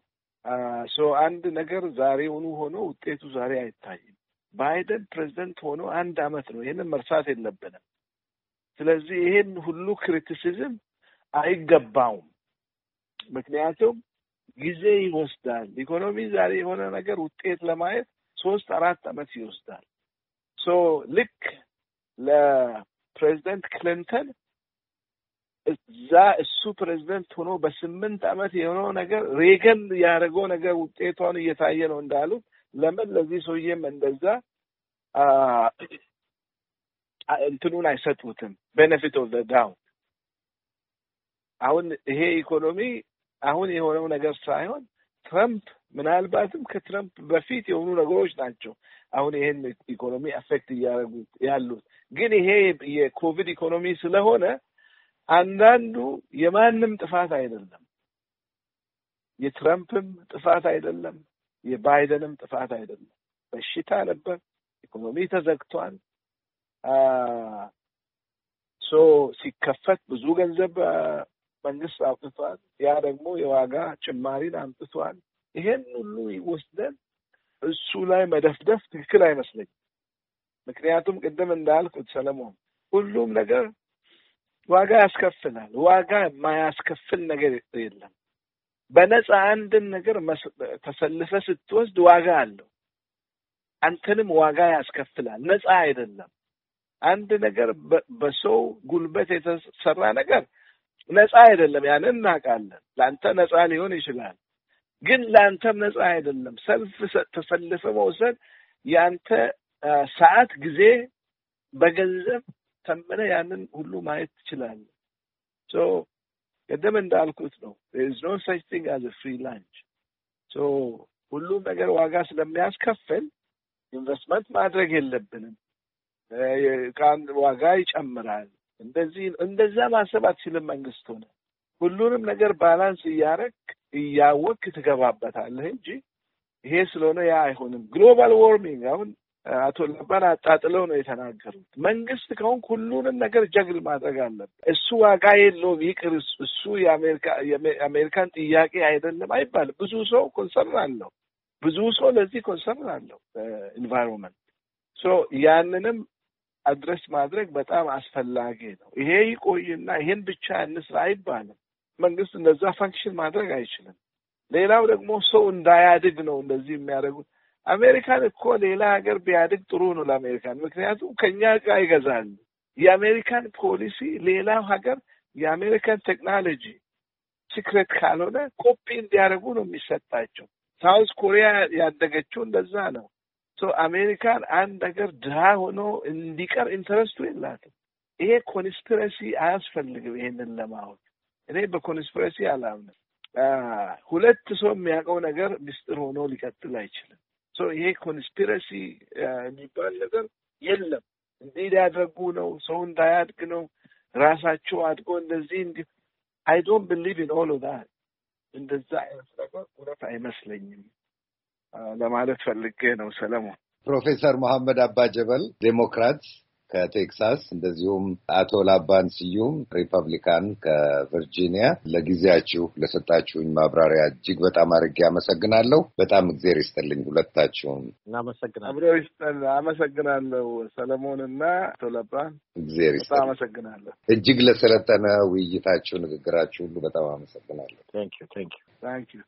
አንድ ነገር ዛሬውኑ ሆኖ ውጤቱ ዛሬ አይታይም። ባይደን ፕሬዚደንት ሆኖ አንድ አመት ነው። ይህንን መርሳት የለብንም። ስለዚህ ይህን ሁሉ ክሪቲሲዝም አይገባውም። ምክንያቱም ጊዜ ይወስዳል። ኢኮኖሚ ዛሬ የሆነ ነገር ውጤት ለማየት ሶስት አራት አመት ይወስዳል። ሶ ልክ ለፕሬዚደንት ክሊንተን እዛ እሱ ፕሬዚደንት ሆኖ በስምንት አመት የሆነው ነገር ሬገን ያደረገው ነገር ውጤቷን እየታየ ነው እንዳሉት ለምን ለዚህ ሰውዬም እንደዛ እንትኑን አይሰጡትም? ቤኔፊት ኦፍ ዳው አሁን ይሄ ኢኮኖሚ አሁን የሆነው ነገር ሳይሆን ትረምፕ ምናልባትም ከትረምፕ በፊት የሆኑ ነገሮች ናቸው አሁን ይሄን ኢኮኖሚ አፌክት እያደረጉት ያሉት። ግን ይሄ የኮቪድ ኢኮኖሚ ስለሆነ አንዳንዱ የማንም ጥፋት አይደለም፣ የትረምፕም ጥፋት አይደለም፣ የባይደንም ጥፋት አይደለም። በሽታ ነበር፣ ኢኮኖሚ ተዘግቷል። ሶ ሲከፈት ብዙ ገንዘብ መንግስት አውጥቷል። ያ ደግሞ የዋጋ ጭማሪን አምጥቷል። ይሄን ሁሉ ይወስደን እሱ ላይ መደፍደፍ ትክክል አይመስለኝም። ምክንያቱም ቅድም እንዳልኩት ሰለሞን፣ ሁሉም ነገር ዋጋ ያስከፍላል። ዋጋ የማያስከፍል ነገር የለም። በነፃ አንድን ነገር ተሰልፈ ስትወስድ ዋጋ አለው። አንተንም ዋጋ ያስከፍላል። ነፃ አይደለም። አንድ ነገር በሰው ጉልበት የተሰራ ነገር ነፃ አይደለም። ያንን እናውቃለን። ለአንተ ነፃ ሊሆን ይችላል፣ ግን ለአንተም ነፃ አይደለም። ሰልፍ ተሰልፈ መውሰድ የአንተ ሰዓት፣ ጊዜ በገንዘብ ተምነ ያንን ሁሉ ማየት ትችላለህ። ቅድም እንዳልኩት ነው ኢዝ ኖ ሰች ቲንግ አዝ ፍሪ ላንች። ሁሉም ነገር ዋጋ ስለሚያስከፍል ኢንቨስትመንት ማድረግ የለብንም። ቃን ዋጋ ይጨምራል። እንደዚህ እንደዛ ማሰብ አትችልም። መንግስት ሆነ ሁሉንም ነገር ባላንስ እያረክ እያወቅ ትገባበታለህ እንጂ ይሄ ስለሆነ ያ አይሆንም። ግሎባል ዎርሚንግ አሁን አቶ ለባን አጣጥለው ነው የተናገሩት። መንግስት ከሁን ሁሉንም ነገር ጀግል ማድረግ አለበት። እሱ ዋጋ የለውም ይቅር፣ እሱ የአሜሪካን ጥያቄ አይደለም አይባልም። ብዙ ሰው ኮንሰርን አለው፣ ብዙ ሰው ለዚህ ኮንሰርን አለው ኢንቫይሮንመንት። ያንንም አድረስ ማድረግ በጣም አስፈላጊ ነው። ይሄ ይቆይና ይሄን ብቻ እንስራ አይባልም። መንግስት እንደዛ ፋንክሽን ማድረግ አይችልም። ሌላው ደግሞ ሰው እንዳያድግ ነው እንደዚህ የሚያደርጉት። አሜሪካን እኮ ሌላ ሀገር ቢያድግ ጥሩ ነው ለአሜሪካን። ምክንያቱም ከኛ ጋ ይገዛል። የአሜሪካን ፖሊሲ ሌላው ሀገር የአሜሪካን ቴክኖሎጂ ሲክሬት ካልሆነ ኮፒ እንዲያደርጉ ነው የሚሰጣቸው። ሳውዝ ኮሪያ ያደገችው እንደዛ ነው። አሜሪካን አንድ ሀገር ድሃ ሆኖ እንዲቀር ኢንተረስቱ የላትም። ይሄ ኮንስፒረሲ አያስፈልግም። ይሄንን ለማወቅ እኔ በኮንስፒረሲ አላምንም። ሁለት ሰው የሚያውቀው ነገር ምስጢር ሆኖ ሊቀጥል አይችልም። ሰው ይሄ ኮንስፒረሲ የሚባል ነገር የለም። እንዲህ ሊያደርጉ ነው፣ ሰው እንዳያድግ ነው፣ ራሳቸው አድጎ እንደዚህ እንዲ አይ ዶንት ብሊቭ ኢን ኦል ኦፍ ዳት እንደዛ አይነት ነገር እውነት አይመስለኝም ለማለት ፈልጌ ነው። ሰለሞን ፕሮፌሰር መሐመድ አባ ጀበል ዴሞክራት ከቴክሳስ እንደዚሁም አቶ ላባን ስዩም ሪፐብሊካን ከቨርጂኒያ ለጊዜያችሁ ለሰጣችሁኝ ማብራሪያ እጅግ በጣም አድርጌ አመሰግናለሁ። በጣም እግዜር ይስጥልኝ ሁለታችሁም። አብሮ ይስጠል። አመሰግናለሁ ሰለሞን እና አቶ ላባን እግዜር ይስጥ። አመሰግናለሁ እጅግ ለሰለጠነ ውይይታችሁ፣ ንግግራችሁ ሁሉ በጣም አመሰግናለሁ። ታንኪዩ ታንኪዩ።